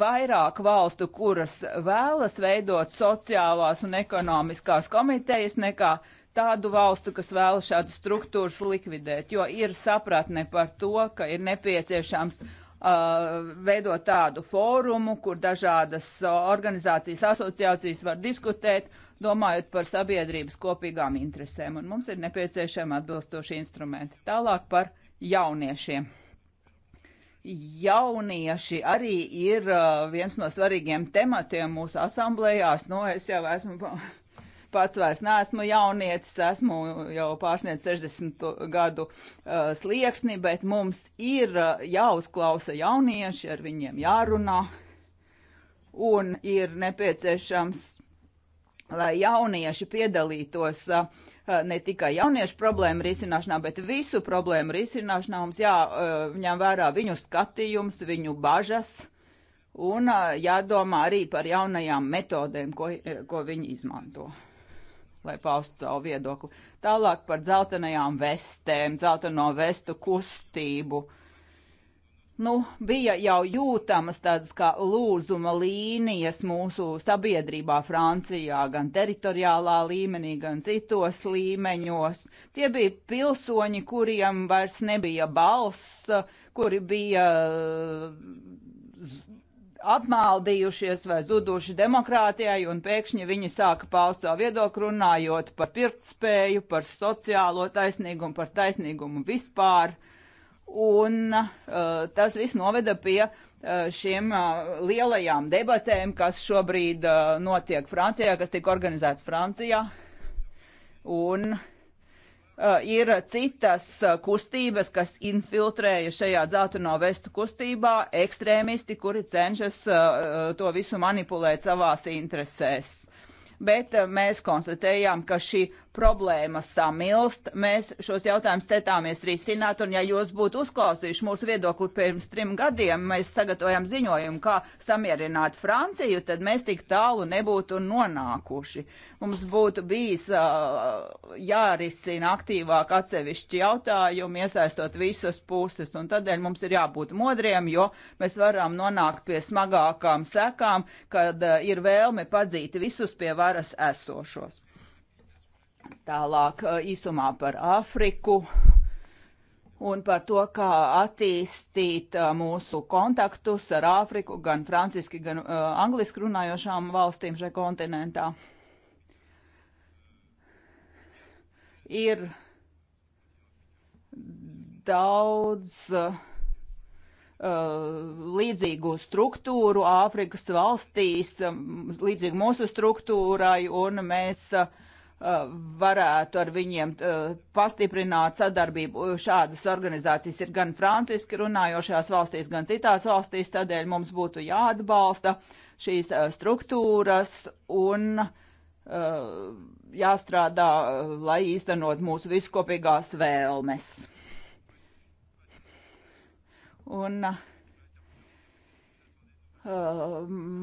vairāk valstu, kuras vēlas veidot sociālās un ekonomiskās komitejas, nekā tādu valstu, kas vēlas šādu struktūru likvidēt, jo ir sapratne par to, ka ir nepieciešams Uh, veidot tādu fórumu, kur dažādas uh, organizācijas, asociācijas var diskutēt, domājot par sabiedrības kopīgām interesēm. Un mums ir nepieciešami atbilstoši instrumenti. Tālāk par jauniešiem. Jaunieši arī ir uh, viens no svarīgiem tematiem mūsu asamblējās. Nu, es jau esmu pats vairs neesmu jaunietis, esmu jau pārsniedz 60 gadu uh, slieksni, bet mums ir uh, jāuzklausa jaunieši, ar viņiem jārunā un ir nepieciešams, lai jaunieši piedalītos uh, ne tikai jauniešu problēmu risināšanā, bet visu problēmu risināšanā mums jāņem uh, vērā viņu skatījums, viņu bažas un uh, jādomā arī par jaunajām metodēm, ko, ko viņi izmanto lai paustu savu viedokli. Tālāk par dzeltenajām vestēm, dzelteno vestu kustību. Nu, bija jau jūtamas tādas kā lūzuma līnijas mūsu sabiedrībā Francijā, gan teritoriālā līmenī, gan citos līmeņos. Tie bija pilsoņi, kuriem vairs nebija balss, kuri bija uh, apmaldījušies vai zuduši demokrātijai, un pēkšņi viņi sāka paust savu viedokli runājot par pirktspēju, par sociālo taisnīgumu, par taisnīgumu vispār. Un uh, tas viss noveda pie uh, šiem uh, lielajām debatēm, kas šobrīd uh, notiek Francijā, kas tika organizēts Francijā. Un uh, Eh, ir citas eh, kustības, kas infiltrēja šajā dzelteno vestu kustībā, ekstrēmisti, kuri cenšas eh, to visu manipulēt savās interesēs bet eh, mēs konstatējām, ka šī problēma samilst. Mēs šos jautājumus centāmies risināt, un ja jūs būtu uzklausījuši mūsu viedokli pirms trim gadiem, mēs sagatavojam ziņojumu, kā samierināt Franciju, tad mēs tik tālu nebūtu nonākuši. Mums būtu bijis uh, jārisina aktīvāk atsevišķi jautājumi, iesaistot visas puses, un tādēļ mums ir jābūt modriem, jo mēs varam nonākt pie smagākām sekām, kad uh, ir vēlme padzīt visus pie varas varas esošos. Tālāk īsumā par Āfriku un par to, kā attīstīt mūsu kontaktus ar Āfriku, gan franciski, gan uh, angliski runājošām valstīm šajā kontinentā. Ir daudz uh, Uh, līdzīgu struktūru Āfrikas valstīs, um, līdzīgu mūsu struktūrai, un mēs uh, varētu ar viņiem uh, pastiprināt sadarbību. Šādas organizācijas ir gan franciski runājošās valstīs, gan citās valstīs, tādēļ mums būtu jāatbalsta šīs struktūras un jāstrādā, lai īstenot mūsu viskopīgās vēlmes. Un uh,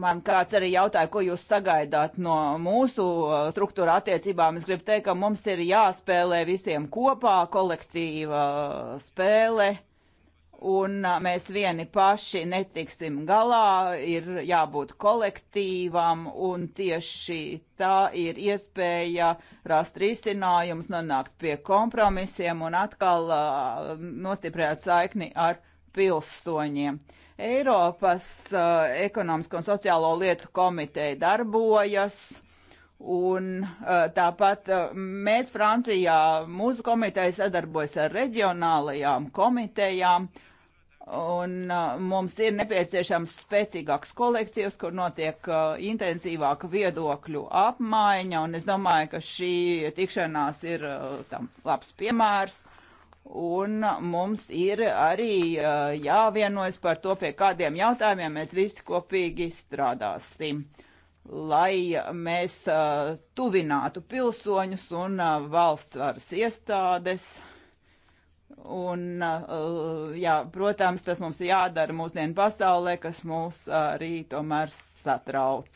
Man kāds arī jautāja, ko jūs sagaidāt no mūsu uh, struktūra attiecībām. Es gribu teikt, ka mums ir jāspēlē visiem kopā kolektīva uh, spēle, un mēs vieni paši netiksim galā, ir jābūt kolektīvam, un tieši tā ir iespēja rast risinājums, nonākt pie kompromisiem un atkal nostiprināt saikni ar pilsoņiem. Eiropas uh, ekonomisko un sociālo lietu komiteja darbojas. Un eh, tāpat eh, mēs Francijā, mūsu komiteja sadarbojas ar reģionālajām komitejām, un mums ir nepieciešams spēcīgāks kolektīvs, kur notiek intensīvāka viedokļu apmaiņa, un es domāju, ka šī tikšanās ir tam labs piemērs. Un mums ir arī uh, jāvienojas par to, pie kādiem jautājumiem mēs visi kopīgi strādāsim, lai mēs uh, tuvinātu pilsoņus un uh, valsts varas iestādes. Un, jā, protams, tas mums ir jādara mūsdienu pasaulē, kas mūs arī tomēr satrauc.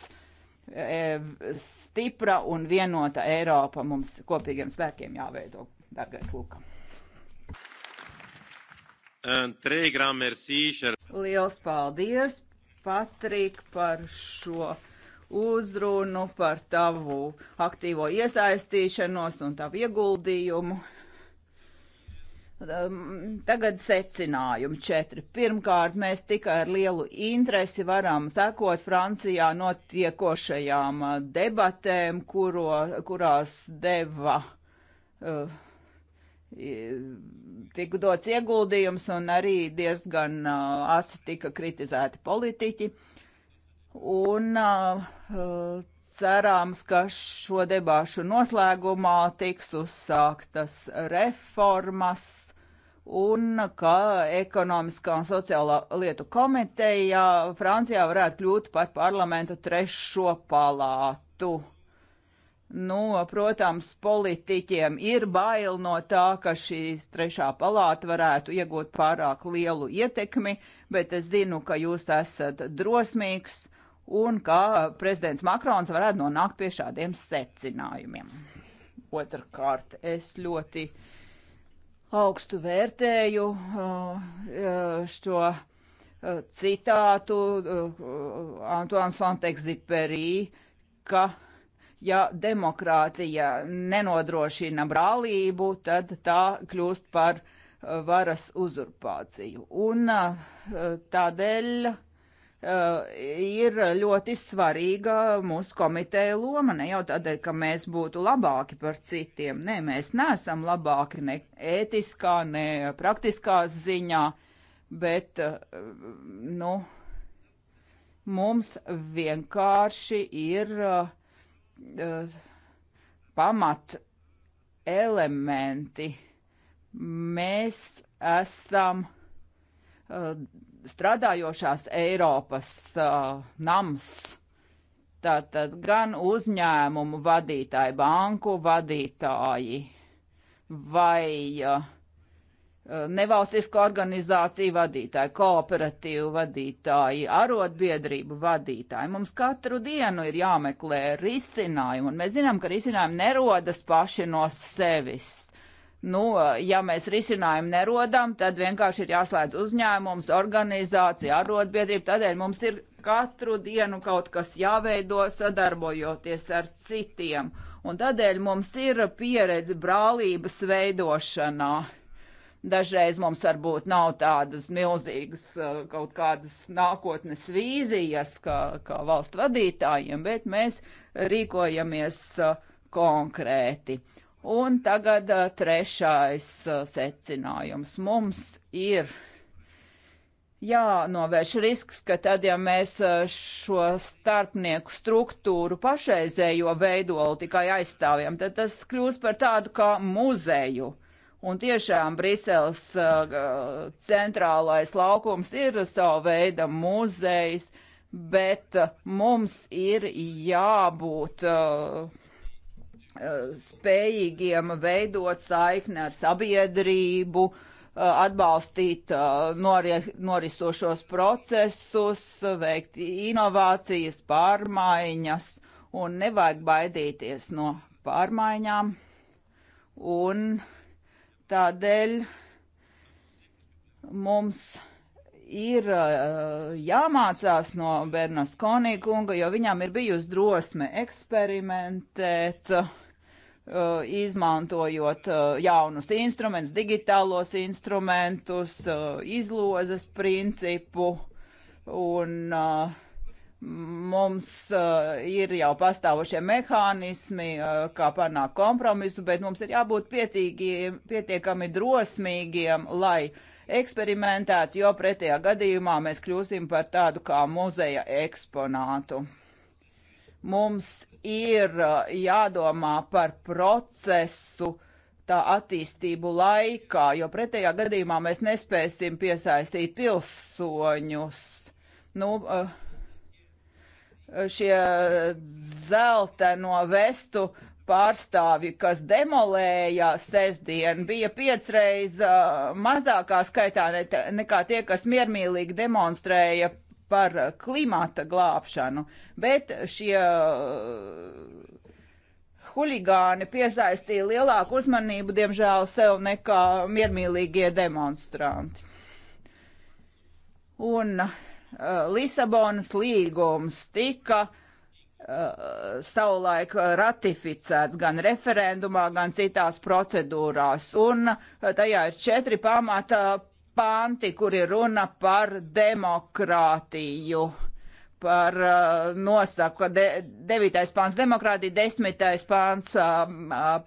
E, stipra un vienota Eiropa mums kopīgiem spēkiem jāveido, dargais Lukam. Liels paldies, Patrik, par šo uzrunu, par tavu aktīvo iesaistīšanos un tavu ieguldījumu. Um, tagad secinājumi četri. Pirmkārt, mēs tikai ar lielu interesi varam sekot Francijā notiekošajām uh, debatēm, kuro, kurās deva uh, tika dots ieguldījums un arī diezgan uh, asi tika kritizēti politiķi. Un uh, cerāms, ka šo debāšu noslēgumā tiks uzsāktas reformas un ka ekonomiskā un sociālā lietu komiteja Francijā varētu kļūt par parlamenta trešo palātu. Uh, Nu, protams, politiķiem ir bail no tā, ka šī trešā palāta varētu iegūt pārāk lielu ietekmi, bet es zinu, ka jūs esat drosmīgs un ka prezidents Makrons varētu nonākt pie šādiem secinājumiem. Otrakārt, es ļoti augstu vērtēju uh, uh, šo uh, citātu Antoine Santexdiperī, ka ja demokrātija nenodrošina brālību, tad tā kļūst par uh, varas uzurpāciju. Un uh, tādēļ uh, ir ļoti svarīga mūsu komiteja loma. Ne jau tādēļ, ka mēs būtu labāki par citiem. Nē, mēs neesam labāki ne ētiskā, ne praktiskā ziņā, bet, nu, mums vienkārši ir uh, Eh, pamat elementi. Mēs esam eh, strādājošās Eiropas eh, nams. Tātad gan uzņēmumu vadītāji, banku vadītāji vai uh, nevalstisko organizāciju vadītāji, kooperatīvu vadītāji, arotbiedrību vadītāji. Mums katru dienu ir jāmeklē risinājumi, un mēs zinām, ka risinājumi nerodas paši no sevis. Nu, ja mēs risinājumu nerodam, tad vienkārši ir jāslēdz uzņēmums, organizācija, arotbiedrība. Tādēļ mums ir katru dienu kaut kas jāveido sadarbojoties ar citiem. Un tādēļ mums ir pieredze brālības veidošanā Dažreiz mums varbūt nav tādas milzīgas uh, kaut kādas nākotnes vīzijas, kā, kā valstu vadītājiem, bet mēs rīkojamies uh, konkrēti. Un tagad uh, trešais secinājums. Mums ir jānovērš risks, ka tad, ja mēs šo starpnieku struktūru pašreizējo veidolu tikai aizstāvjam, tad tas kļūs par tādu kā muzeju Un tiešām Briseles uh, centrālais laukums ir savu veidu muzejs, bet uh, mums ir jābūt uh, uh spējīgiem veidot saikni ar sabiedrību, uh, atbalstīt uh, nori, norisošos procesus, veikt inovācijas, pārmaiņas, un nevajag baidīties no pārmaiņām. Un uh, Tādēļ mums ir uh, jāmācās no Bernaskonī kunga, jo viņam ir bijusi drosme eksperimentēt, uh, izmantojot uh, jaunus instrumentus, digitālos instrumentus, izlozes principu un uh, Mums uh, ir jau pastāvošie mehānismi, uh, kā panākt kompromisu, bet mums ir jābūt pietiekami drosmīgiem, lai eksperimentētu, jo pretējā gadījumā mēs kļūsim par tādu kā muzeja eksponātu. Mums ir uh, jādomā par procesu, uh, tā attīstību laikā, jo pretējā gadījumā mēs nespēsim piesaistīt pilsoņus. Nu, uh, šie zelteno vestu pārstāvi, kas demolēja sestdien, bija piecreiz uh, mazākā skaitā ne, nekā tie, kas miermīlīgi demonstrēja par klimata glābšanu. Bet šie uh, huligāni piesaistīja lielāku uzmanību, diemžēl, sev nekā miermīlīgie demonstranti. Un uh, Eh, Lisabonas līgums tika eh, savulaik ratificēts gan referendumā, gan citās procedūrās. Un eh, tajā ir četri pamata panti, kur ir runa par demokrātiju. Par nosaku, ka de, devītais pāns demokrātija, desmitais pāns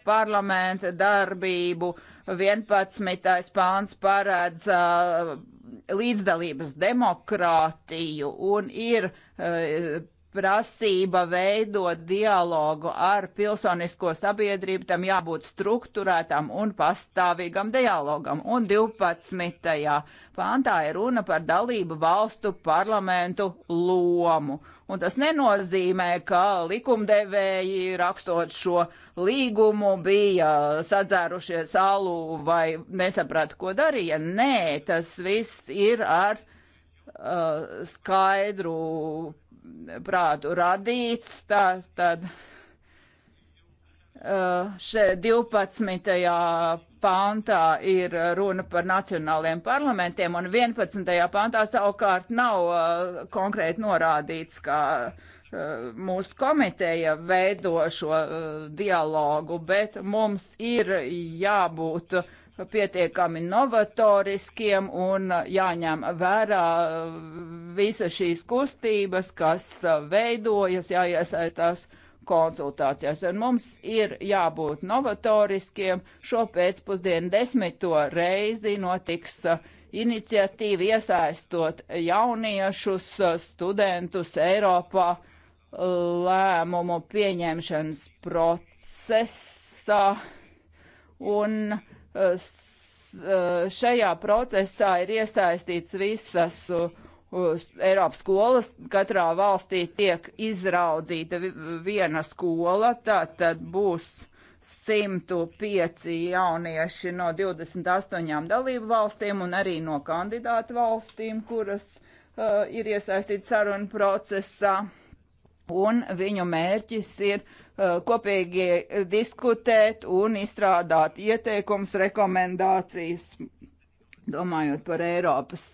parlaments darbību, vienpadsmitais pāns parādz līdzdalības demokrātiju un ir eh, prasība veidot dialogu ar pilsonisko sabiedrību, tam jābūt struktūrētam un pastāvīgam dialogam. Un 12. pāntā ir runa par dalību valstu parlamentu lomu. Un tas nenozīmē, ka likumdevēji rakstot šo līgumu bija sadzērušies alu vai nesaprata, ko darīja. Nē, tas viss ir ar uh, skaidru prātu radīts. Tā, tad, uh, 12 pāntā ir uh, runa par nacionāliem parlamentiem, un 11. pāntā savukārt nav uh, konkrēti norādīts, ka uh, mūsu komiteja veido šo uh, dialogu, bet mums ir jābūt pietiekami novatoriskiem un jāņem vērā uh, visas šīs kustības, kas uh, veidojas, jāiesaistās. Ja konsultācijās, un mums ir jābūt novatoriskiem. Šo pēcpusdienu desmito reizi notiks uh, iniciatīva iesaistot jauniešus, uh, studentus Eiropā uh, lēmumu pieņemšanas procesā, un šajā procesā ir iesaistīts visas uh, Eiropas skolas katrā valstī tiek izraudzīta viena skola, tā tad būs 105 jaunieši no 28 dalību valstīm un arī no kandidātu valstīm, kuras uh, ir iesaistīti sarunu procesā. Un viņu mērķis ir uh, kopīgi diskutēt un izstrādāt ieteikums, rekomendācijas domājot par Eiropas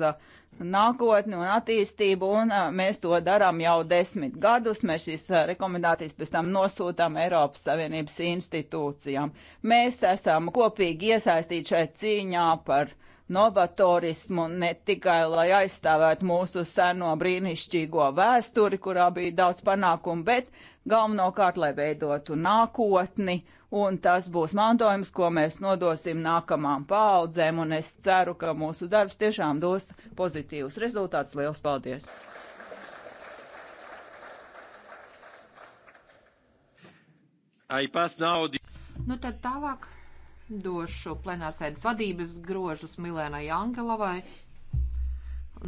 nākotni un attīstību, un mēs to darām jau desmit gadus. Mēs šīs rekomendācijas pēc tam nosūtām Eiropas Savienības institūcijām. Mēs esam kopīgi iesaistīti šai cīņā par novatorismu ne tikai, lai aizstāvētu mūsu seno brīnišķīgo vēsturi, kurā bija daudz panākumu, bet galvenokārt, lai veidotu nākotni un tas būs mantojums, ko mēs nodosim nākamām paaudzēm, un es ceru, ka mūsu darbs tiešām dos pozitīvus rezultātus. Lielas paldies! Nu tad tālāk došu plenārsēdes vadības grožus Milēnai Angelovai.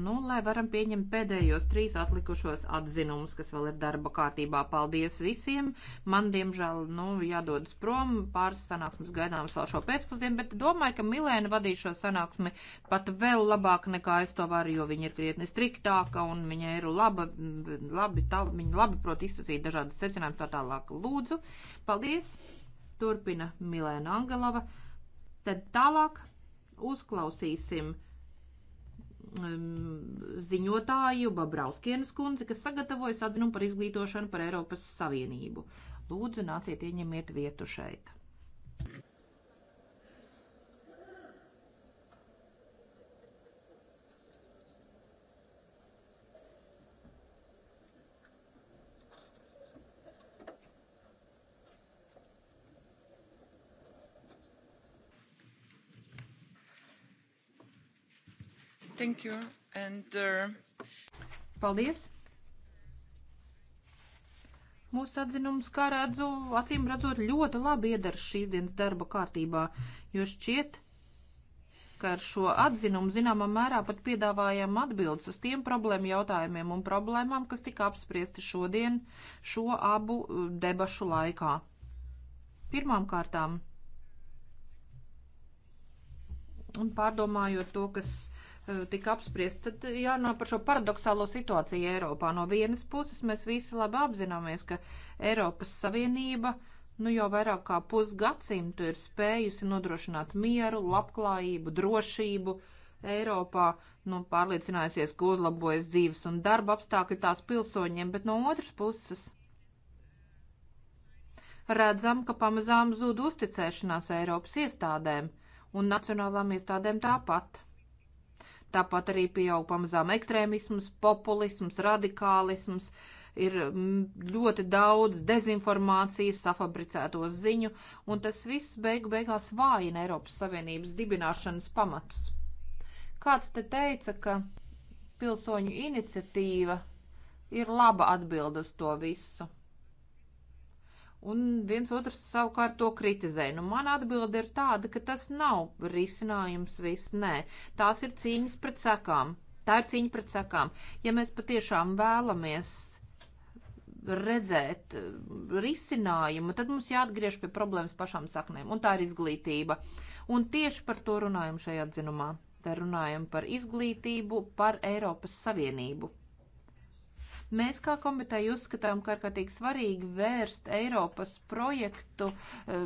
Nu, lai varam pieņemt pēdējos trīs atlikušos atzinumus, kas vēl ir darba kārtībā. Paldies visiem! Man, diemžēl, nu, jādodas prom, pāris sanāksmes gaidāmas vēl šo pēcpusdienu, bet domāju, ka Milēna vadīs šo sanāksmi pat vēl labāk nekā es to varu, jo viņa ir krietni striktāka un viņa ir laba, labi, tā, viņa labi prot izsacīt dažādas secinājumus tā tālāk. Lūdzu, paldies! Turpina Milēna Angelova. Tad tālāk uzklausīsim Um, ziņotāju Babrauskienas kundzi, kas sagatavojas atzinumu par izglītošanu par Eiropas Savienību. Lūdzu, nāciet ieņemiet vietu šeit. Thank you. And, uh... Paldies! Mūsu atzinums, kā redzu, acīm redzot, ļoti labi iedara šīs dienas darba kārtībā, jo šķiet, ka ar šo atzinumu zināmā mērā pat piedāvājam atbildes uz tiem problēmu jautājumiem un problēmām, kas tika apspriesti šodien šo abu uh, debašu laikā. Pirmām kārtām, un pārdomājot to, kas Eh, tika apspriest, tad jārunā par šo paradoxālo situāciju Eiropā. No vienas puses mēs visi labi apzināmies, ka Eiropas Savienība nu jau vairāk kā pusgadsimtu ir spējusi nodrošināt mieru, labklājību, drošību Eiropā, nu pārliecinājusies, ka uzlabojas dzīves un darba apstākļi tās pilsoņiem, bet no otras puses redzam, ka pamazām zūd uzticēšanās Eiropas iestādēm un nacionālām iestādēm tāpat. Tāpat arī pieaug pamazām ekstrēmisms, populisms, radikālisms, ir mm, ļoti daudz dezinformācijas, safabricēto ziņu, un tas viss beigu beigās vājina Eiropas Savienības dibināšanas pamatus. Kāds te teica, ka pilsoņu iniciatīva ir laba atbild uz to visu un viens otrs savukārt to kritizē. Nu, man atbilde ir tāda, ka tas nav risinājums viss, nē. Tās ir cīņas pret sekām. Tā ir cīņa pret sekām. Ja mēs patiešām vēlamies redzēt eh, risinājumu, tad mums jāatgriež pie problēmas pašām saknēm, un tā ir izglītība. Un tieši par to runājam šajā atzinumā. Te runājam par izglītību, par Eiropas Savienību. Mēs kā komiteja uzskatām, ka ārkārtīgi svarīgi vērst Eiropas projektu, eh,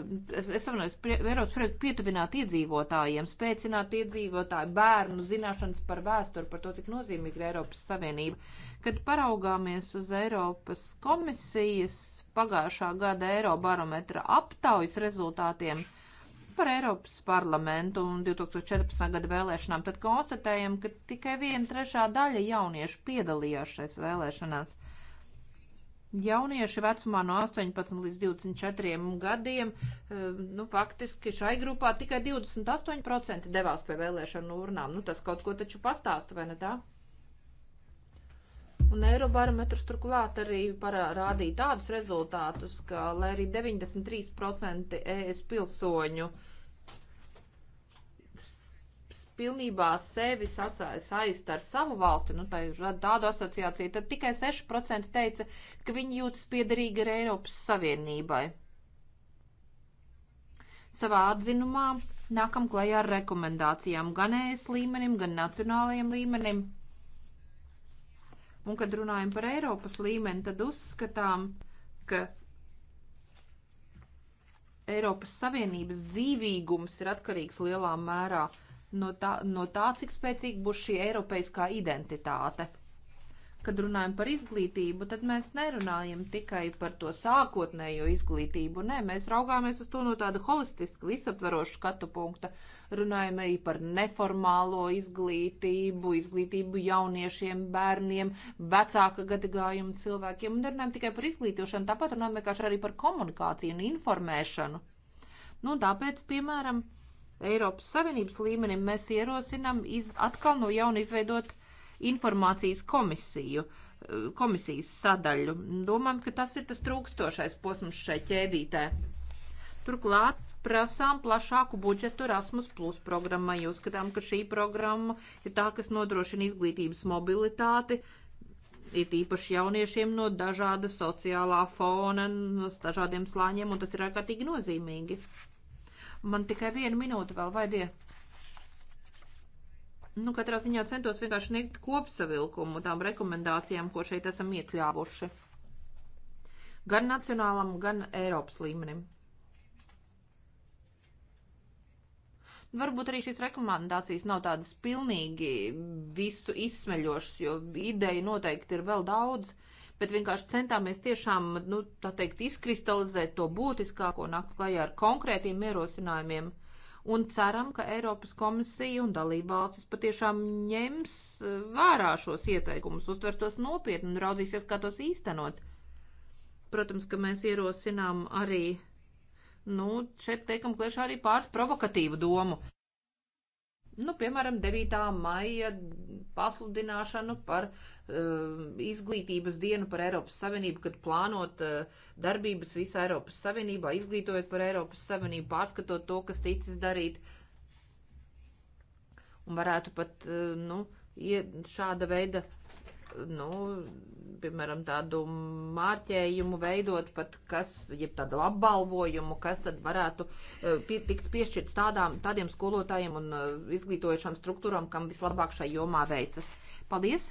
es savunos, Eiropas projektu pietuvināt iedzīvotājiem, spēcināt iedzīvotāju bērnu zināšanas par vēsturi, par to, cik nozīmīga ir Eiropas Savienība. Kad paraugāmies uz Eiropas komisijas pagājušā gada Eirobarometra aptaujas rezultātiem, par Eiropas parlamentu un 2014. gada vēlēšanām, tad konstatējam, ka tikai viena trešā daļa jauniešu piedalījās šais vēlēšanās. Jaunieši vecumā no 18 līdz 24 gadiem, eh, nu, faktiski šai grupā tikai 28% devās pie vēlēšanu urnām. Nu, tas kaut ko taču pastāsta, vai ne tā? Un Eirobarometrs turklāt arī parādīja tādus rezultātus, ka, lai arī 93% ES pilsoņu uh, pilnībā sevi sasaist ar savu valsti, nu tā ir tāda asociācija, tad tikai 6% teica, ka viņi jūtas piederīgi ar Eiropas Savienībai. Savā atzinumā nākam klajā ar rekomendācijām gan ES līmenim, gan nacionālajiem līmenim. Un, kad runājam par Eiropas līmeni, tad uzskatām, ka Eiropas Savienības dzīvīgums ir atkarīgs lielā mērā no tā, no tā cik spēcīga būs šī eiropeiskā identitāte. Kad runājam par izglītību, tad mēs nerunājam tikai par to sākotnējo izglītību. Nē, mēs raugāmies uz to no tāda holistiska, visaptveroša skatu punkta. Runājam arī par neformālo izglītību, izglītību jauniešiem, bērniem, vecāka gadagājuma cilvēkiem. Un nerunājam tikai par izglītošanu, tāpat runājam vienkārši arī par komunikāciju un informēšanu. Nu, tāpēc, piemēram, Eiropas Savienības līmenim mēs ierosinām iz, atkal no jauna izveidot informācijas komisiju, eh, komisijas sadaļu. Domājam, ka tas ir tas trūkstošais posms šai ķēdītē. Turklāt prasām plašāku budžetu Erasmus Plus programmai. Uzskatām, ka šī programma ir tā, kas nodrošina izglītības mobilitāti, ir īpaši jauniešiem no dažāda sociālā fona, no dažādiem slāņiem, un tas ir ārkārtīgi nozīmīgi. Man tikai vienu minūti vēl vajadīja. Nu, katrā ziņā centos vienkārši sniegt kopsavilkumu tām rekomendācijām, ko šeit esam iekļāvuši. Gan nacionālam, gan Eiropas līmenim. varbūt arī šīs rekomendācijas nav tādas pilnīgi visu izsmeļošas, jo ideja noteikti ir vēl daudz. Uh, bet vienkārši centāmies tiešām, nu, tā teikt, izkristalizēt to būtiskāko un apklājā ar konkrētiem ierosinājumiem. Un ceram, ka Eiropas komisija un dalībvalstis patiešām ņems eh, vērā šos ieteikumus, uztvers tos nopietni un raudzīsies, kā tos īstenot. Protams, ka mēs ierosinām arī, nu, šeit teikam, kliešā arī pāris provokatīvu domu. Nu, piemēram, 9. maija pasludināšanu par uh, izglītības dienu par Eiropas Savienību, kad plānot uh, darbības visā Eiropas Savienībā, izglītojot par Eiropas Savienību, pārskatot to, kas ticis darīt. Un varētu pat, uh, nu, šāda veida nu, piemēram, tādu mārķējumu veidot, pat kas, jeb tādu apbalvojumu, kas tad varētu eh, pie, tikt piešķirts tādām, tādiem skolotājiem un eh, izglītojušām struktūram, kam vislabāk šai jomā veicas. Paldies!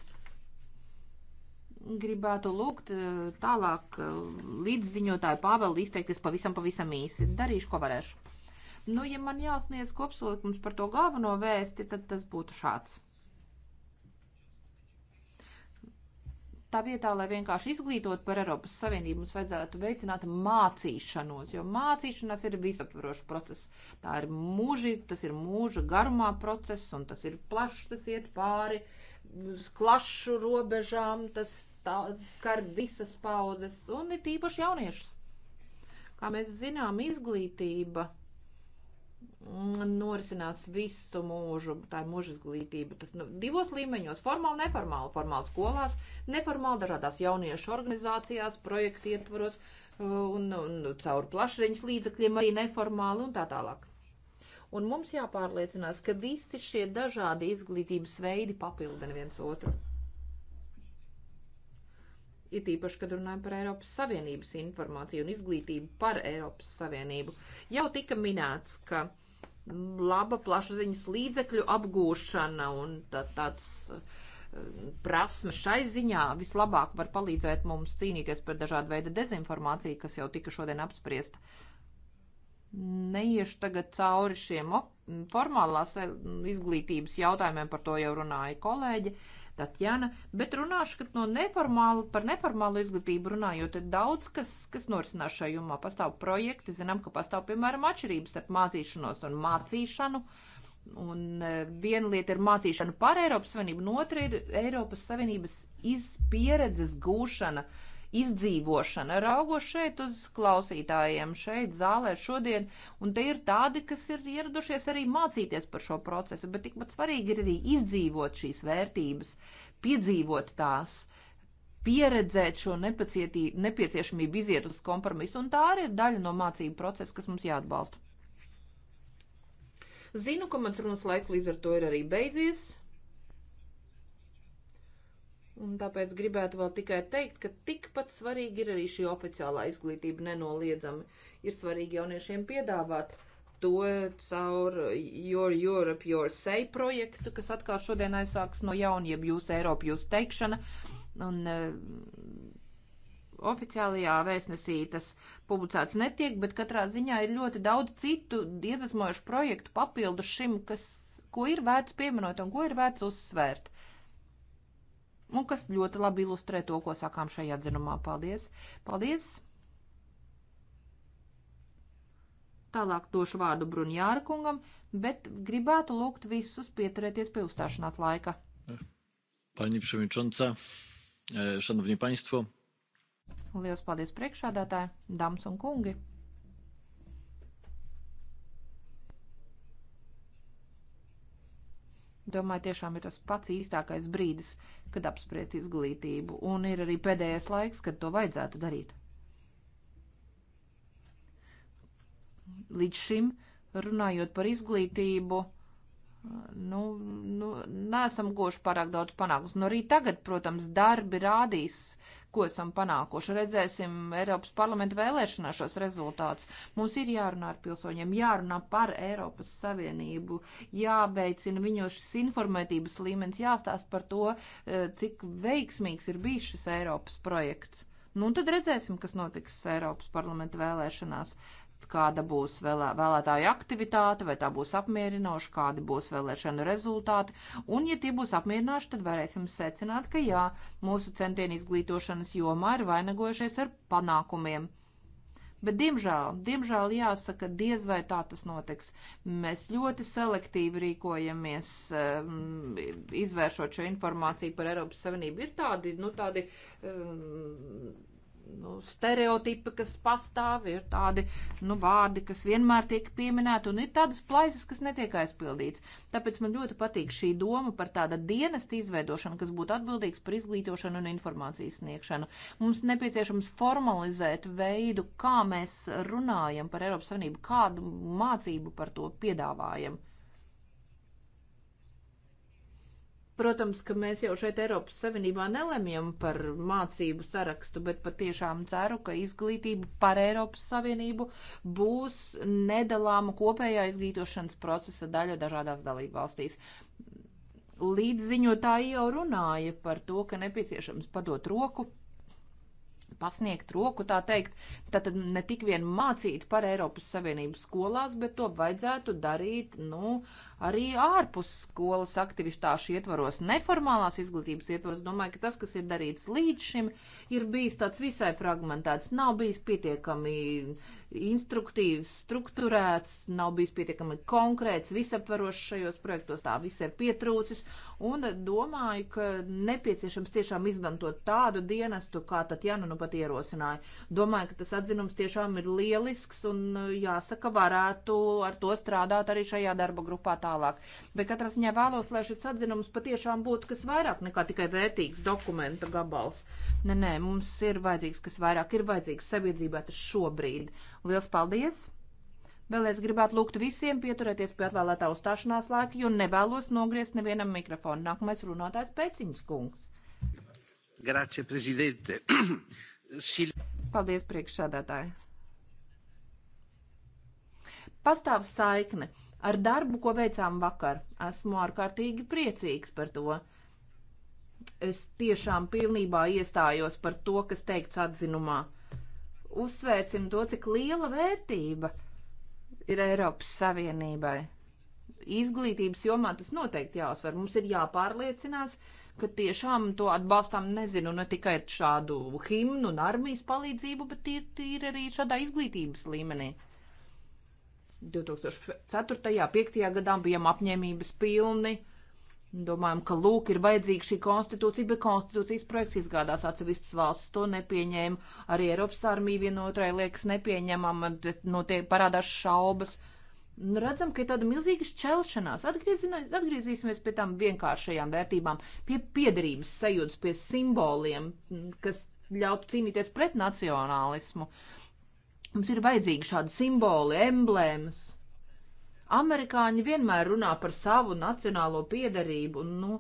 Gribētu lūgt eh, tālāk līdziņotāju Pāvelu izteikties pavisam, pavisam īsi. Darīšu, ko varēšu. Nu, ja man jāsniedz kopsalikums par to galveno vēsti, tad tas būtu šāds. Tā vietā, lai vienkārši izglītot par Eiropas Savienību, mums vajadzētu veicināt mācīšanos, jo mācīšanās ir visaptvarošs process. Tā ir mūži, tas ir mūža garumā process, un tas ir plašs, tas iet pāri klašu robežām, tas tā, skar visas paudzes, un ir tīpaši jauniešus. Kā mēs zinām, izglītība Mm, norisinās visu mūžu, tā ir mūža izglītība. Tas nu, divos līmeņos - formāli, neformāli, formāli skolās, neformāli dažādās jauniešu organizācijās, projektu ietvaros un, uh, un, un caur plašsaziņas līdzekļiem arī neformāli un tā tālāk. Un mums jāpārliecinās, ka visi šie dažādi izglītības veidi papildina viens otru. Ir tīpaši, kad runājam par Eiropas Savienības informāciju un izglītību par Eiropas Savienību. Jau tika minēts, ka uh, laba plašsaziņas līdzekļu apgūšana un tā, tāds eh, prasme šai ziņā vislabāk var palīdzēt mums cīnīties par dažādu veidu dezinformāciju, kas jau tika šodien apspriesta. Neiešu tagad cauri šiem formālās eh, izglītības jautājumiem, par to jau runāja kolēģi. Uh, Tatjana, bet runāšu, ka no neformālu, par neformālu izglītību runājot, ir daudz, kas, kas norisinās šajā jomā. Pastāv projekti, zinām, ka pastāv, piemēram, atšķirības starp mācīšanos un mācīšanu. Un e, viena lieta ir mācīšana par Eiropas Savienību, un otra ir Eiropas Savienības izpieredzes gūšana. Uh, izdzīvošana. Raugos šeit uz klausītājiem, šeit zālē šodien, un te ir tādi, kas ir ieradušies arī mācīties par šo procesu, bet tikpat svarīgi ir arī izdzīvot šīs vērtības, piedzīvot tās pieredzēt šo nepieciešamību iziet uz kompromisu, un tā arī ir daļa no mācību procesa, kas mums jāatbalsta. Zinu, ka mans runas laiks līdz ar to ir arī beidzies. Un tāpēc gribētu vēl tikai teikt, ka tikpat svarīgi ir arī šī oficiālā izglītība nenoliedzami. Ir svarīgi jauniešiem piedāvāt to caur Your Europe, Your Say projektu, kas atkal šodien aizsāks no jauna, jeb jūs Eiropa, jūs teikšana. Un eh, oficiālajā vēstnesī tas publicēts netiek, bet katrā ziņā ir ļoti daudz citu iedvesmojušu projektu papildu šim, kas, ko ir vērts pieminot un ko ir vērts uzsvērt. Un kas ļoti labi ilustrē to, ko sakām šajā dzinumā. Paldies! Paldies! Tālāk došu vārdu Brunjāra kungam, bet gribētu lūgt visus pieturēties pie uzstāšanās laika. Pani Przewodnicząca, Šanovni e, Paņstvo. Lielas paldies priekšādātāji, dāmas un kungi! domāju, tiešām ir tas pats īstākais brīdis, kad apspriest izglītību, un ir arī pēdējais laiks, kad to vajadzētu darīt. Līdz šim, runājot par izglītību, Nu, nu, nesam goši pārāk daudz panākusi. Nu, arī tagad, protams, darbi rādīs, ko esam panākuši. Redzēsim Eiropas parlamenta vēlēšanā šos rezultātus. Mums ir jārunā ar pilsoņiem, jārunā par Eiropas Savienību, jāveicina viņu šis informētības līmenis, jāstāst par to, eh, cik veiksmīgs ir bijis šis Eiropas projekts. Nu, tad redzēsim, kas notiks Eiropas parlamenta vēlēšanās kāda būs vēlē, vēlētāja aktivitāte, vai tā būs apmierinoša, kādi būs vēlēšanu rezultāti. Un, ja tie būs apmierinoši, tad varēsim secināt, ka jā, mūsu centieni izglītošanas jomā ir vainagojušies ar panākumiem. Bet, diemžēl, diemžēl jāsaka, diez vai tā tas notiks. Mēs ļoti selektīvi rīkojamies, um, izvēršot šo informāciju par Eiropas Savienību. Ir tādi, nu, tādi um, nu, stereotipi, kas pastāv, ir tādi nu, vārdi, kas vienmēr tiek pieminēti, un ir tādas plaisas, kas netiek aizpildīts. Tāpēc man ļoti patīk šī doma par tāda dienesta izveidošanu, kas būtu atbildīgs par izglītošanu un informācijas sniegšanu. Mums nepieciešams formalizēt veidu, kā mēs runājam par Eiropas Savienību, kādu mācību par to piedāvājam. Protams, ka mēs jau šeit Eiropas Savienībā nelemjam par mācību sarakstu, bet patiešām ceru, ka izglītība par Eiropas Savienību būs nedalāma kopējā izglītošanas procesa daļa dažādās dalību valstīs. Līdziņotāji jau runāja par to, ka nepieciešams padot roku pasniegt roku, tā teikt, tad ne tik vien mācīt par Eiropas Savienību skolās, bet to vajadzētu darīt, nu, uh, arī ārpus skolas aktivitāšu ietvaros, neformālās izglītības ietvaros. Domāju, ka tas, kas ir darīts līdz šim, ir bijis tāds visai fragmentēts, nav bijis pietiekami instruktīvs, strukturēts, nav bijis pietiekami konkrēts, visaptvarošs šajos projektos, tā viss ir pietrūcis, un domāju, ka nepieciešams tiešām izmantot tādu dienestu, kā Tatjana nu pat ierosināja. Domāju, ka tas atzinums tiešām ir lielisks, un jāsaka, varētu ar to strādāt arī šajā darba grupā tālāk. Bet katrā ziņā vēlos, lai šis atzinums patiešām būtu kas vairāk nekā tikai vērtīgs dokumenta gabals. Nē, nē, mums ir vajadzīgs kas vairāk, ir vajadzīgs sabiedrībā tas šobrīd. Liels paldies! Vēl es gribētu lūgt visiem pieturēties pie atvēlētā uzstāšanās laika, jo nevēlos nogriezt nevienam mikrofonu. Nākamais runātājs Pēciņas kungs. Grazie, prezidente. Sil... Paldies, priekšsādātāji. Pastāv saikne ar darbu, ko veicām vakar. Esmu ārkārtīgi priecīgs par to. Es tiešām pilnībā iestājos par to, kas teikts atzinumā. Uzsvērsim to, cik liela vērtība ir Eiropas Savienībai. Izglītības jomā tas noteikti jāuzsver. Mums ir jāpārliecinās, ka tiešām to atbalstām nezinu ne tikai šādu himnu un armijas palīdzību, bet ir, ir arī šādā izglītības līmenī. Uh, 2004. un 2005. gadā bijām apņēmības pilni. Domājam, ka lūk, ir vajadzīga šī konstitūcija, bet konstitūcijas projekts izgādās atsevišķas valsts to nepieņēma. Arī Eiropas armija vienotrai liekas nepieņemama, no tie parādās šaubas. Nu, redzam, ka ir tāda milzīga šķelšanās. Atgriezīsimies pie tām vienkāršajām vērtībām, pie piederības sajūtas, pie simboliem, kas ļautu cīnīties pret nacionālismu. Mums ir vajadzīgi šādi simboli, emblēmas. Amerikāņi vienmēr runā par savu nacionālo piedarību, un, nu,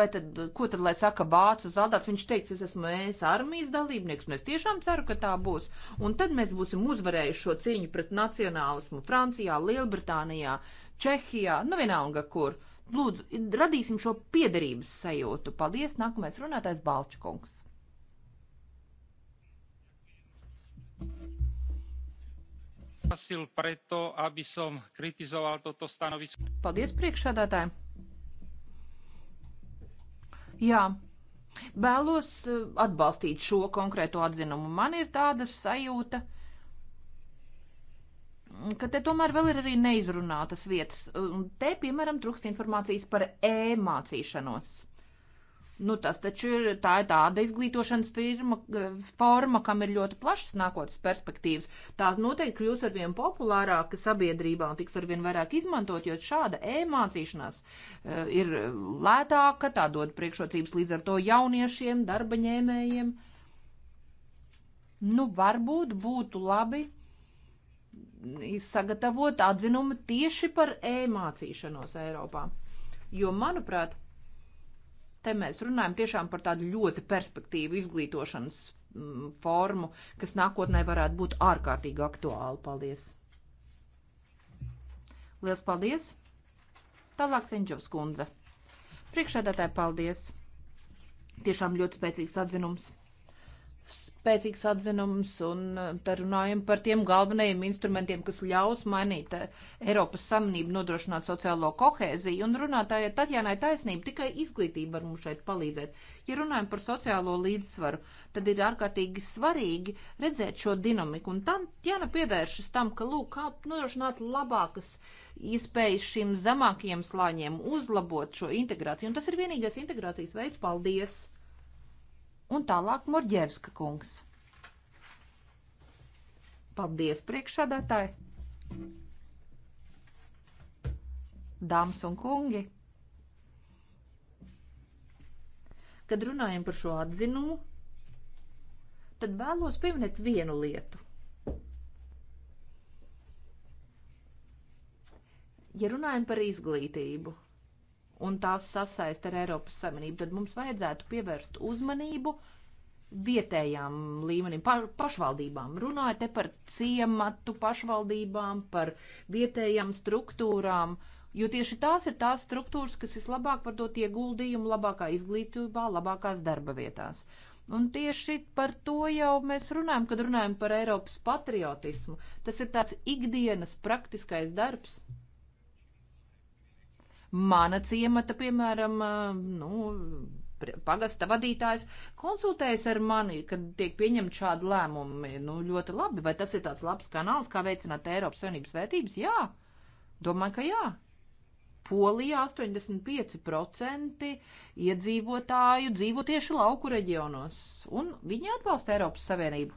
vai tad, ko tad, lai saka vācu zaldāts, viņš teiks, es esmu es armijas dalībnieks, un es tiešām ceru, ka tā būs. Un tad mēs būsim uzvarējuši šo cīņu pret nacionālismu Francijā, Lielbritānijā, Čehijā, nu vienalga kur. Lūdzu, radīsim šo piederības sajūtu. Paldies, nākamais runātājs Balčakungs. Pasil preto, aby som kritizoval toto stanovisko. Paldies, priekšādātāji. Jā, vēlos eh, atbalstīt šo konkrēto atzinumu. Man ir tāda sajūta, ka te tomēr vēl ir arī neizrunātas vietas. Un te, piemēram, trūkst informācijas par e-mācīšanos. Nu, tas taču ir, tā ir tāda izglītošanas firma, forma, kam ir ļoti plašas nākotnes perspektīvas. Tās noteikti kļūs arvien populārāka sabiedrībā un tiks arvien vairāk izmantot, jo šāda e-mācīšanās e, ir lētāka, tā dod priekšrocības līdz ar to jauniešiem, darba ņēmējiem. Nu, varbūt būtu labi sagatavot atzinumu tieši par e-mācīšanos Eiropā. Jo, manuprāt, Te mēs runājam tiešām par tādu ļoti perspektīvu izglītošanas mm, formu, kas nākotnē varētu būt ārkārtīgi aktuāli. Paldies! Lielas paldies! Tālāk Seņģevs kundze. Priekšādātāji, paldies! Tiešām ļoti spēcīgs atzinums! spēcīgs atzinums, un eh, te runājam par tiem galvenajiem instrumentiem, kas ļaus mainīt eh, Eiropas Savienību, nodrošināt sociālo kohēziju, un runātāja Tatjānai taisnība tikai izglītība var mums šeit palīdzēt. Ja runājam par sociālo līdzsvaru, tad ir ārkārtīgi svarīgi redzēt šo dinamiku, un tam Tjana pievēršas tam, ka, lūk, kā nodrošināt labākas iespējas šīm zemākajiem slāņiem, uzlabot šo integrāciju, un tas ir vienīgais integrācijas veids. Paldies! Un tālāk Morģevska kungs. Paldies, priekšsādātāji! Dāmas un kungi! Kad runājam par šo atzinumu, tad vēlos pieminēt vienu lietu. Ja runājam par izglītību, un tās sasaist ar Eiropas Savienību, tad mums vajadzētu pievērst uzmanību vietējām līmenim, pa, pašvaldībām. Runāju te par ciematu pašvaldībām, par vietējām struktūrām, jo tieši tās ir tās struktūras, kas vislabāk var dot ieguldījumu labākā izglītībā, labākās darba vietās. Un tieši par to jau mēs runājam, kad runājam par Eiropas patriotismu. Tas ir tāds ikdienas praktiskais darbs. Mana ciemata, piemēram, nu, pagasta vadītājs konsultējas ar mani, kad tiek pieņemti šādi lēmumi. Nu, ļoti labi. Vai tas ir tāds labs kanāls, kā veicināt Eiropas Savienības vērtības? Jā, domāju, ka jā. Polijā 85% iedzīvotāju dzīvo tieši lauku reģionos, un viņi atbalsta Eiropas Savienību.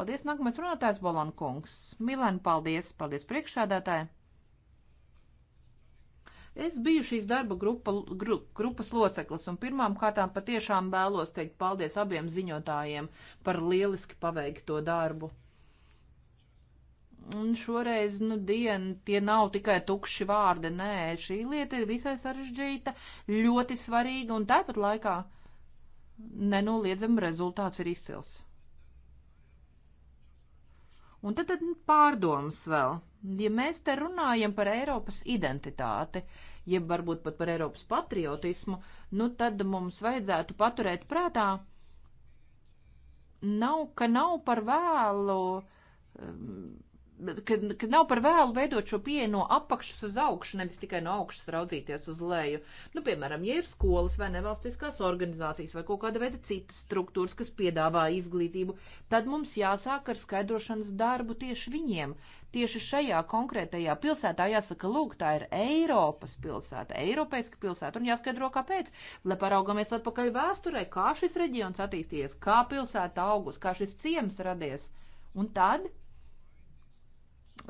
Paldies, nākamais runātājs Bolankungs. Milēn, paldies, paldies priekšsēdētāji! Es biju šīs darba grupa, gru, grupas loceklis un pirmām kārtām patiešām vēlos teikt paldies abiem ziņotājiem par lieliski paveikto darbu. Un šoreiz, nu, dien, tie nav tikai tukši vārdi, nē, šī lieta ir visai sarežģīta, ļoti svarīga un tāpat laikā nenoliedzami rezultāts ir izcils. Un tad, tad pārdomas vēl Ja mēs te runājam par Eiropas identitāti, jeb varbūt pat par Eiropas patriotismu, nu tad mums vajadzētu paturēt prātā, nav, ka nav par vēlu um, ka, ka nav par vēlu veidot šo pieeju no apakšas uz augšu, nevis tikai no augšas raudzīties uz leju. Nu, piemēram, ja ir skolas vai nevalstiskās organizācijas vai kaut kāda veida citas struktūras, kas piedāvā izglītību, tad mums jāsāk ar skaidrošanas darbu tieši viņiem. Tieši šajā konkrētajā pilsētā jāsaka, lūk, tā ir Eiropas pilsēta, Eiropaiska pilsēta, un jāskaidro, kāpēc. Lai paraugamies atpakaļ vēsturē, kā šis reģions attīstījies, kā pilsēta augus, kā šis ciems radies. Un tad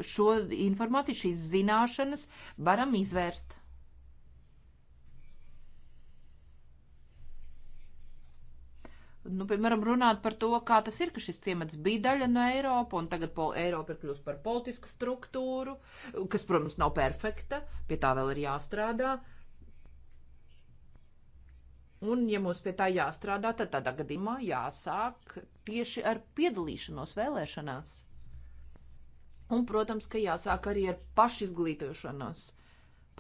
šo informāciju, šīs zināšanas varam izvērst. nu, piemēram, runāt par to, kā tas ir, ka šis ciemats bija daļa no Eiropas, un tagad pol Eiropa ir kļuvusi par politisku struktūru, kas, protams, nav perfekta, pie tā vēl ir jāstrādā. Un, ja mums pie tā jāstrādā, tad tādā gadījumā jāsāk tieši ar piedalīšanos vēlēšanās. Un, protams, ka jāsāk arī ar pašizglītošanos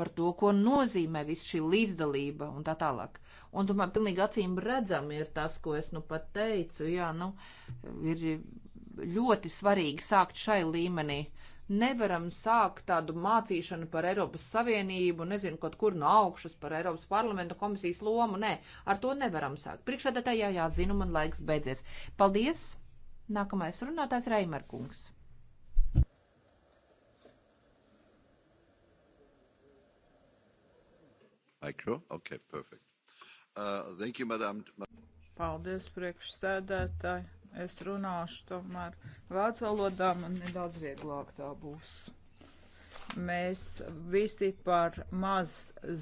par to, ko nozīmē viss šī līdzdalība un tā tālāk. Un, domāju, pilnīgi acīm redzami ir tas, ko es nu pat teicu. Jā, nu, ir ļoti svarīgi sākt šai līmenī. Nevaram sākt tādu mācīšanu par Eiropas Savienību, nezinu, kaut kur no augšas par Eiropas parlamenta komisijas lomu. Nē, ar to nevaram sākt. Priekšādā tajā jāzina, man laiks beidzies. Paldies! Nākamais runātājs Reimerkungs. Micro? Okay, perfect. Uh, thank you, madam. Paldies, priekšsēdētāji. Es runāšu tomēr vācu valodā, man nedaudz vieglāk tā būs. Mēs visi par maz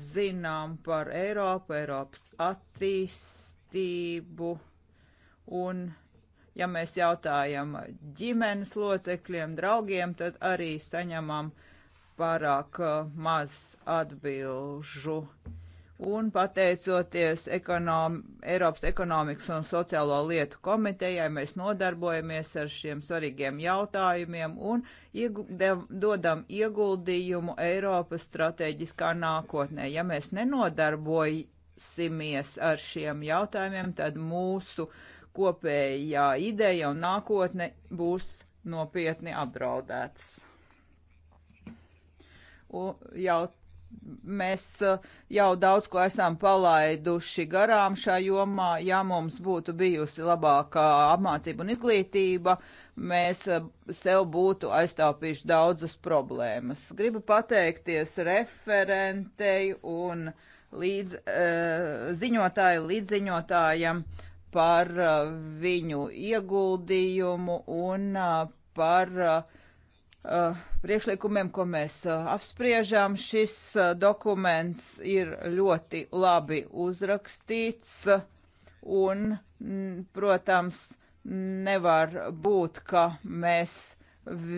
zinām par Eiropu, Eiropas attīstību un ja mēs jautājam ģimenes locekļiem, draugiem, tad arī saņemam uh, pārāk maz atbilžu un pateicoties ekonom, Eiropas ekonomikas un sociālo lietu komitejai, mēs nodarbojamies ar šiem svarīgiem jautājumiem un iegudam, dodam ieguldījumu Eiropas strateģiskā nākotnē. Ja mēs nenodarbojasimies ar šiem jautājumiem, tad mūsu kopējā ideja un nākotne būs nopietni apdraudētas jau mēs uh, jau daudz ko esam palaiduši garām šā jomā. Ja mums būtu bijusi labākā apmācība un izglītība, mēs uh, sev būtu aiztaupījuši daudzas problēmas. Gribu pateikties referentei un līdz, uh, ziņotāju līdziņotājam par viņu ieguldījumu un par uh, Uh, priekšlikumiem, ko mēs uh, apspriežām. Šis uh, dokuments ir ļoti labi uzrakstīts un, protams, nevar būt, ka mēs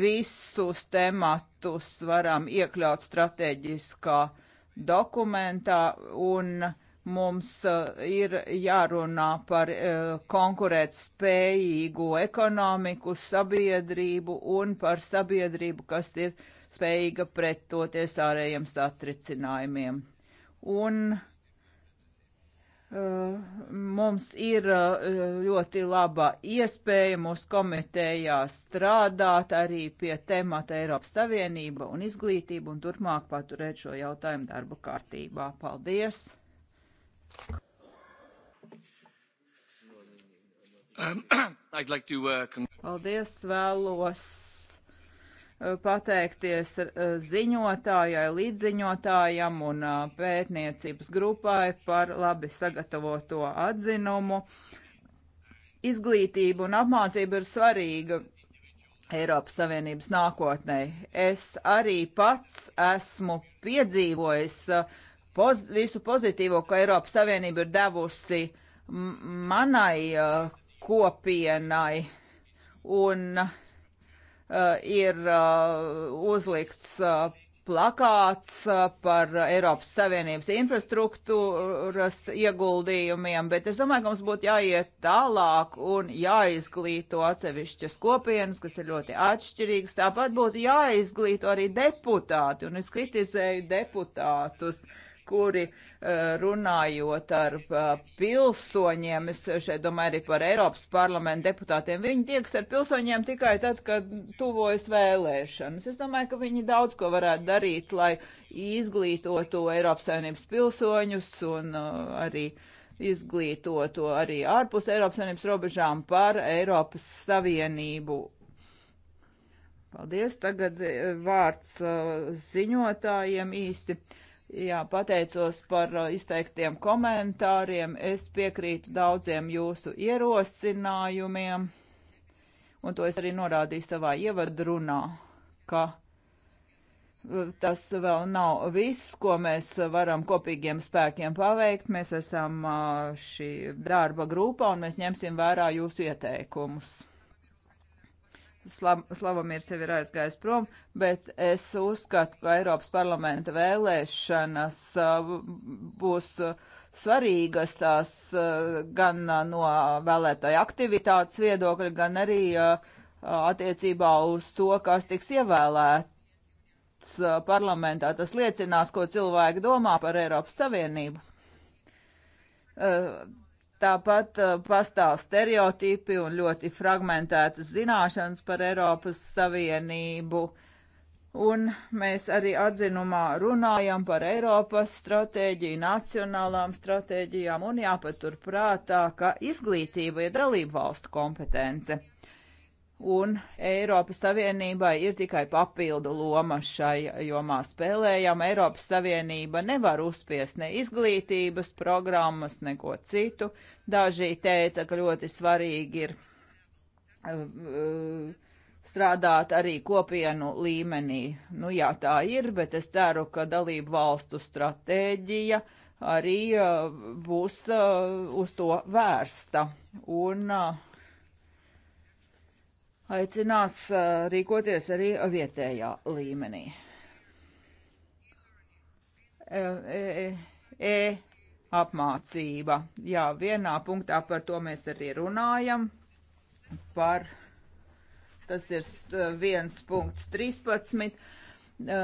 visus tematus varam iekļaut strateģiskā dokumentā un uh, Mums uh, ir jārunā par uh, konkurēt spējīgu ekonomiku, sabiedrību un par sabiedrību, kas ir spējīga pretoties ārējiem satricinājumiem. Un uh, mums ir ļoti laba iespēja mūsu komitejā strādāt arī pie temata Eiropas Savienība un izglītība un turpmāk paturēt šo jautājumu darba kārtībā. Paldies! Um, like to, uh... Paldies, vēlos uh, pateikties uh, ziņotājai, līdziņotājam un uh, pētniecības grupai par labi sagatavoto atzinumu. Izglītība un apmācība ir svarīga Eiropas Savienības nākotnē. Es arī pats esmu piedzīvojis uh, poz, visu pozitīvo, ko Eiropas Savienība ir devusi manai uh, kopienai un uh, ir uh, uzlikts uh, plakāts par Eiropas Savienības infrastruktūras ieguldījumiem, bet es domāju, ka mums būtu jāiet tālāk un jāizglīto atsevišķas kopienas, kas ir ļoti atšķirīgas. Tāpat būtu jāizglīto arī deputāti, un es kritizēju deputātus. Uh, kuri eh, runājot ar eh, pilsoņiem, es šeit domāju arī par Eiropas parlamentu deputātiem, viņi tieks ar pilsoņiem tikai tad, kad tuvojas vēlēšanas. Es domāju, ka viņi daudz ko varētu darīt, lai izglītotu Eiropas saimnības pilsoņus un eh, arī izglītotu arī ārpus Eiropas saimnības robežām par Eiropas Savienību Paldies. Tagad vārds ziņotājiem īsti. Jā, pateicos par uh, izteiktiem komentāriem. Es piekrītu daudziem jūsu ierosinājumiem, un to es arī norādīju savā ievadrunā, ka uh, tas vēl nav viss, ko mēs varam kopīgiem spēkiem paveikt. Mēs esam uh, šī darba grupā, un mēs ņemsim vērā jūsu ieteikumus. Slavamīrs jau ir aizgājis prom, bet es uzskatu, ka Eiropas parlamenta vēlēšanas uh, būs uh, svarīgas tās uh, gan no vēlētāju aktivitātes viedokļa, gan arī attiecībā uz to, kas tiks ievēlēts parlamentā. Tas liecinās, ko cilvēki domā par Eiropas Savienību Tāpat uh, pastāv stereotipi un ļoti fragmentētas zināšanas par Eiropas Savienību. Un mēs arī atzinumā runājam par Eiropas stratēģiju, nacionālām stratēģijām un jāpatur prātā, ka izglītība ir dalību valstu kompetence un Eiropas Savienībai ir tikai papildu loma šai jomā spēlējama. Eiropas Savienība nevar uzspiest ne izglītības programmas, neko citu. Daži teica, ka ļoti svarīgi ir uh, strādāt arī kopienu līmenī. Nu jā, tā ir, bet es ceru, ka dalību valstu stratēģija arī uh, būs uh, uz to vērsta. Un, uh, aicinās rīkoties arī vietējā līmenī. E, e, e, apmācība. Jā, vienā punktā par to mēs arī runājam. Par, tas ir viens punkts 13 Eh,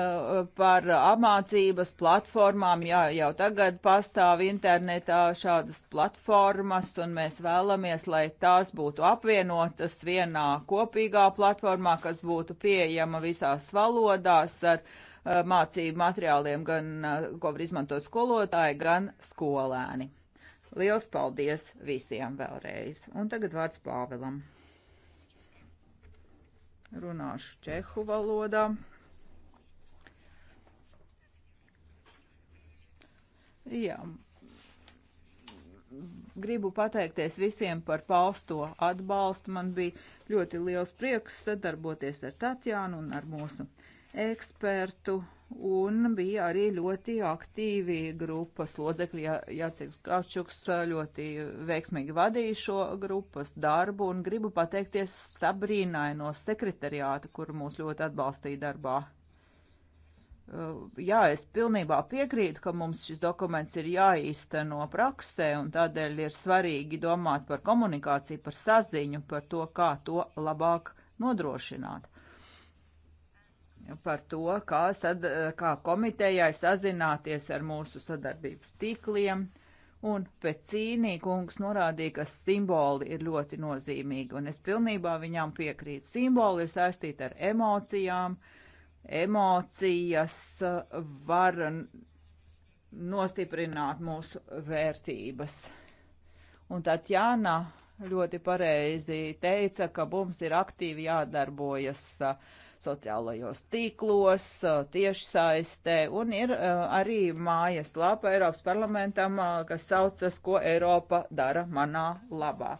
par apmācības platformām. Jā, jau tagad pastāv internetā šādas platformas, un mēs vēlamies, lai tās būtu apvienotas vienā kopīgā platformā, kas būtu pieejama visās valodās ar uh, mācību materiāliem, gan, uh, ko var izmantot skolotāji, gan skolēni. Liels paldies visiem vēlreiz. Un tagad vārds Pāvelam. Runāšu čehu valodā. Jā. Gribu pateikties visiem par pausto atbalstu. Man bija ļoti liels prieks sadarboties ar Tatjānu un ar mūsu ekspertu. Un bija arī ļoti aktīvi grupas locekļi. Jā, Jācīgs Kraučuks ļoti veiksmīgi vadīja šo grupas darbu. Un gribu pateikties Stabrīnai no sekretariāta, kur mūs ļoti atbalstīja darbā. Eh, jā, es pilnībā piekrītu, ka mums šis dokuments ir jāīsteno praksē, un tādēļ ir svarīgi domāt par komunikāciju, par saziņu, par to, kā to labāk nodrošināt. Par to, kā, sad, kā komitejai sazināties ar mūsu sadarbības tīkliem. Un pēc cīnī kungs norādīja, ka simboli ir ļoti nozīmīgi, un es pilnībā viņām piekrītu. Simboli ir saistīti ar emocijām, uh, emocijas eh, var nostiprināt mūsu vērtības. Un Tatjana ļoti pareizi teica, ka mums ir aktīvi jādarbojas eh, sociālajos tīklos, eh, tiešsaistē, un ir arī mājas lapa Eiropas parlamentam, kas saucas, ko Eiropa dara manā labā.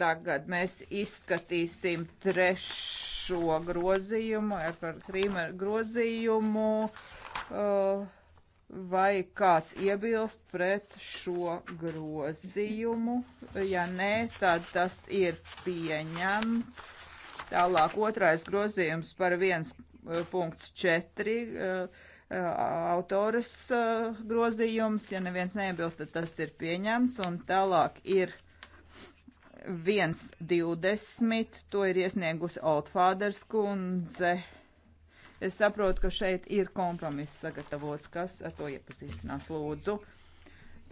Tagad mēs izskatīsim trešo grozījumu, ar eh, par trīm grozījumu. Uh, vai kāds iebilst pret šo grozījumu. Ja nē, tad tas ir pieņemts. Tālāk otrais grozījums par 1.4 eh, autoras grozījums. Ja neviens neiebilst, tad tas ir pieņemts. Un tālāk ir 1.20. To ir iesniegusi Altfāders kundze. Es saprotu, ka šeit ir kompromiss sagatavots, kas ar to iepazīstinās lūdzu.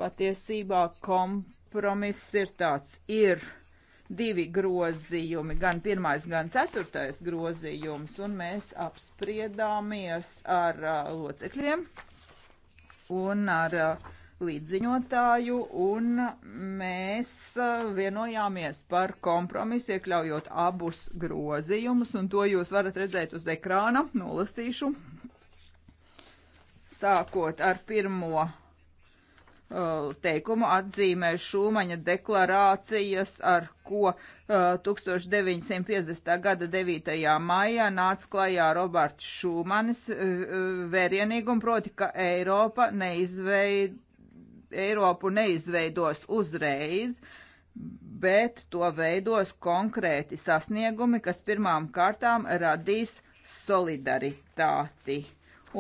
Patiesībā kompromiss ir tāds, ir divi grozījumi, gan pirmais, gan ceturtais grozījums, un mēs apspriedāmies ar uh, locekļiem un ar uh, līdziņotāju, un mēs uh, vienojāmies par kompromisu, iekļaujot abus grozījumus, un to jūs varat redzēt uz ekrāna, nolasīšu, sākot ar pirmo uh, teikumu atzīmē Šūmaņa deklarācijas, ar ko uh, 1950. gada 9. maijā nāca klajā Roberts Šūmanis uh, uh vērienīgumu, proti, ka Eiropa neizveid, Eiropu neizveidos uzreiz, bet to veidos konkrēti sasniegumi, kas pirmām kārtām radīs solidaritāti.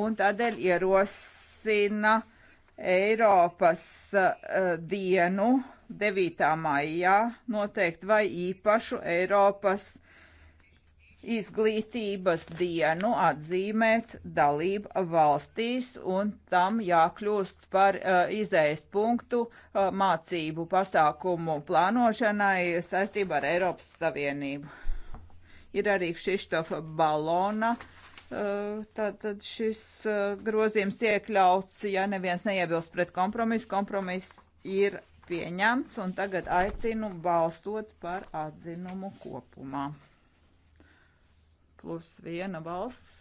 Un tādēļ ierosina Eiropas uh, dienu 9. maijā noteikt vai īpašu Eiropas izglītības dienu atzīmēt dalību valstīs un tam jākļūst par uh, izējas punktu uh, mācību pasākumu plānošanai saistībā ar Eiropas Savienību. Ir arī Kšištofa Balona. Uh, Tātad šis uh, grozījums iekļauts, ja neviens neiebilst pret kompromisu, kompromiss ir pieņemts un tagad aicinu balstot par atzinumu kopumā plus viena valsts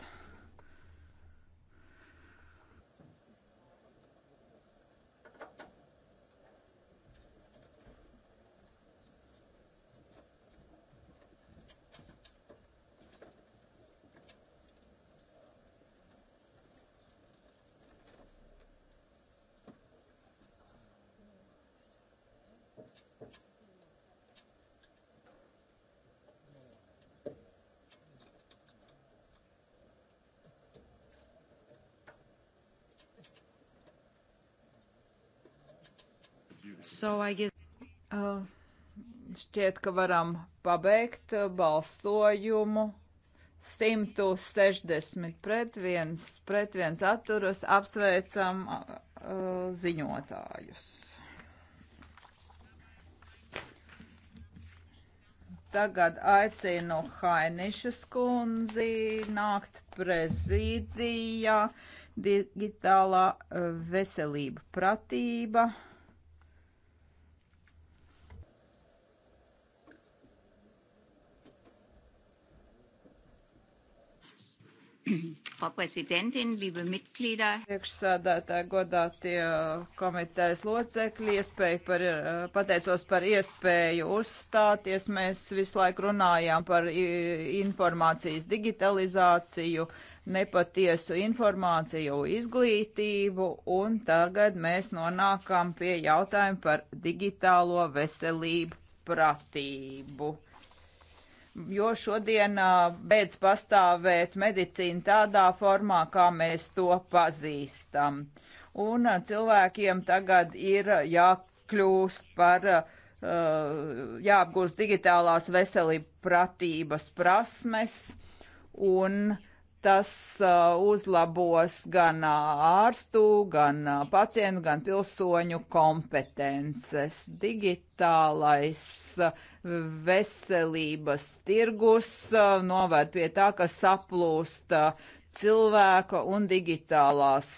So I guess... Uh, šķiet, ka varam pabeigt uh, balsojumu. 160 pret 1, pret 1 atturas apsveicam uh, uh, ziņotājus. Tagad aicinu Hainišas kundzi nākt prezidijā digitālā uh, veselība pratība. Frau Präsidentin, liebe Mitglieder. Priekšsādātāji, godātie uh, komitejas locekļi, iespēju par, uh, pateicos par iespēju uzstāties. Mēs visu laiku runājām par informācijas digitalizāciju, nepatiesu informāciju, izglītību, un tagad mēs nonākam pie jautājuma par digitālo veselību pratību jo šodien beidz pastāvēt medicīna tādā formā, kā mēs to pazīstam. Un cilvēkiem tagad ir jākļūst par, jāapgūst digitālās veselības pratības prasmes un uh, tas uh, uzlabos gan uh, ārstu, gan uh, pacientu, gan pilsoņu kompetences. Digitālais uh, veselības tirgus uh, novērt pie tā, ka saplūst uh, cilvēka un digitālās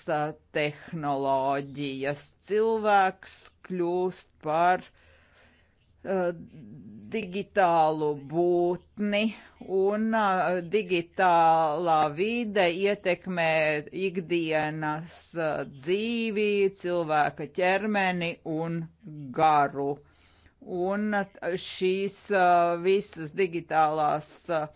tehnoloģijas. Cilvēks kļūst par uh, Uh, digitālu būtni un uh, digitālā vide ietekmē ikdienas uh, dzīvi, cilvēka ķermeni un garu. Un šīs visas digitālās uh,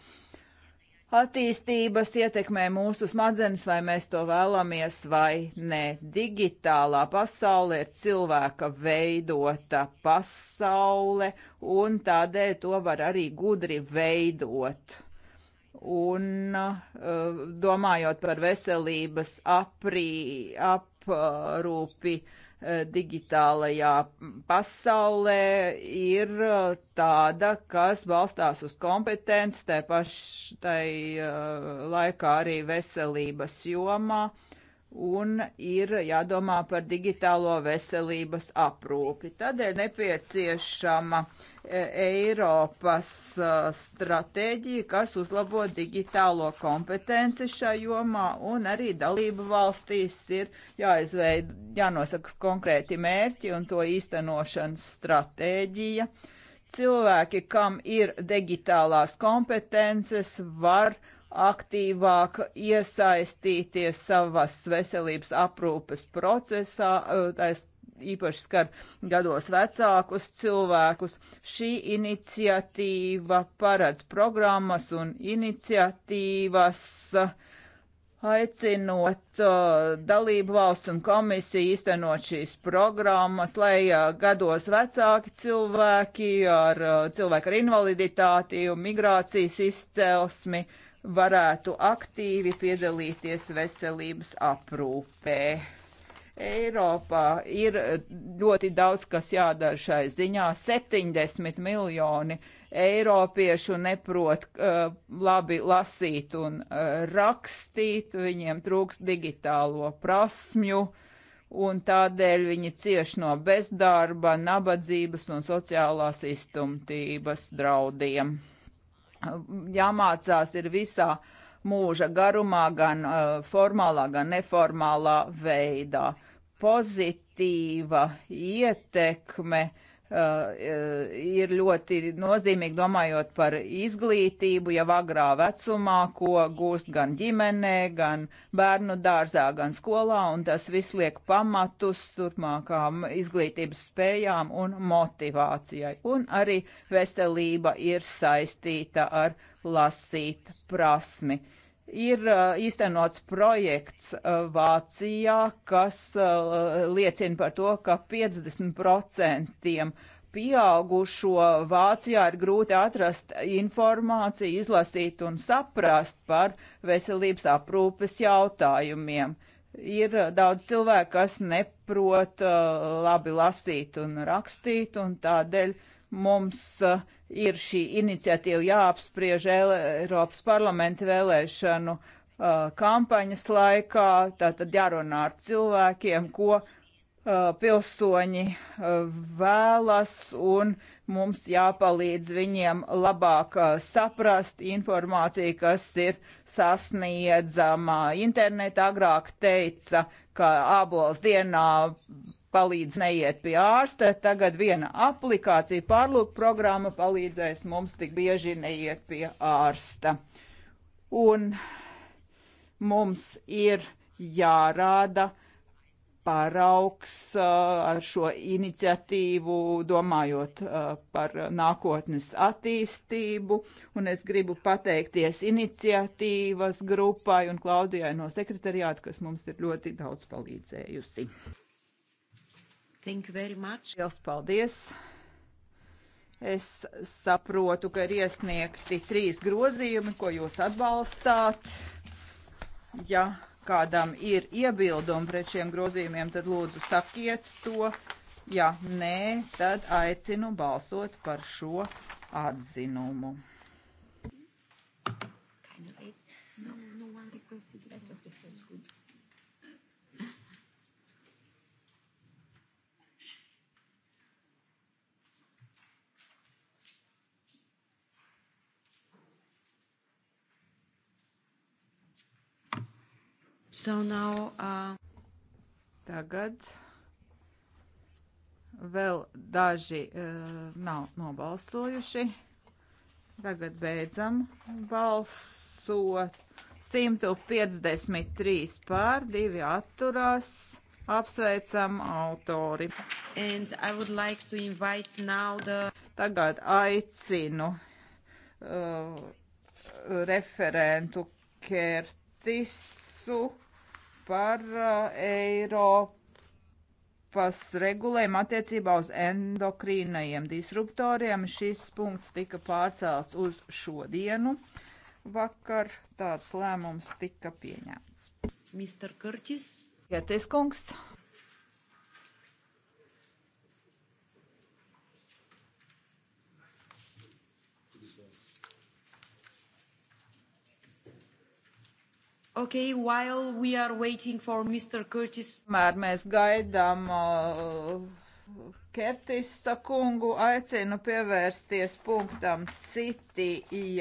attīstības ietekmē mūsu smadzenes, vai mēs to vēlamies vai nē. Digitālā pasaule ir cilvēka veidota pasaule, un tādēļ to var arī gudri veidot. Un eh, domājot par veselības aprī, aprūpi, uh, Eh, digitālajā pasaulē ir eh, tāda, kas balstās uz kompetenci, tai pašai eh, laikā arī veselības jomā, un ir jādomā par digitālo veselības aprūpi. Tādēļ nepieciešama uh, E, Eiropas e, stratēģiju, kas uzlabo digitālo kompetenci šajā jomā, un arī dalību valstīs ir jāizveid, jānosaka konkrēti mērķi un to īstenošanas stratēģija. Cilvēki, kam ir digitālās kompetences, var aktīvāk iesaistīties savas veselības aprūpes procesā, e, taisa īpaši skar gados vecākus cilvēkus. Šī iniciatīva paredz programmas un iniciatīvas aicinot uh, dalību valsts un komisiju īstenot šīs programmas, lai uh, gados vecāki cilvēki ar uh, cilvēku ar invaliditāti un migrācijas izcelsmi varētu aktīvi piedalīties veselības aprūpē. Eiropā ir ļoti daudz, kas jādara šai ziņā. 70 miljoni eiropiešu neprot uh, labi lasīt un uh, rakstīt, viņiem trūks digitālo prasmju, un tādēļ viņi cieši no bezdarba, nabadzības un sociālās iztumtības draudiem. Jāmācās ir visā mūža garumā, gan uh, formālā, gan neformālā veidā. Uh, pozitīva ietekme uh, ir ļoti nozīmīga, domājot par izglītību, jau agrā vecumā, ko gūst gan ģimenē, gan bērnu dārzā, gan skolā, un tas viss liek pamatus turpmākām izglītības spējām un motivācijai. Un arī veselība ir saistīta ar lasīt prasmi. Uh, ir īstenots projekts Vācijā, kas liecina par to, ka 50% pieaugušo Vācijā ir grūti atrast informāciju, izlasīt un saprast par veselības aprūpes jautājumiem. Ir daudz cilvēku, kas neprot labi lasīt un rakstīt, un tādēļ mums uh, ir šī iniciatīva jāapspriež Eiropas parlamenta vēlēšanu uh, kampaņas laikā, tātad jārunā ar cilvēkiem, ko uh, pilsoņi uh, vēlas, un mums jāpalīdz viņiem labāk uh, saprast informāciju, kas ir sasniedzama. Internetā agrāk teica, ka ābols dienā palīdz neiet pie ārsta, tagad viena aplikācija pārlūk programma palīdzēs mums tik bieži neiet pie ārsta. Un mums ir jārāda paraugs uh, ar šo iniciatīvu, domājot uh, par nākotnes attīstību. Un es gribu pateikties iniciatīvas grupai un Klaudijai no sekretariāta, kas mums ir ļoti daudz palīdzējusi. Thank you very much. Liels paldies! Es saprotu, ka ir iesniegti trīs grozījumi, ko jūs atbalstāt. Ja kādam ir iebildumi pret šiem grozījumiem, tad lūdzu sakiet to. Ja nē, tad aicinu balsot par šo atzinumu. No, no one requested that. Okay, that's good. So now, uh... Tagad vēl daži uh, nav nobalsojuši. Tagad beidzam balsot. 153 pār, 2 atturās. Apsveicam autori. Like the... Tagad aicinu uh, referentu Kertisu par uh, Eiropas regulējumu attiecībā uz endokrīnajiem disruptoriem. Šis punkts tika pārcelts uz šodienu. Vakar tāds lēmums tika pieņemts. Mr. Kurtis. Kurtis kungs. Okay, while we are waiting for Mr. Curtis. Mēr mēs gaidām uh, Kertisa kungu, aicinu pievērsties punktam citi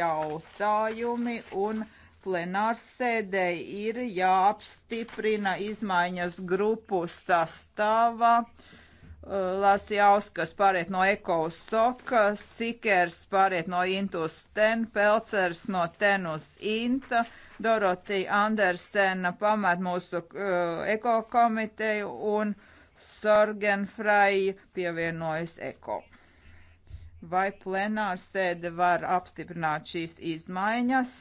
jautājumi un plenārs sēdē ir jāapstiprina izmaiņas grupu sastāvā. Uh, Lasjauskas pāriet no Ekosoka, Sikers pāriet no Intus Ten, Pelcers no Tenus Inta. Dorotija Andersena pamat mūsu uh, ekokomiteju un Sorgenfrai pievienojas eko. Vai plenārsēde var apstiprināt šīs izmaiņas?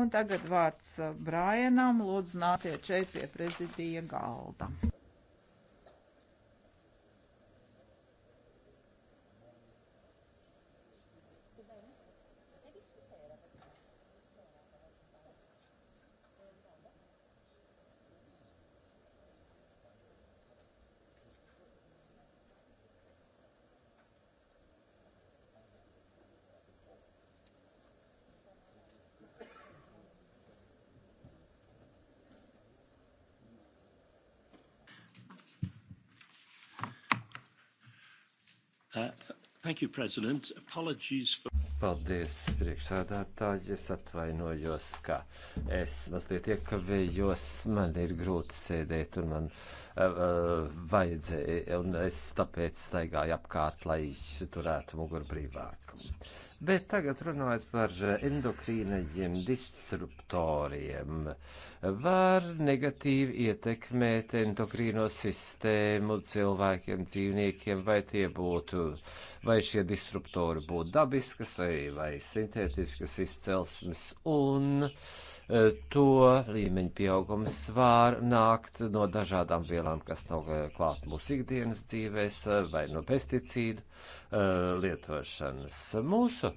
Un tagad vārds eh, Brānam, lūdzu, nāciet šeit pie prezidija galda. Uh, thank you, President. Apologies for. Paldies, priekšsādātāji. Es atvainojos, ka es mazliet iekavējos. Man ir grūti sēdēt, un man uh, uh vajadzēja, un es tāpēc staigāju apkārt, lai turētu muguru brīvāk. Bet tagad runājot par eh, endokrīnaģiem disruptoriem, var negatīvi ietekmēt endokrīno sistēmu cilvēkiem, dzīvniekiem, vai tie būtu, vai šie disruptori būtu dabiskas vai, vai sintētiskas izcelsmes un uh, to līmeņa pieaugums var nākt no dažādām vielām, kas nav eh, klāt mūsu ikdienas dzīvēs, eh, vai no pesticīdu eh, lietošanas. Mūsu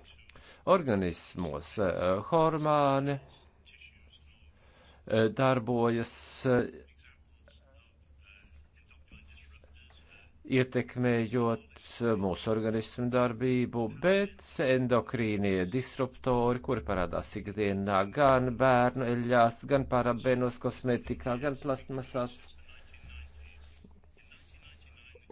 organismos hormāni darbojas ietekmējot eh, mūsu organismu darbību, bet endokrīnie disruptori, kuri parādās ikdienā gan bērnu eļļās, gan parabenos kosmetikā, gan plastmasās.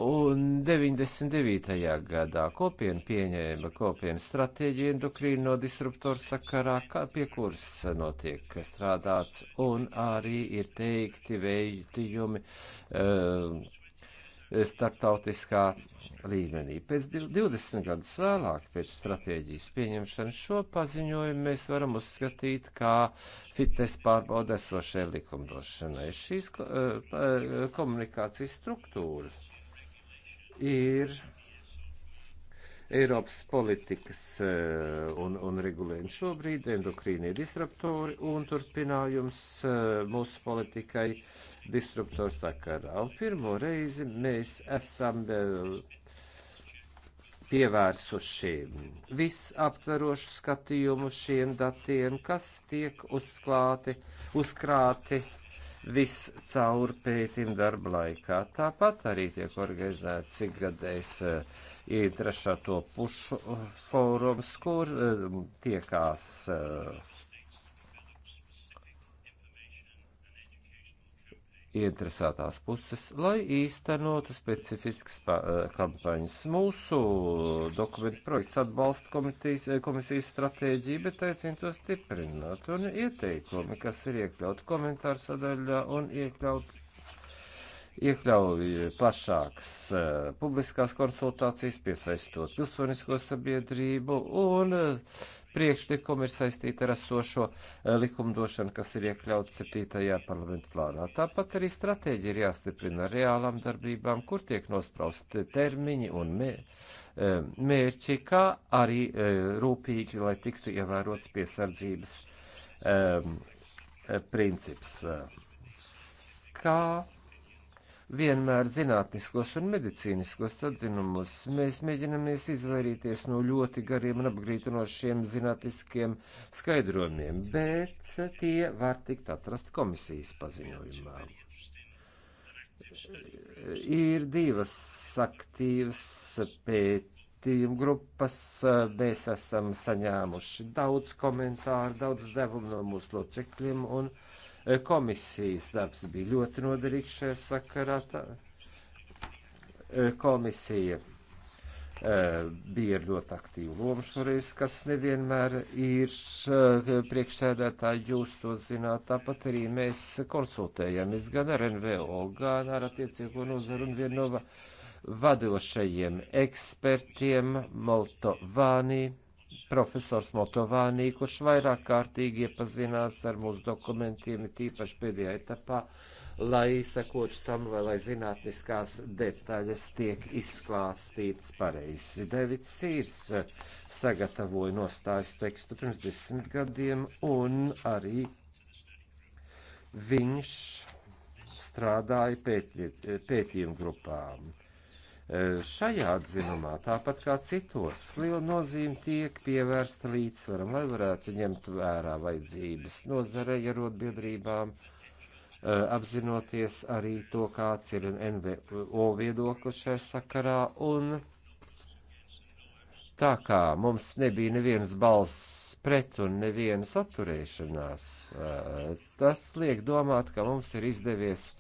Un 99. gadā kopiena pieņēma kopienu stratēģiju endokrīno disruptoru sakarā, kā pie kuras notiek strādāts, un arī ir teikti veidījumi. Uh, eh, um, starptautiskā līmenī. Pēc 20 gadus vēlāk, pēc stratēģijas pieņemšanas šo paziņojumu mēs varam uzskatīt kā fitnes pārbauda esošai likumdošanai. Šīs eh, eh, komunikācijas struktūras ir Eiropas politikas eh, un, un regulējumi šobrīd, endokrīnie disruptori un turpinājums mūsu politikai. Uh, distruktoru sakarā. Un pirmo reizi mēs esam eh, pievērsuši visaptverošu skatījumu šiem datiem, kas tiek uzklāti, uzkrāti viscaur pētījuma darba laikā. Tāpat arī tiek organizēts ikgadējs eh, ir trešā to pušu eh, fórums, kur tiekās uh, ieinteresētās puses, lai īstenotu specifiskas eh, kampaņas. Mūsu dokumentu projekts atbalsta komitīs, eh, komisijas stratēģiju, bet aicinu to stiprināt un ieteikumi, kas ir iekļauti komentāru sadaļā un iekļauti. Iekļauj plašākas uh, publiskās konsultācijas, piesaistot pilsonisko sabiedrību un uh, priekšlikumi ir saistīti ar esošo eh, likumdošanu, kas ir iekļauts 7. parlamentu plānā. Tāpat arī stratēģija ir jāstiprina ar reālām darbībām, kur tiek nosprausti termiņi un eh, mērķi, kā arī eh, rūpīgi, lai tiktu ievērots piesardzības princips. Kā vienmēr zinātniskos un medicīniskos atzinumus. Mēs mēģinamies izvairīties no ļoti gariem un apgrītinošiem zinātniskiem skaidrojumiem, bet tie var tikt atrast komisijas paziņojumā. Ir divas aktīvas pētījuma grupas. Mēs esam saņēmuši daudz komentāru, daudz devumu no mūsu locekļiem, un Eh, komisijas darbs bija ļoti noderīgs šajā sakarā. Tā. Eh, komisija eh, bija ļoti aktīva loma šoreiz, kas nevienmēr ir priekšsēdētāji, jūs to zināt, tāpat arī mēs konsultējamies gan ar NVO, gan ar attiecīgo nozaru un vienu no vadošajiem ekspertiem Molto Vāniju profesors Motovānī, kurš vairāk kārtīgi iepazinās ar mūsu dokumentiem, tīpaši pēdējā etapā, lai sekotu tam, vai lai zinātniskās detaļas tiek izklāstītas pareizi. Devits Sīrs eh, sagatavoja nostājas tekstu pirms desmit gadiem, un arī viņš strādāja pētījumu grupām. E, šajā atzinumā, tāpat kā citos, liela nozīme tiek pievērsta līdzsvaram, lai varētu ņemt vērā vajadzības nozarei arotbiedrībām, e, apzinoties arī to, kāds ir NVO viedoklis šajā sakarā. Un tā kā mums nebija nevienas balss pret un nevienas atturēšanās, e, tas liek domāt, ka mums ir izdevies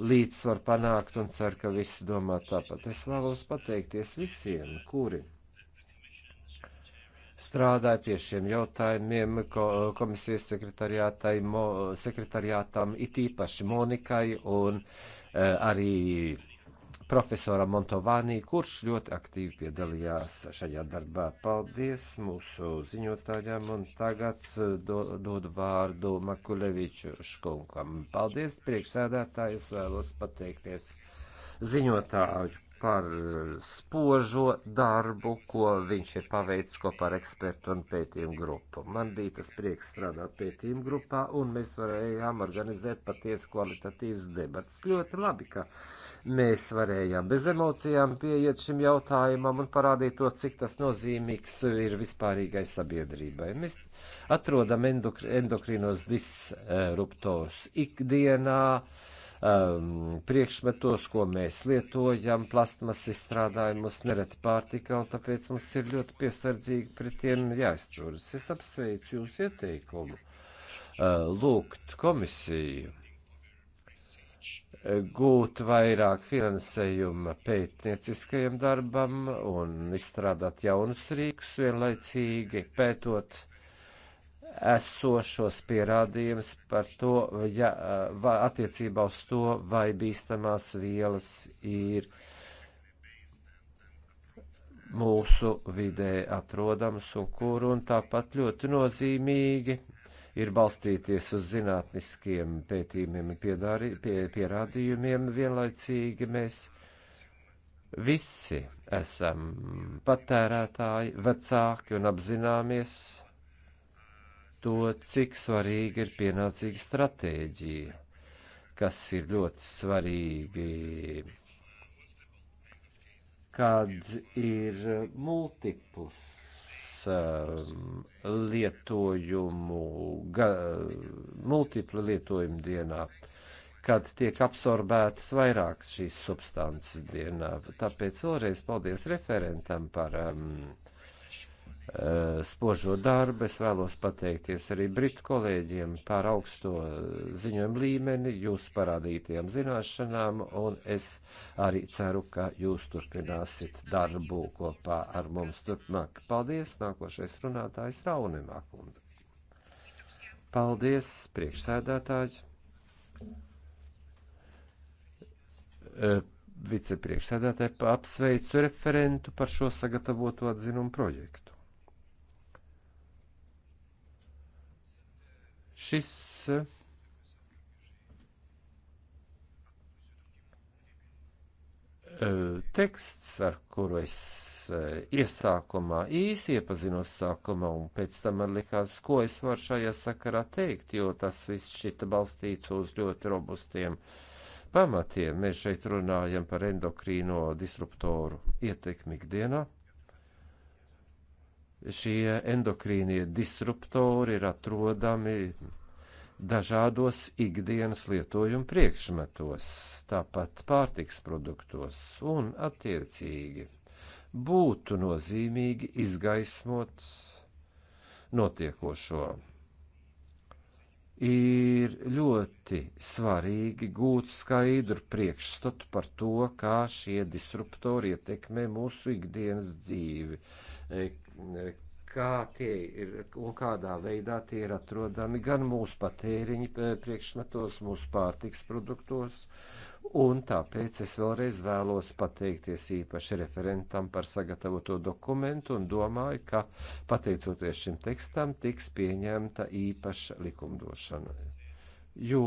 līdzsvaru panākt un ceru, ka visi domā tāpat. Es vēlos pateikties visiem, kuri strādāja pie šiem jautājumiem komisijas sekretariātam, it īpaši Monikai un eh, arī profesoram Montovānī, kurš ļoti aktīvi piedalījās šajā darbā. Paldies mūsu ziņotājiem un tagad eh, do, dod vārdu Makuleviču škunkam. Paldies priekšsēdētāji, es vēlos pateikties ziņotāju par spožo darbu, ko viņš ir paveicis kopā ar ekspertu un pētījumu grupu. Man bija tas prieks strādāt pētījumu grupā, un mēs varējām organizēt patiesi kvalitatīvas debatas. Ļoti labi, ka Mēs varējām bez emocijām pieiet šim jautājumam un parādīt to, cik tas nozīmīgs ir vispārīgai sabiedrībai. Mēs atrodam endokri, endokrinos disruptors ikdienā um, priekšmetos, ko mēs lietojam, plasmas izstrādājumus, nereti pārtika, un tāpēc mums ir ļoti piesardzīgi pret tiem jāizturas. Es apsveicu jūs ieteikumu uh, lūgt komisiju gūt vairāk finansējuma pētnieciskajam darbam un izstrādāt jaunus rīkus, vienlaicīgi pētot esošos pierādījumus par to, ja, va, attiecībā uz to, vai bīstamās vielas ir mūsu vidē atrodamas un kur, un tāpat ļoti nozīmīgi ir balstīties uz zinātniskiem pētījumiem un piedāri, pie, pierādījumiem. Vienlaicīgi mēs visi esam patērētāji, vecāki un apzināmies to, cik svarīga ir pienācīga stratēģija, kas ir ļoti svarīgi kad ir multipls Um, lietojumu, ga, multipli lietojumu dienā, kad tiek absorbētas vairākas šīs substances dienā. Tāpēc vēlreiz paldies referentam par um, Eh, spožo darbu. Es vēlos pateikties arī britu kolēģiem par augsto ziņojumu līmeni, jūsu parādītajām zināšanām, un es arī ceru, ka jūs turpināsit darbu kopā ar mums turpmāk. Paldies! Nākošais runātājs Raunimā kundze. Paldies, priekšsēdētāji! Eh, vicepriekšsēdētāji apsveicu referentu par šo sagatavotu atzinumu projektu. Šis eh, teksts, ar kuru es eh, iesākumā īsi iepazinos sākumā, un pēc tam man likās, ko es varu šajā sakarā teikt, jo tas viss šita balstīts uz ļoti robustiem pamatiem. Mēs šeit runājam par endokrīno disruptoru ietekmi ikdienā šie endokrīnie disruptori ir atrodami dažādos ikdienas lietojuma priekšmetos, tāpat pārtiks produktos un attiecīgi būtu nozīmīgi izgaismot notiekošo. Ir ļoti svarīgi gūt skaidru priekšstatu par to, kā šie disruptori ietekmē mūsu ikdienas dzīvi, kā tie ir un kādā veidā tie ir atrodami gan mūsu patēriņa priekšmetos, mūsu pārtiks produktos. Un tāpēc es vēlreiz vēlos pateikties īpaši referentam par sagatavoto dokumentu un domāju, ka pateicoties šim tekstam tiks pieņemta īpaša likumdošana. Jo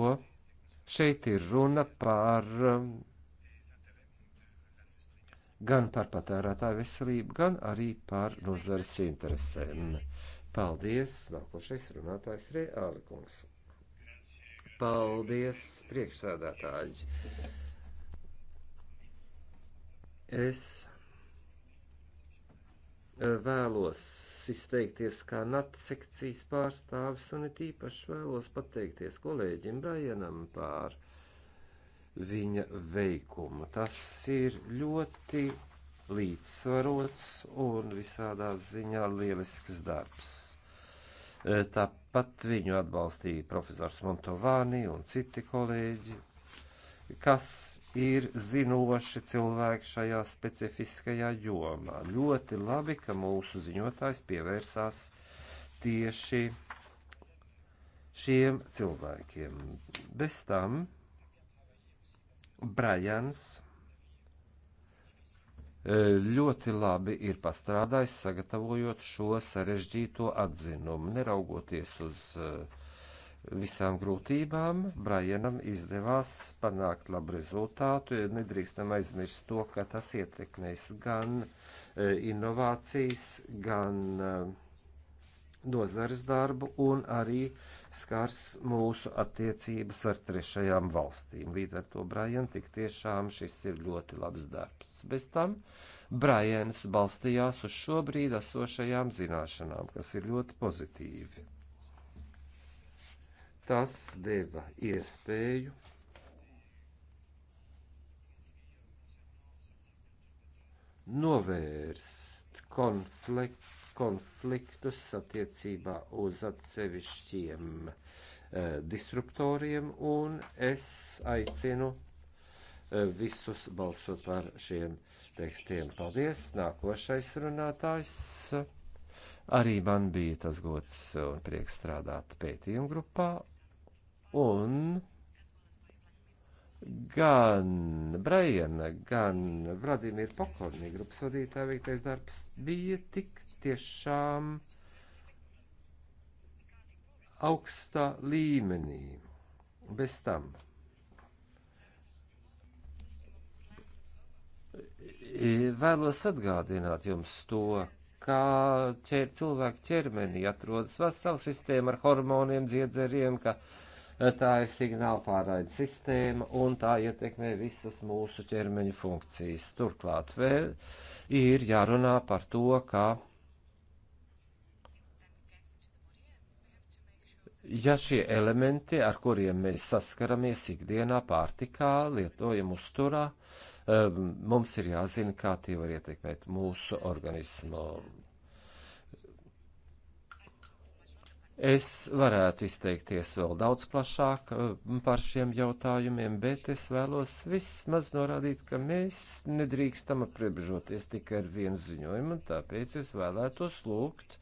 šeit ir runa par um, gan par patērētāju veselību, gan arī par nozares interesēm. Paldies! Nākošais runātājs ir Ālikungs. Paldies, priekšsēdētāji! Es eh, vēlos izteikties kā NATO sekcijas pārstāvis un it īpaši vēlos pateikties kolēģim Brajanam par viņa veikumu. Tas ir ļoti līdzsvarots un visādā ziņā lielisks darbs. E, tāpat viņu atbalstīja profesors Montovāni un citi kolēģi, kas ir zinoši cilvēki šajā specifiskajā jomā. Ļoti labi, ka mūsu ziņotājs pievērsās tieši šiem cilvēkiem. Bez tam Brajans e, ļoti labi ir pastrādājis, sagatavojot šo sarežģīto atzinumu. Neraugoties uz e, visām grūtībām, Brajanam izdevās panākt labu rezultātu. Nedrīkstam aizmirst to, ka tas ietekmēs gan e, inovācijas, gan nozares darbu un arī skars mūsu attiecības ar trešajām valstīm. Līdz ar to, Brian, tik tiešām šis ir ļoti labs darbs. Bez tam Brians balstījās uz šobrīd esošajām zināšanām, kas ir ļoti pozitīvi. Tas deva iespēju novērst konfliktu konfliktus attiecībā uz atsevišķiem e, disruptoriem, un es aicinu e, visus balsot par šiem tekstiem. Paldies! Nākošais runātājs. Arī man bija tas gods un prieks strādāt pētījumu grupā, un gan Brajana, gan Vladimira Pokornī grupas vadītāja veiktais darbs bija tik tiešām augstā līmenī. Bez tam vēlos atgādināt jums to, kā ķer, cilvēku ķermenī atrodas vesela sistēma ar hormoniem, dziedzeriem, ka eh, tā ir signāla pārraida sistēma un tā ietekmē visas mūsu ķermeņa funkcijas. Turklāt vēl ir jārunā par to, kā ja šie elementi, ar kuriem mēs saskaramies ikdienā pārtikā, lietojam uzturā, mums ir jāzina, kā tie var ietekmēt mūsu organismu. Es varētu izteikties vēl daudz plašāk par šiem jautājumiem, bet es vēlos vismaz norādīt, ka mēs nedrīkstam apriežoties tikai ar vienu ziņojumu, un tāpēc es vēlētos lūgt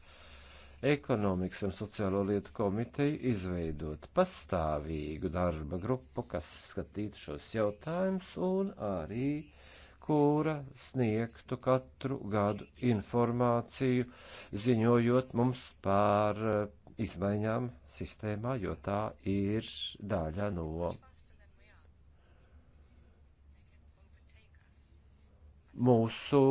ekonomikas un sociālo lietu komiteju izveidot pastāvīgu darba grupu, kas skatītu šos jautājumus un arī kura sniegtu katru gadu informāciju, ziņojot mums par eh, izmaiņām sistēmā, jo tā ir daļa no mūsu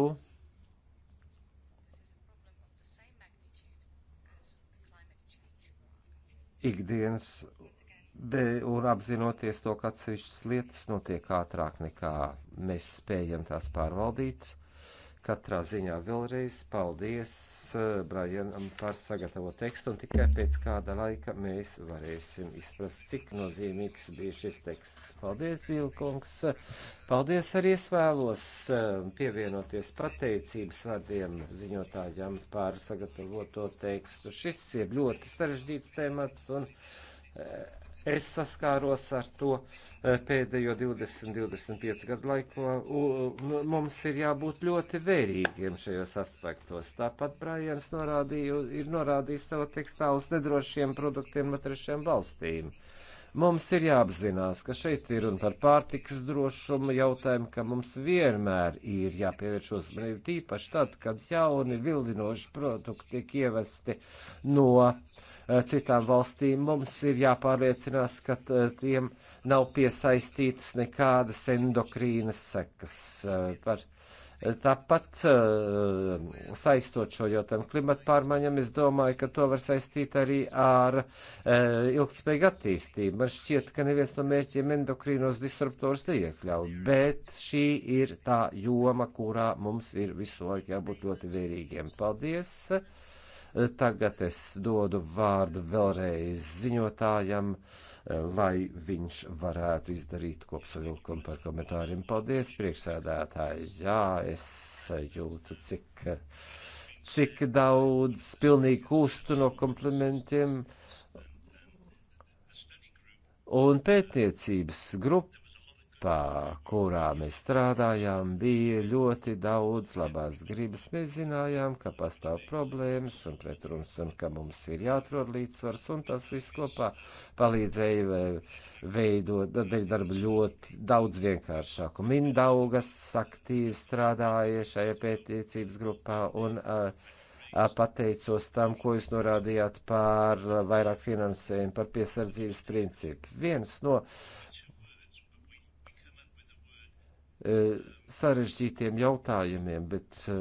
ikdienas un apzinoties to, ka atsevišķas lietas notiek ātrāk nekā mēs spējam tās pārvaldīt Katrā ziņā vēlreiz paldies eh, Brajanam par sagatavo tekstu, un tikai pēc kāda laika mēs varēsim izprast, cik nozīmīgs bija šis teksts. Paldies, Vilkungs! Paldies arī es vēlos eh, pievienoties pateicības vārdiem ziņotājam par sagatavoto tekstu. Šis ir ļoti sarežģīts temats, un eh, Es saskāros ar to e, pēdējo 20-25 gadu laikā. Mums ir jābūt ļoti vērīgiem šajos aspektos. Tāpat Brajans norādīja, ir norādījis savu tekstālus nedrošiem produktiem no trešiem valstīm. Mums ir jāapzinās, ka šeit ir un par pārtikas drošumu jautājumu, ka mums vienmēr ir jāpievērš uzmanība tīpaši tad, kad jauni vildinoši produkti tiek ievesti no uh, Eh, citām valstīm, mums ir jāpārliecinās, ka eh, tiem nav piesaistītas nekādas endokrīnas sekas. Eh, par Tāpat saistot šo jautājumu klimatu pārmaiņam, es domāju, ka to var saistīt arī ar ilgspējīgu attīstību. Man šķiet, ka neviens no mērķiem endokrīnos disruptors neiekļauj, bet šī ir tā joma, kurā mums ir visu laiku jābūt ļoti vērīgiem. Paldies! Tagad es dodu vārdu vēlreiz ziņotājam, eh, lai viņš varētu izdarīt kopsavilkumu par komentāriem. Paldies, priekšsēdētāji! Jā, es jūtu, cik, cik daudz pilnīgi kūstu no komplimentiem. Un pētniecības grupa grupā, kurā mēs strādājām, bija ļoti daudz labās gribas. Mēs zinājām, ka pastāv problēmas un pretruns un ka mums ir jāatrod līdzsvars un tas viss kopā palīdzēja eh, veidot darbu ļoti daudz vienkāršāku. Mindaugas aktīvi strādāja šajā pētniecības grupā un uh, pateicos tam, ko jūs norādījāt par eh, vairāk finansējumu, par piesardzības principu. Viens no uh, E, sarežģītiem jautājumiem, bet e,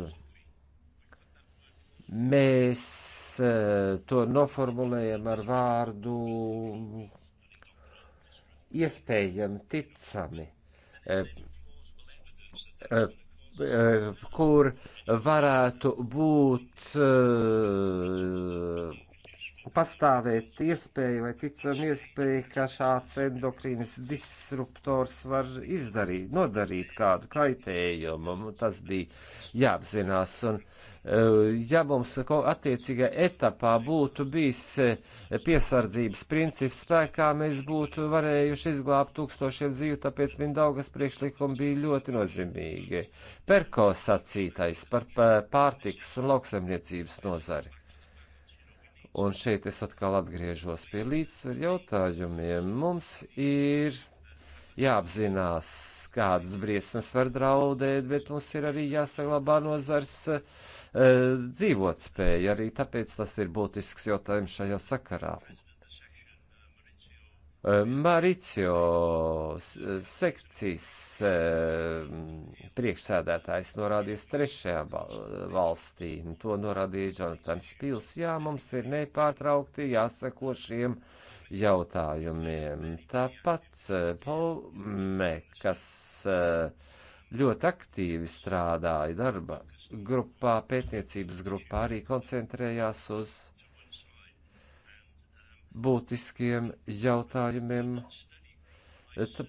mēs e, to noformulējam ar vārdu iespējami ticami, kur varētu būt pastāvēt iespēja vai ticam iespēja, ka šāds endokrīnas disruptors var izdarīt, nodarīt kādu kaitējumu. Tas bija jāapzinās. Un, eh, ja mums attiecīgā etapā būtu bijis eh, piesardzības princips spēkā, mēs būtu varējuši izglābt tūkstošiem dzīvu, tāpēc viņa daugas priekšlikumi bija ļoti nozīmīgi. Perko sacītais par eh, pārtiks un lauksaimniecības nozari Un šeit es atkal atgriežos pie līdzsveru jautājumiem. Mums ir jāapzinās, kādas briesmas var draudēt, bet mums ir arī jāsaglabā nozars e, dzīvotspēja. Arī tāpēc tas ir būtisks jautājums šajā sakarā. Maricio sekcijas eh, priekšsēdētājs norādījis trešajām valstīm. To norādīja Jonatans Pils. Jā, mums ir nepārtraukti jāsako šiem jautājumiem. Tāpat eh, Paume, kas eh, ļoti aktīvi strādāja darba grupā, pētniecības grupā, arī koncentrējās uz būtiskiem jautājumiem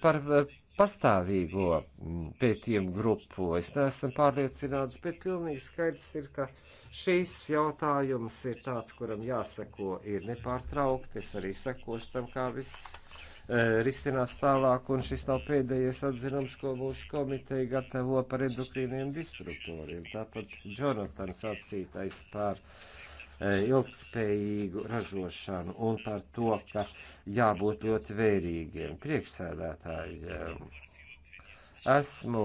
par eh, pastāvīgo mm, pētījumu grupu. Es neesmu pārliecināts, bet pilnīgi skaidrs ir, ka šīs jautājums ir tāds, kuram jāseko ir nepārtraukti. Es arī sekošu tam, kā viss eh, risinās tālāk, un šis nav pēdējais atzinums, ko mūsu komiteja gatavo par endokrīniem disruptoriem. Tāpat Jonatans atsītais par uh, E, ilgtspējīgu ražošanu un par to, ka jābūt ļoti vērīgiem priekšsēdētājiem. Esmu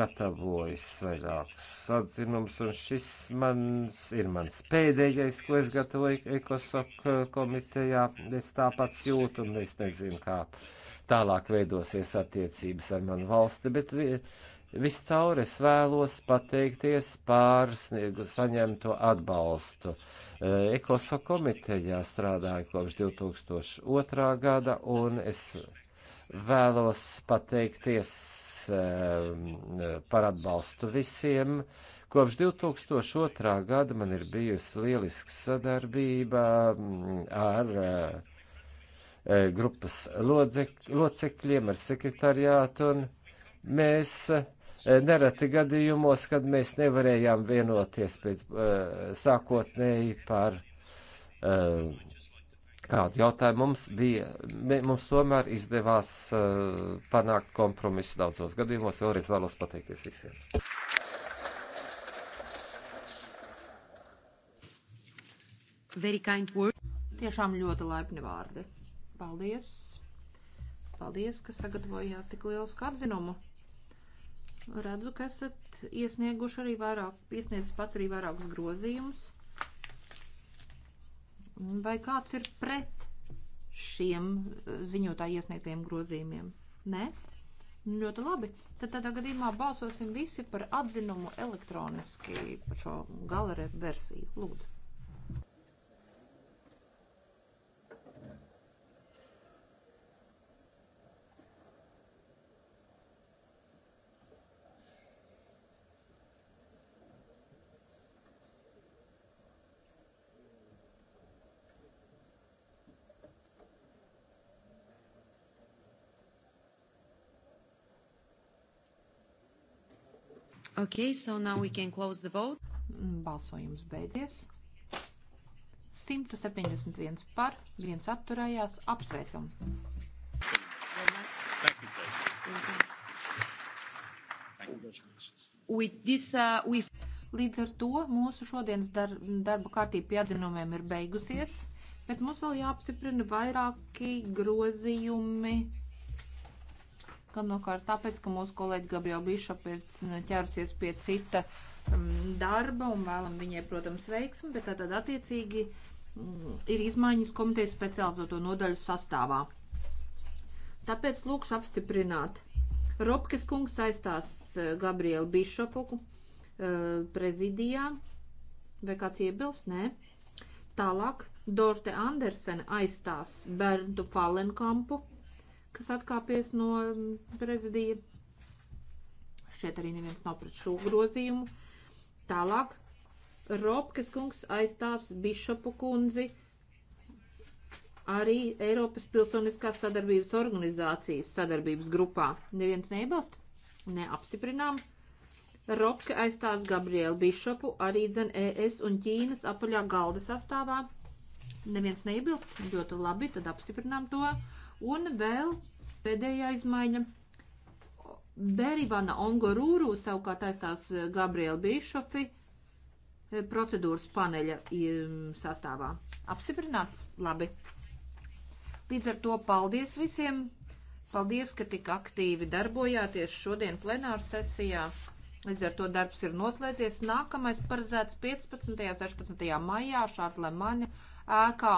gatavojis vairākus atzinumus, un šis mans, ir mans pēdējais, ko es gatavoju Ekosok komitejā. Es tāpats jūtu, un es nezinu, kā tālāk veidosies attiecības ar manu valsti, bet Viscaur es vēlos pateikties par sniegu saņemto atbalstu. E, Ekoso komitejā strādāju kopš 2002. gada, un es vēlos pateikties e, par atbalstu visiem. Kopš 2002. gada man ir bijusi lieliska sadarbība ar e, grupas locekļiem, ar sekretariātu, un mēs nereti gadījumos, kad mēs nevarējām vienoties pēc eh, sākotnēji par eh, kādu jautājumu mums bija, mums tomēr izdevās eh, panākt kompromisu daudzos gadījumos. Vēlreiz vēlos pateikties visiem. Tiešām ļoti laipni vārdi. Paldies! Paldies, ka sagatavojāt tik lielu atzinumu! Redzu, ka esat iesnieguši arī vairāk, iesniedzis pats arī vairākus grozījumus. Vai kāds ir pret šiem eh, ziņotāju iesniegtiem grozījumiem? Nē? Ļoti labi. Tad tādā gadījumā balsosim visi par atzinumu elektroniski par šo galere versiju. Lūdzu. Okay, so now we can close the vote. Balsojums beidzies. 171 par, viens atturējās. Apsveicam! This, uh, we... Līdz ar to mūsu šodienas dar darba kārtība pie atzinumiem ir beigusies, bet mums vēl jāapstiprina vairāki grozījumi galvenokārt tāpēc, ka mūsu kolēģi Gabriela Bišop ir ķērusies pie cita mm, darba un vēlam viņai, protams, veiksmi, bet tātad attiecīgi mm, ir izmaiņas komitejas specializēto nodaļu sastāvā. Tāpēc lūkšu apstiprināt. Robkes kungs saistās eh, Gabrielu Bišopu eh, prezidijā. Vai kāds iebilst? Nē. Tālāk Dorte Andersene aizstās Berntu Falenkampu kas atkāpies no prezidija. Šķiet arī neviens nav pret šo grozījumu. Tālāk Robkes kungs aizstāvs Bišopu kundzi arī Eiropas pilsoniskās sadarbības organizācijas sadarbības grupā. Neviens neiebilst? Neapstiprinām. Robke aizstās Gabrielu Bišopu arī dzen ES un Ķīnas apaļā galda sastāvā. Neviens neiebilst? Ļoti labi, tad apstiprinām to. Un vēl pēdējā izmaiņa. Berivana Ongorūru savukārt aizstās eh, Gabriela Bišofi eh, procedūras paneļa sastāvā. Apstiprināts? Labi. Līdz ar to paldies visiem. Paldies, ka tik aktīvi darbojāties šodien plenāru sesijā. Līdz ar to darbs ir noslēdzies. Nākamais paredzēts 15. un 16. maijā Šārtlemaņa ēkā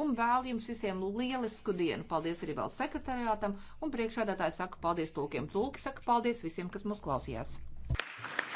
un vēl jums visiem lielisku dienu. Paldies arī valsts sekretariātam un priekšādātāji saka paldies tulkiem. Tulki saka paldies visiem, kas mūs klausījās. Thank you.